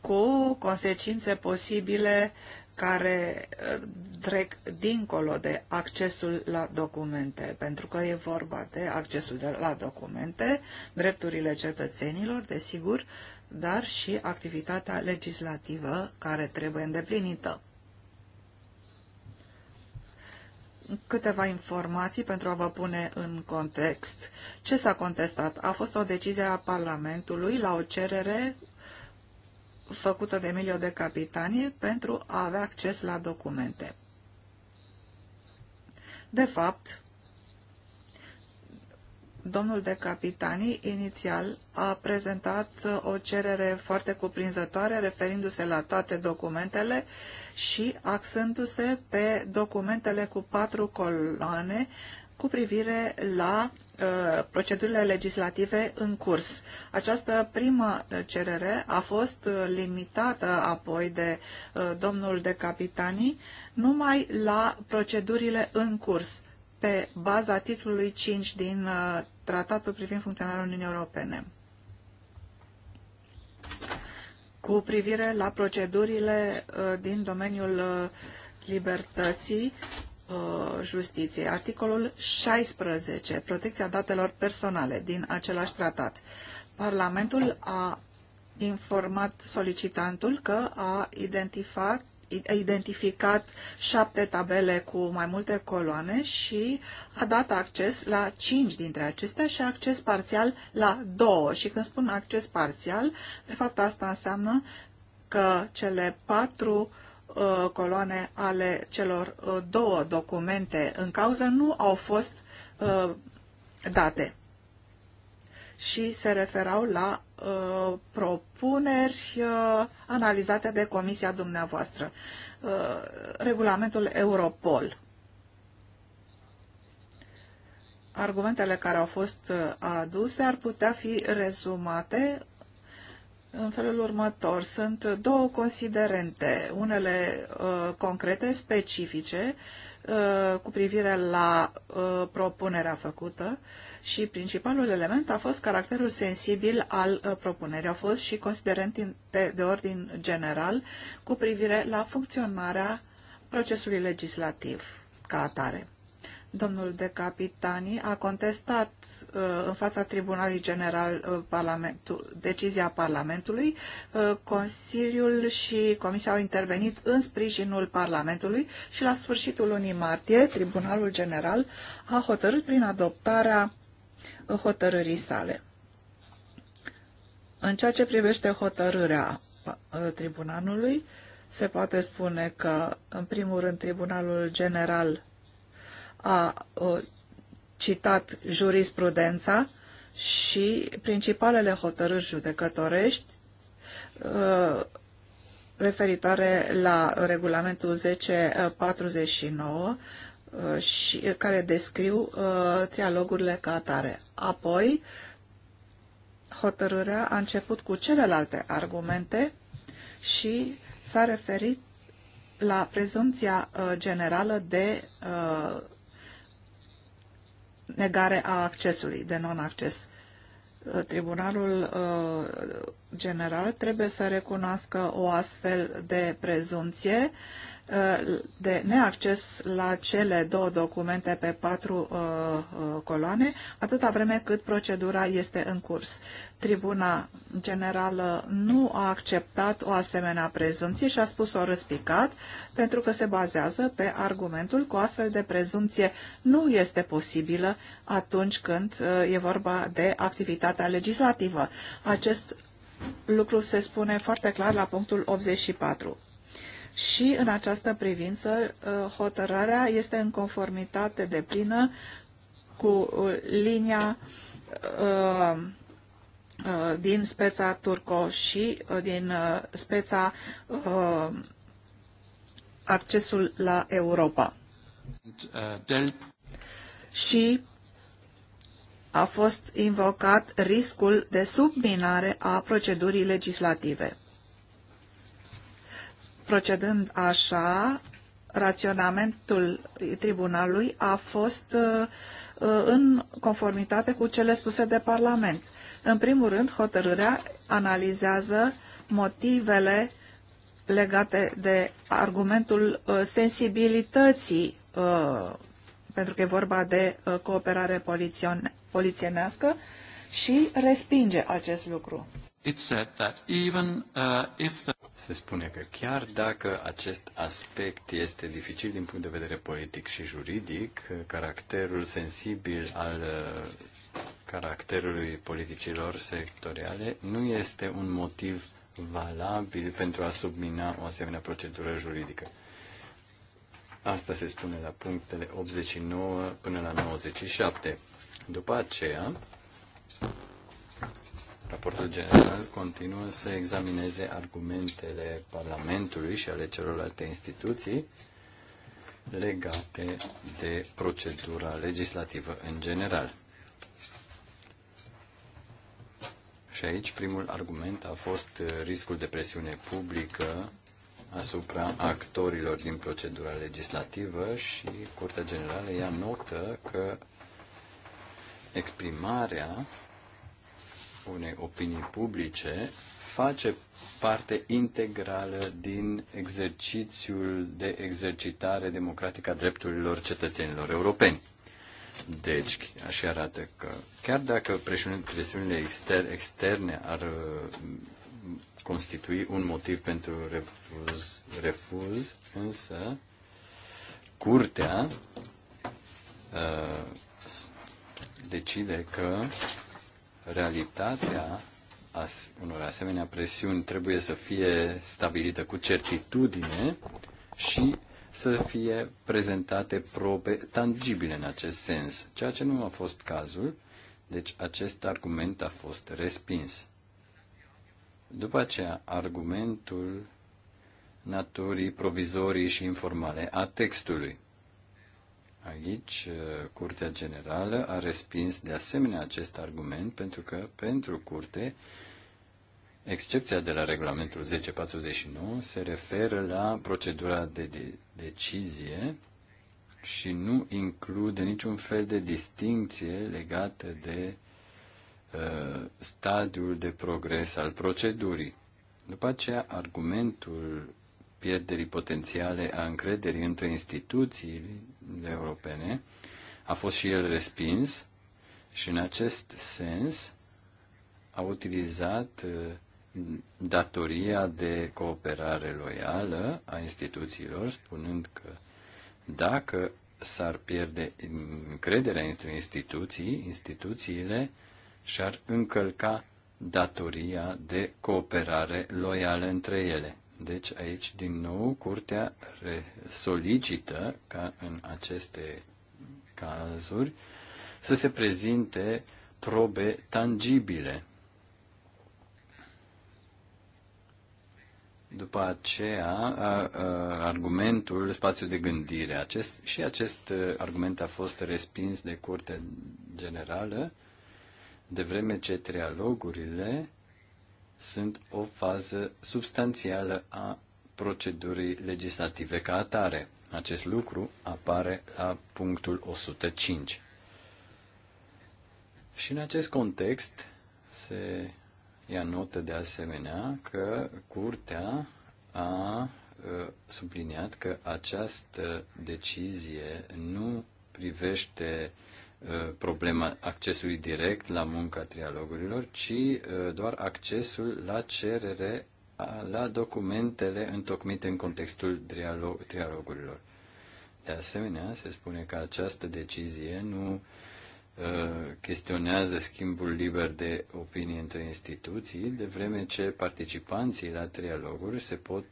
cu consecințe posibile care uh, trec dincolo de accesul la documente, pentru că e vorba de accesul de la documente, drepturile cetățenilor, desigur, dar și activitatea legislativă care trebuie îndeplinită. câteva informații pentru a vă pune în context. Ce s-a contestat? A fost o decizie a Parlamentului la o cerere făcută de Emilio de Capitanie pentru a avea acces la documente. De fapt, domnul De Capitani inițial a prezentat uh, o cerere foarte cuprinzătoare referindu-se la toate documentele și axându-se pe documentele cu patru coloane cu privire la uh, procedurile legislative în curs. Această primă uh, cerere a fost limitată apoi de domnul De Capitani numai la procedurile în curs pe baza titlului 5 din tratatul privind funcționarea Uniunii Europene. Cu privire la procedurile uh, din domeniul uh, libertății, uh, justiției. Articolul 16, protecția datelor personale din același tratat. Parlamentul a informat solicitantul că a identificat identificat șapte tabele cu mai multe coloane și a dat acces la cinci dintre acestea și acces parțial la două. Și când spun acces parțial, de fapt asta înseamnă că cele patru uh, coloane ale celor uh, două documente în cauză nu au fost uh, date și se referau la uh, propuneri uh, analizate de comisia dumneavoastră. Uh, regulamentul Europol. Argumentele care au fost uh, aduse ar putea fi rezumate în felul următor. Sunt două considerente, unele uh, concrete, specifice, uh, cu privire la uh, propunerea făcută și principalul element a fost caracterul sensibil al uh, propunerii. Au fost și considerente de ordin general cu privire la funcționarea procesului legislativ ca atare. Domnul de Capitani a contestat uh, în fața Tribunalului General uh, Parlamentul, decizia Parlamentului. Uh, Consiliul și Comisia au intervenit în sprijinul Parlamentului și la sfârșitul lunii martie, Tribunalul General a hotărât prin adoptarea hotărârii sale. În ceea ce privește hotărârea uh, tribunalului, se poate spune că, în primul rând, Tribunalul General a uh, citat jurisprudența și principalele hotărâri judecătorești uh, referitoare la regulamentul 1049 Uh, și, uh, care descriu uh, trialogurile ca atare. Apoi, hotărârea a început cu celelalte argumente și s-a referit la prezumția generală de negare a accesului, de non-acces. Tribunalul General trebuie să recunoască o astfel de prezumție de neacces la cele două documente pe patru uh, uh, coloane, atâta vreme cât procedura este în curs. Tribuna Generală nu a acceptat o asemenea prezumție și a spus-o răspicat, pentru că se bazează pe argumentul că o astfel de prezumție nu este posibilă atunci când uh, e vorba de activitatea legislativă. Acest lucru se spune foarte clar la punctul 84 și în această privință uh, hotărârea este în conformitate de plină cu uh, linia uh, din speța turco și din speța accesul la Europa. Și a fost invocat riscul de subminare a procedurii legislative. Procedând așa, raționamentul tribunalului a fost uh, uh, în conformitate cu cele spuse de Parlament. În primul rând, hotărârea analizează motivele legate de argumentul uh, sensibilității, pentru că e vorba de cooperare polițienească, și respinge acest lucru. It said that even, uh, if the se spune că chiar dacă acest aspect este dificil din punct de vedere politic și juridic, caracterul sensibil al uh, caracterului politicilor sectoriale nu este un motiv valabil pentru a submina o asemenea procedură juridică. Asta se spune la punctele 89 până la 97. După aceea, Raportul general continuă să examineze argumentele Parlamentului și ale celorlalte instituții legate de procedura legislativă în general. Și aici primul argument a fost riscul de presiune publică asupra actorilor din procedura legislativă și Curtea Generală ia notă că exprimarea unei opinii publice face parte integrală din exercițiul de exercitare democratică a drepturilor cetățenilor europeni. Deci, așa arată că chiar dacă presiunile exter- externe ar uh, constitui un motiv pentru refuz, refuz însă curtea uh, decide că realitatea as, unor asemenea presiuni trebuie să fie stabilită cu certitudine și să fie prezentate probe tangibile în acest sens, ceea ce nu a fost cazul, deci acest argument a fost respins. După aceea, argumentul naturii provizorii și informale a textului. Aici, uh, Curtea Generală a respins de asemenea acest argument pentru că, pentru Curte, excepția de la regulamentul 1049 se referă la procedura de, de decizie și nu include niciun fel de distinție legată de uh, stadiul de progres al procedurii. După aceea, argumentul pierderii potențiale a încrederii între instituții europene, a fost și el respins și în acest sens a utilizat uh, datoria de cooperare loială a instituțiilor, spunând că dacă s-ar pierde încrederea între instituții, instituțiile și-ar încălca datoria de cooperare loială între ele. Deci aici, din nou, curtea solicită ca în aceste cazuri să se prezinte probe tangibile. După aceea, argumentul spațiu de gândire. Acest, și acest uh, argument a fost respins de Curtea Generală, de vreme ce trialogurile sunt o fază substanțială a procedurii legislative ca atare. Acest lucru apare la punctul 105. Și în acest context se ia notă de asemenea că Curtea a ă, subliniat că această decizie nu privește Uh, problema accesului direct la munca trialogurilor, ci uh, doar accesul la cerere la documentele întocmite în contextul trialogurilor. De asemenea, se spune că această decizie nu uh, chestionează schimbul liber de opinie între instituții, de vreme ce participanții la trialoguri se pot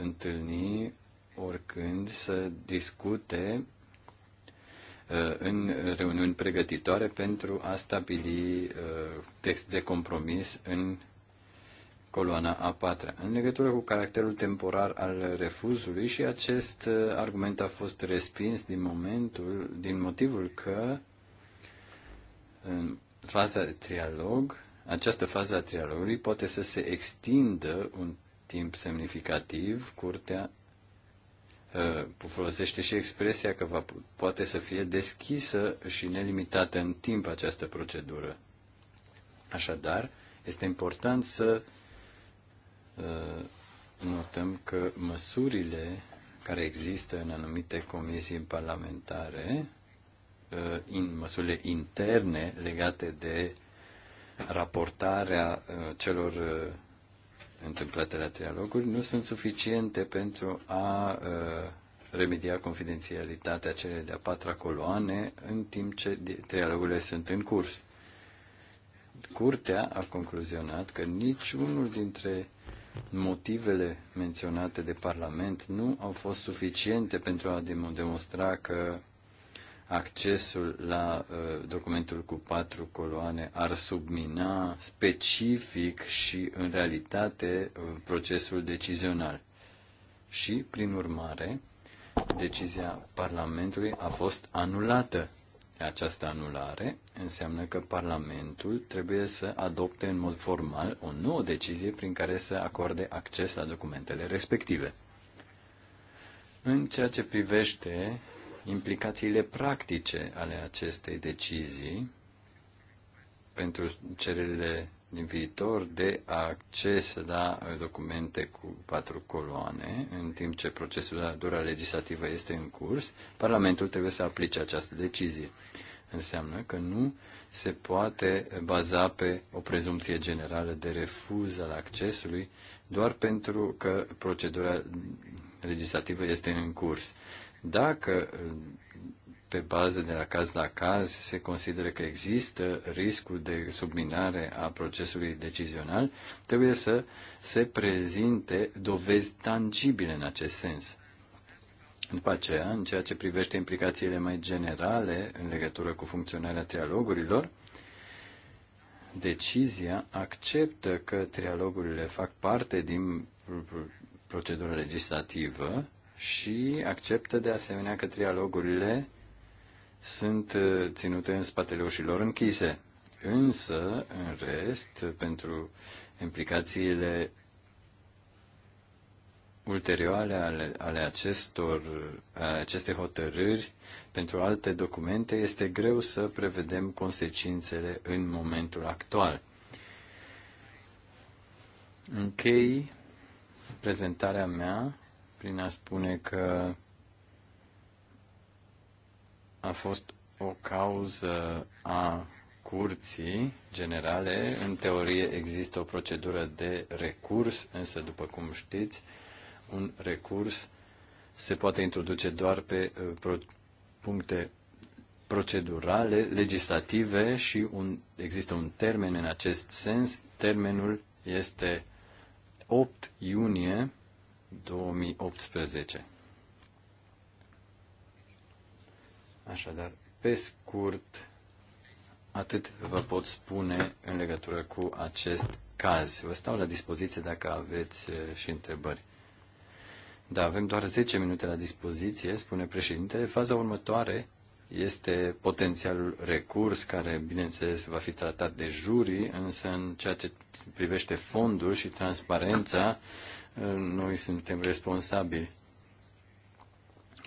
întâlni oricând să discute Uh, în reuniuni pregătitoare pentru a stabili uh, text de compromis în coloana a patra. În legătură cu caracterul temporar al refuzului și acest uh, argument a fost respins din momentul, din motivul că în faza de trialog, această fază a trialogului poate să se extindă un timp semnificativ, curtea Uh, folosește și expresia că va, poate să fie deschisă și nelimitată în timp această procedură. Așadar, este important să uh, notăm că măsurile care există în anumite comisii parlamentare, în uh, măsurile interne legate de raportarea celor întâmplate la trialoguri nu sunt suficiente pentru a uh, remedia confidențialitatea cele de-a patra coloane în timp ce trialogurile sunt în curs. Curtea a concluzionat că niciunul dintre motivele menționate de Parlament nu au fost suficiente pentru a demonstra că accesul la uh, documentul cu patru coloane ar submina specific și în realitate uh, procesul decizional. Și, prin urmare, decizia Parlamentului a fost anulată. Această anulare înseamnă că Parlamentul trebuie să adopte în mod formal o nouă decizie prin care să acorde acces la documentele respective. În ceea ce privește implicațiile practice ale acestei decizii pentru cererile din viitor de acces la documente cu patru coloane, în timp ce procesul de dura legislativă este în curs, Parlamentul trebuie să aplice această decizie. Înseamnă că nu se poate baza pe o prezumție generală de refuz al accesului doar pentru că procedura legislativă este în curs. Dacă pe bază de la caz la caz se consideră că există riscul de subminare a procesului decizional, trebuie să se prezinte dovezi tangibile în acest sens. După aceea, în ceea ce privește implicațiile mai generale în legătură cu funcționarea trialogurilor, decizia acceptă că trialogurile fac parte din procedura legislativă și acceptă de asemenea că trialogurile sunt uh, ținute în spatele ușilor închise. Însă, în rest, pentru implicațiile ulterioare ale, ale acestor, aceste hotărâri pentru alte documente, este greu să prevedem consecințele în momentul actual. Închei prezentarea mea prin a spune că a fost o cauză a curții generale. În teorie există o procedură de recurs, însă, după cum știți, un recurs se poate introduce doar pe uh, puncte procedurale, legislative și un, există un termen în acest sens. Termenul este 8 iunie 2018. Așadar, pe scurt, atât vă pot spune în legătură cu acest caz. Vă stau la dispoziție dacă aveți uh, și întrebări. Da, avem doar 10 minute la dispoziție, spune președintele. Faza următoare este potențialul recurs, care, bineînțeles, va fi tratat de jurii, însă în ceea ce privește fondul și transparența, noi suntem responsabili.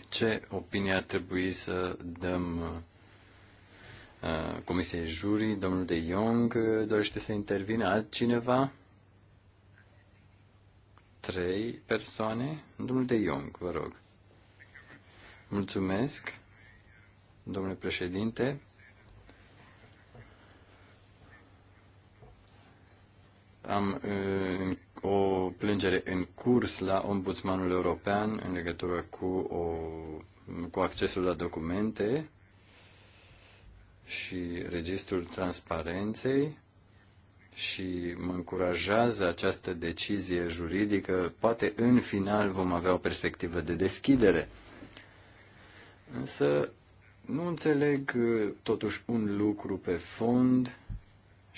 Ce opinie ar trebui să dăm uh, uh, Comisiei Jurii? Domnul de Jong uh, dorește să intervine altcineva? Trei persoane? Domnul de Jong, vă rog. Mulțumesc, domnule președinte. Am o plângere în curs la Ombudsmanul European în legătură cu, o, cu accesul la documente și registrul transparenței și mă încurajează această decizie juridică. Poate în final vom avea o perspectivă de deschidere. Însă nu înțeleg uh, totuși un lucru pe fond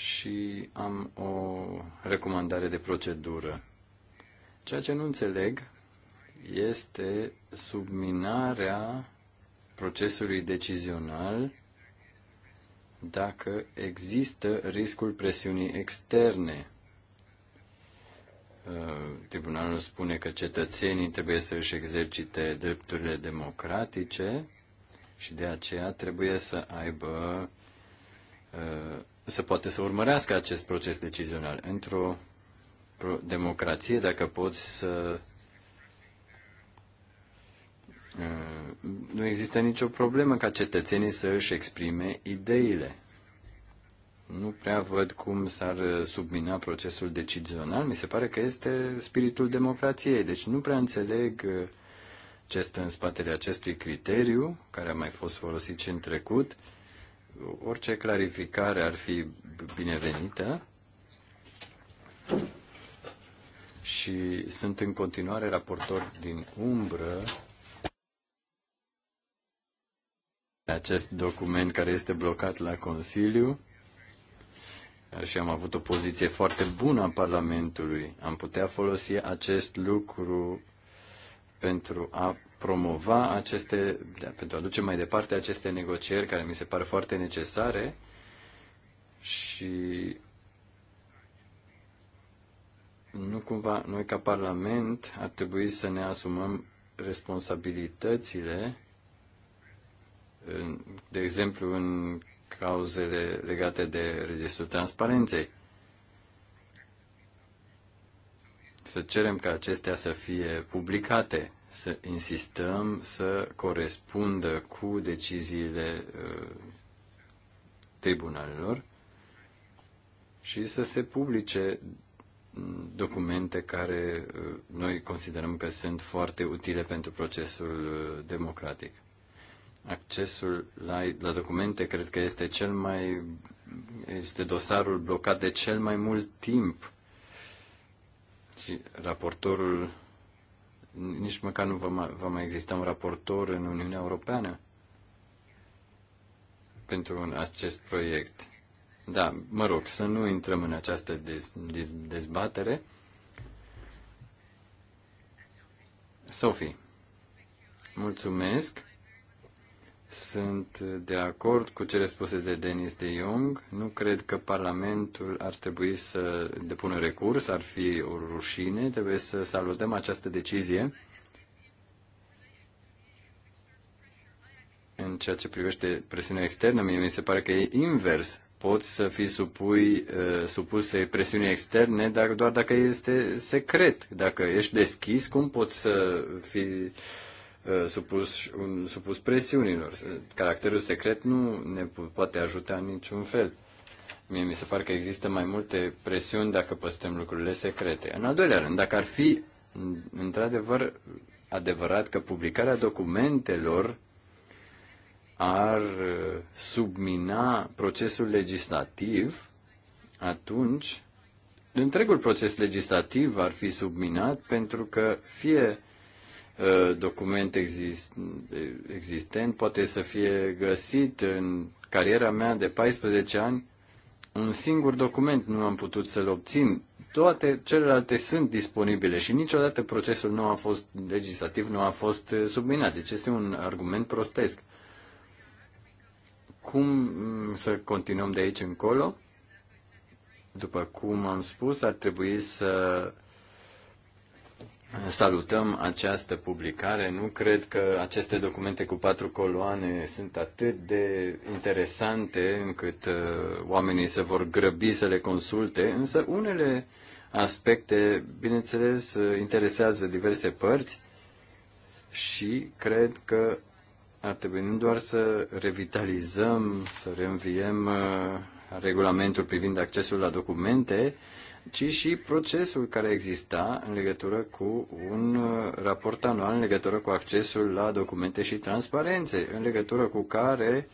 și am o recomandare de procedură. Ceea ce nu înțeleg este subminarea procesului decizional dacă există riscul presiunii externe. Uh, tribunalul spune că cetățenii trebuie să își exercite drepturile democratice și de aceea trebuie să aibă uh, să poate să urmărească acest proces decizional. Într-o democrație, dacă poți să uh, nu există nicio problemă ca cetățenii să își exprime ideile. Nu prea văd cum s-ar submina procesul decizional. Mi se pare că este spiritul democrației. Deci nu prea înțeleg uh, ce stă în spatele acestui criteriu, care a mai fost folosit și în trecut orice clarificare ar fi binevenită și sunt în continuare raportor din umbră acest document care este blocat la Consiliu și am avut o poziție foarte bună a Parlamentului. Am putea folosi acest lucru pentru a promova aceste, da, pentru a duce mai departe aceste negocieri care mi se par foarte necesare și nu cumva noi ca Parlament ar trebui să ne asumăm responsabilitățile, de exemplu în cauzele legate de registrul transparenței. Să cerem ca acestea să fie publicate să insistăm să corespundă cu deciziile uh, tribunalelor și să se publice documente care uh, noi considerăm că sunt foarte utile pentru procesul uh, democratic. Accesul la, la documente cred că este cel mai este dosarul blocat de cel mai mult timp. Și raportorul nici măcar nu va mai, va mai exista un raportor în Uniunea Europeană pentru un, acest proiect. Da, mă rog, să nu intrăm în această dez, dez, dezbatere. Sophie, mulțumesc. Sunt de acord cu cele spuse de Denis de Jong. Nu cred că Parlamentul ar trebui să depună recurs, ar fi o rușine. Trebuie să salutăm această decizie. În ceea ce privește presiunea externă, mie mi se pare că e invers. Poți să fii supui, uh, supuse presiunii externe dar doar dacă este secret. Dacă ești deschis, cum poți să fii Uh, supus, un, supus presiunilor. Caracterul secret nu ne poate ajuta în niciun fel. Mie mi se pare că există mai multe presiuni dacă păstrăm lucrurile secrete. În al doilea rând, dacă ar fi într-adevăr adevărat că publicarea documentelor ar uh, submina procesul legislativ, atunci întregul proces legislativ ar fi subminat pentru că fie Uh, document exist, existent poate să fie găsit în cariera mea de 14 ani. Un singur document nu am putut să-l obțin. Toate celelalte sunt disponibile și niciodată procesul nu a fost legislativ, nu a fost uh, subminat. Deci este un argument prostesc. Cum mm, să continuăm de aici încolo? După cum am spus, ar trebui să salutăm această publicare. Nu cred că aceste documente cu patru coloane sunt atât de interesante încât uh, oamenii se vor grăbi să le consulte, însă unele aspecte, bineînțeles, uh, interesează diverse părți și cred că ar trebui nu doar să revitalizăm, să reînviem uh, regulamentul privind accesul la documente, ci și procesul care exista în legătură cu un uh, raport anual în legătură cu accesul la documente și transparențe, în legătură cu care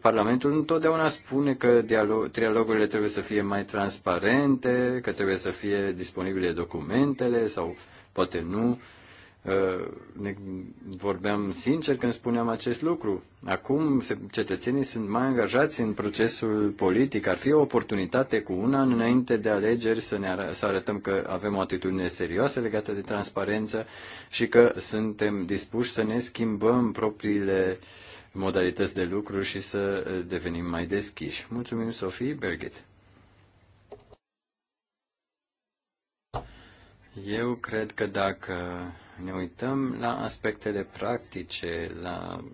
Parlamentul întotdeauna spune că dialog, trialogurile trebuie să fie mai transparente, că trebuie să fie disponibile documentele sau poate nu Uh, ne vorbeam sincer când spuneam acest lucru. Acum cetățenii sunt mai angajați în procesul politic. Ar fi o oportunitate cu una înainte de alegeri să, ne ar- să arătăm că avem o atitudine serioasă legată de transparență și că suntem dispuși să ne schimbăm propriile modalități de lucru și să uh, devenim mai deschiși. Mulțumim, Sofie Berget. Eu cred că dacă ne uităm la aspectele practice, la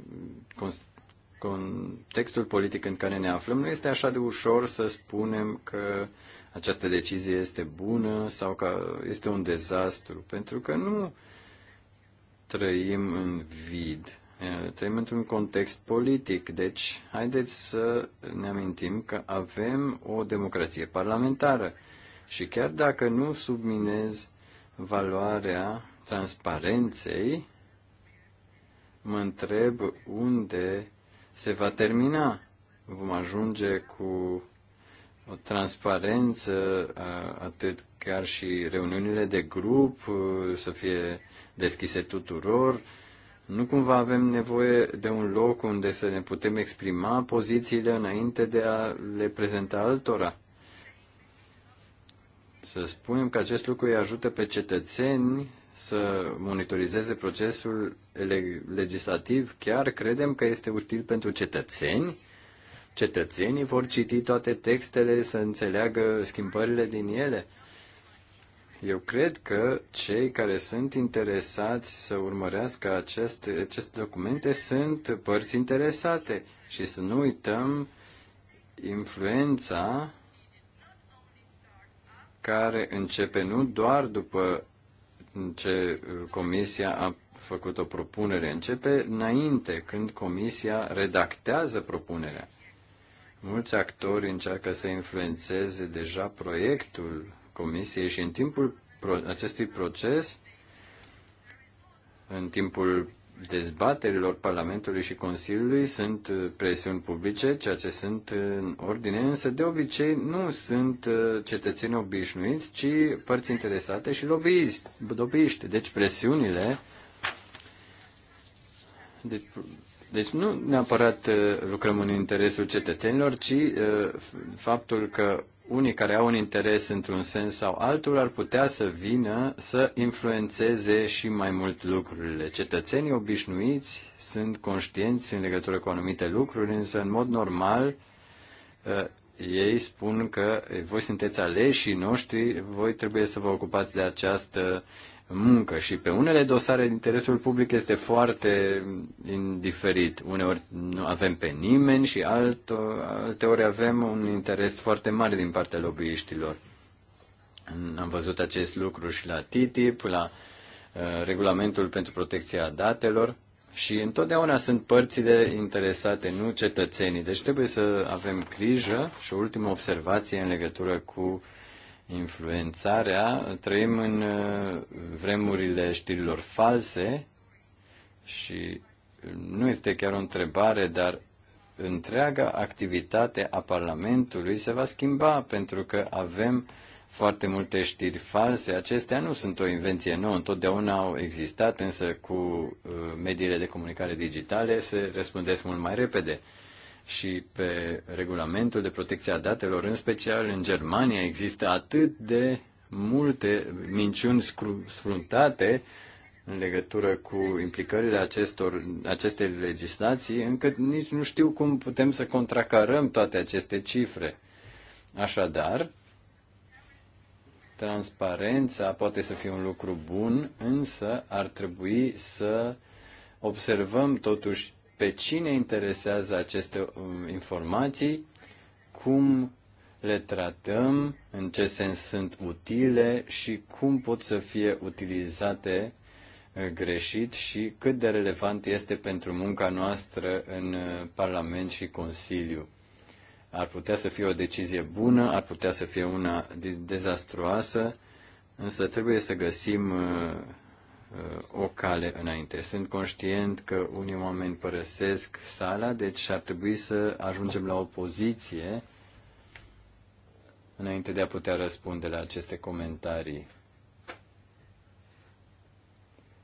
contextul politic în care ne aflăm, nu este așa de ușor să spunem că această decizie este bună sau că este un dezastru, pentru că nu trăim în vid, trăim într-un context politic. Deci, haideți să ne amintim că avem o democrație parlamentară și chiar dacă nu subminez valoarea transparenței, mă întreb unde se va termina. Vom ajunge cu o transparență, atât chiar și reuniunile de grup să fie deschise tuturor. Nu cumva avem nevoie de un loc unde să ne putem exprima pozițiile înainte de a le prezenta altora. Să spunem că acest lucru îi ajută pe cetățeni să monitorizeze procesul legislativ, chiar credem că este util pentru cetățeni. Cetățenii vor citi toate textele, să înțeleagă schimbările din ele. Eu cred că cei care sunt interesați să urmărească acest, aceste documente sunt părți interesate și să nu uităm influența care începe nu doar după ce uh, comisia a făcut o propunere. Începe înainte, când comisia redactează propunerea. Mulți actori încearcă să influențeze deja proiectul comisiei și în timpul acestui proces, în timpul dezbaterilor Parlamentului și Consiliului sunt uh, presiuni publice, ceea ce sunt în ordine, însă de obicei nu sunt uh, cetățeni obișnuiți, ci părți interesate și lobbyiști. Deci presiunile. Deci, deci nu neapărat uh, lucrăm în interesul cetățenilor, ci faptul că unii care au un interes într-un sens sau altul ar putea să vină să influențeze și mai mult lucrurile. Cetățenii obișnuiți sunt conștienți în legătură cu anumite lucruri, însă în mod normal uh, ei spun că voi sunteți aleșii noștri, voi trebuie să vă ocupați de această muncă și pe unele dosare interesul public este foarte indiferit. Uneori nu avem pe nimeni și alte ori avem un interes foarte mare din partea lobbyiștilor. Am văzut acest lucru și la TTIP, la uh, Regulamentul pentru protecția datelor și întotdeauna sunt părțile interesate, nu cetățenii. Deci trebuie să avem grijă și o ultimă observație în legătură cu uh, influențarea, trăim în uh, vremurile știrilor false și nu este chiar o întrebare, dar întreaga activitate a Parlamentului se va schimba pentru că avem foarte multe știri false. Acestea nu sunt o invenție nouă, întotdeauna au existat, însă cu uh, mediile de comunicare digitale se răspundesc mult mai repede și pe regulamentul de protecție a datelor, în special în Germania există atât de multe minciuni sfruntate în legătură cu implicările acestor, acestei legislații, încât nici nu știu cum putem să contracarăm toate aceste cifre. Așadar, transparența poate să fie un lucru bun, însă ar trebui să observăm totuși pe cine interesează aceste um, informații, cum le tratăm, în ce sens sunt utile și cum pot să fie utilizate uh, greșit și cât de relevant este pentru munca noastră în uh, Parlament și Consiliu. Ar putea să fie o decizie bună, ar putea să fie una dezastruoasă, însă trebuie să găsim uh, Uh, o cale înainte. Sunt conștient că unii oameni părăsesc sala, deci ar trebui să ajungem la o poziție înainte de a putea răspunde la aceste comentarii.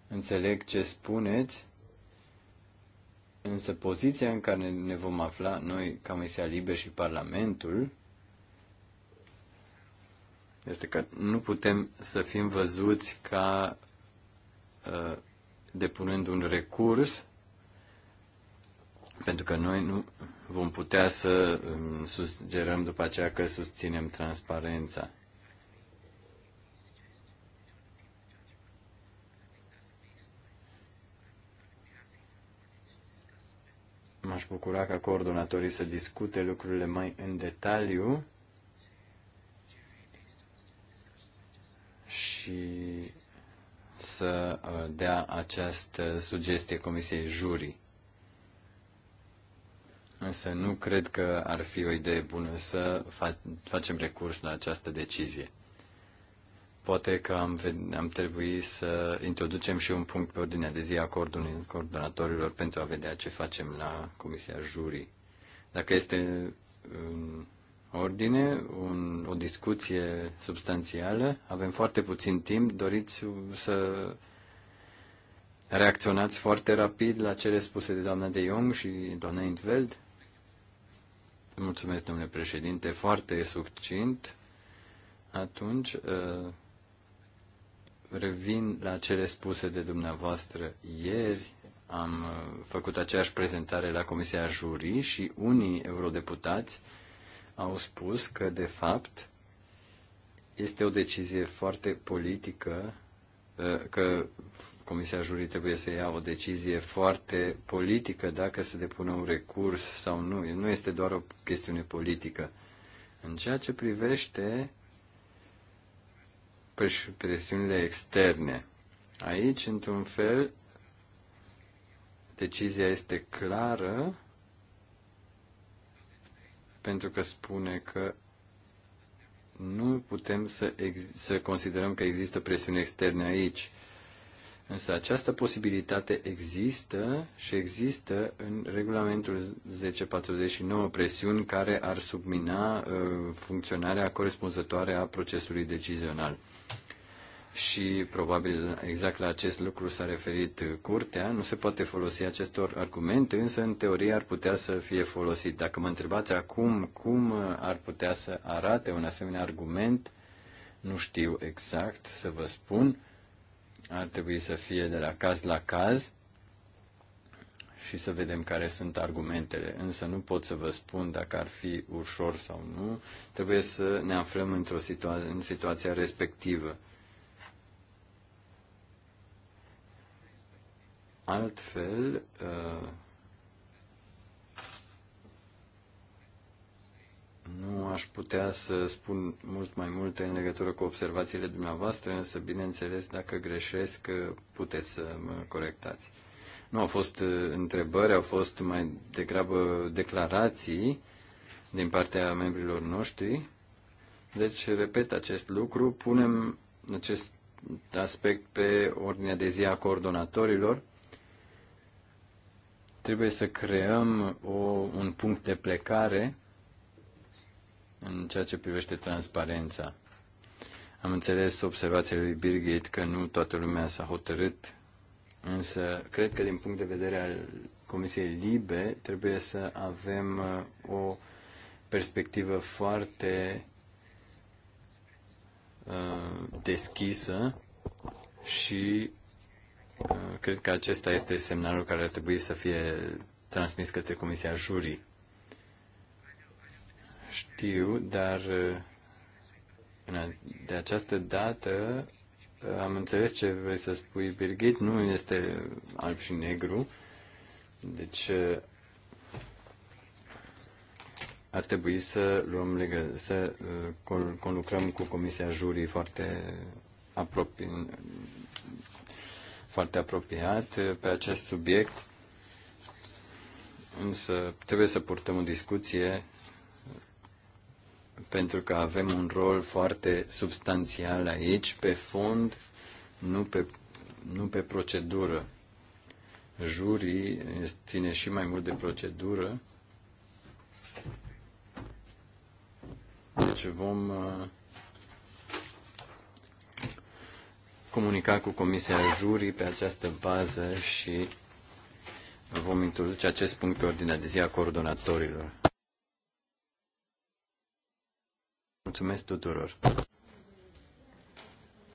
Înțeleg ce spuneți, însă poziția în care ne vom afla noi, Comisia Liber și Parlamentul, este că nu putem să fim văzuți ca Uh, depunând un recurs, pentru că noi nu vom putea să um, sugerăm după aceea că susținem transparența. M-aș bucura ca coordonatorii să discute lucrurile mai în detaliu și să uh, dea această sugestie Comisiei Jurii. Însă nu cred că ar fi o idee bună să facem recurs la această decizie. Poate că am, am trebuit să introducem și un punct pe ordinea de zi a coordonatorilor pentru a vedea ce facem la Comisia Jurii. Dacă este um, ordine, un, o discuție substanțială. Avem foarte puțin timp. Doriți să reacționați foarte rapid la cele spuse de doamna De Jong și doamna Intveld? Mulțumesc, domnule președinte, foarte succint. Atunci, uh, revin la cele spuse de dumneavoastră ieri. Am uh, făcut aceeași prezentare la Comisia Jurii și unii eurodeputați au spus că, de fapt, este o decizie foarte politică, uh, că Comisia Jurii trebuie să ia o decizie foarte politică dacă se depune un recurs sau nu. Nu este doar o chestiune politică. În ceea ce privește presiunile externe, aici, într-un fel, decizia este clară pentru că spune că nu putem să, să considerăm că există presiuni externe aici. Însă această posibilitate există și există în regulamentul 1049 presiuni care ar submina uh, funcționarea corespunzătoare a procesului decizional și probabil exact la acest lucru s-a referit curtea, nu se poate folosi acestor argumente, însă în teorie ar putea să fie folosit. Dacă mă întrebați acum cum ar putea să arate un asemenea argument, nu știu exact să vă spun. Ar trebui să fie de la caz la caz și să vedem care sunt argumentele. Însă nu pot să vă spun dacă ar fi ușor sau nu. Trebuie să ne aflăm într-o situa- în situația respectivă. Altfel, uh, nu aș putea să spun mult mai multe în legătură cu observațiile dumneavoastră, însă, bineînțeles, dacă greșesc, uh, puteți să mă corectați. Nu au fost uh, întrebări, au fost mai degrabă declarații din partea membrilor noștri. Deci, repet acest lucru, punem acest aspect pe ordinea de zi a coordonatorilor Trebuie să creăm o, un punct de plecare în ceea ce privește transparența. Am înțeles observațiile lui Birgit că nu toată lumea s-a hotărât, însă cred că din punct de vedere al Comisiei Libe trebuie să avem uh, o perspectivă foarte uh, deschisă și Uh, cred că acesta este semnalul care ar trebui să fie transmis către Comisia Jurii. Știu, dar uh, de această dată uh, am înțeles ce vrei să spui, Birgit. Nu este alb și negru. Deci ar trebui să luăm legă, să conlucrăm cu Comisia Jurii foarte apropi, foarte apropiat uh, pe acest subiect, însă trebuie să purtăm o discuție pentru că avem un rol foarte substanțial aici, pe fond, nu pe, nu pe procedură. Jurii ține și mai mult de procedură. Deci vom uh, comunica cu Comisia Jurii pe această bază și vom introduce acest punct pe ordinea de zi a coordonatorilor. Mulțumesc tuturor!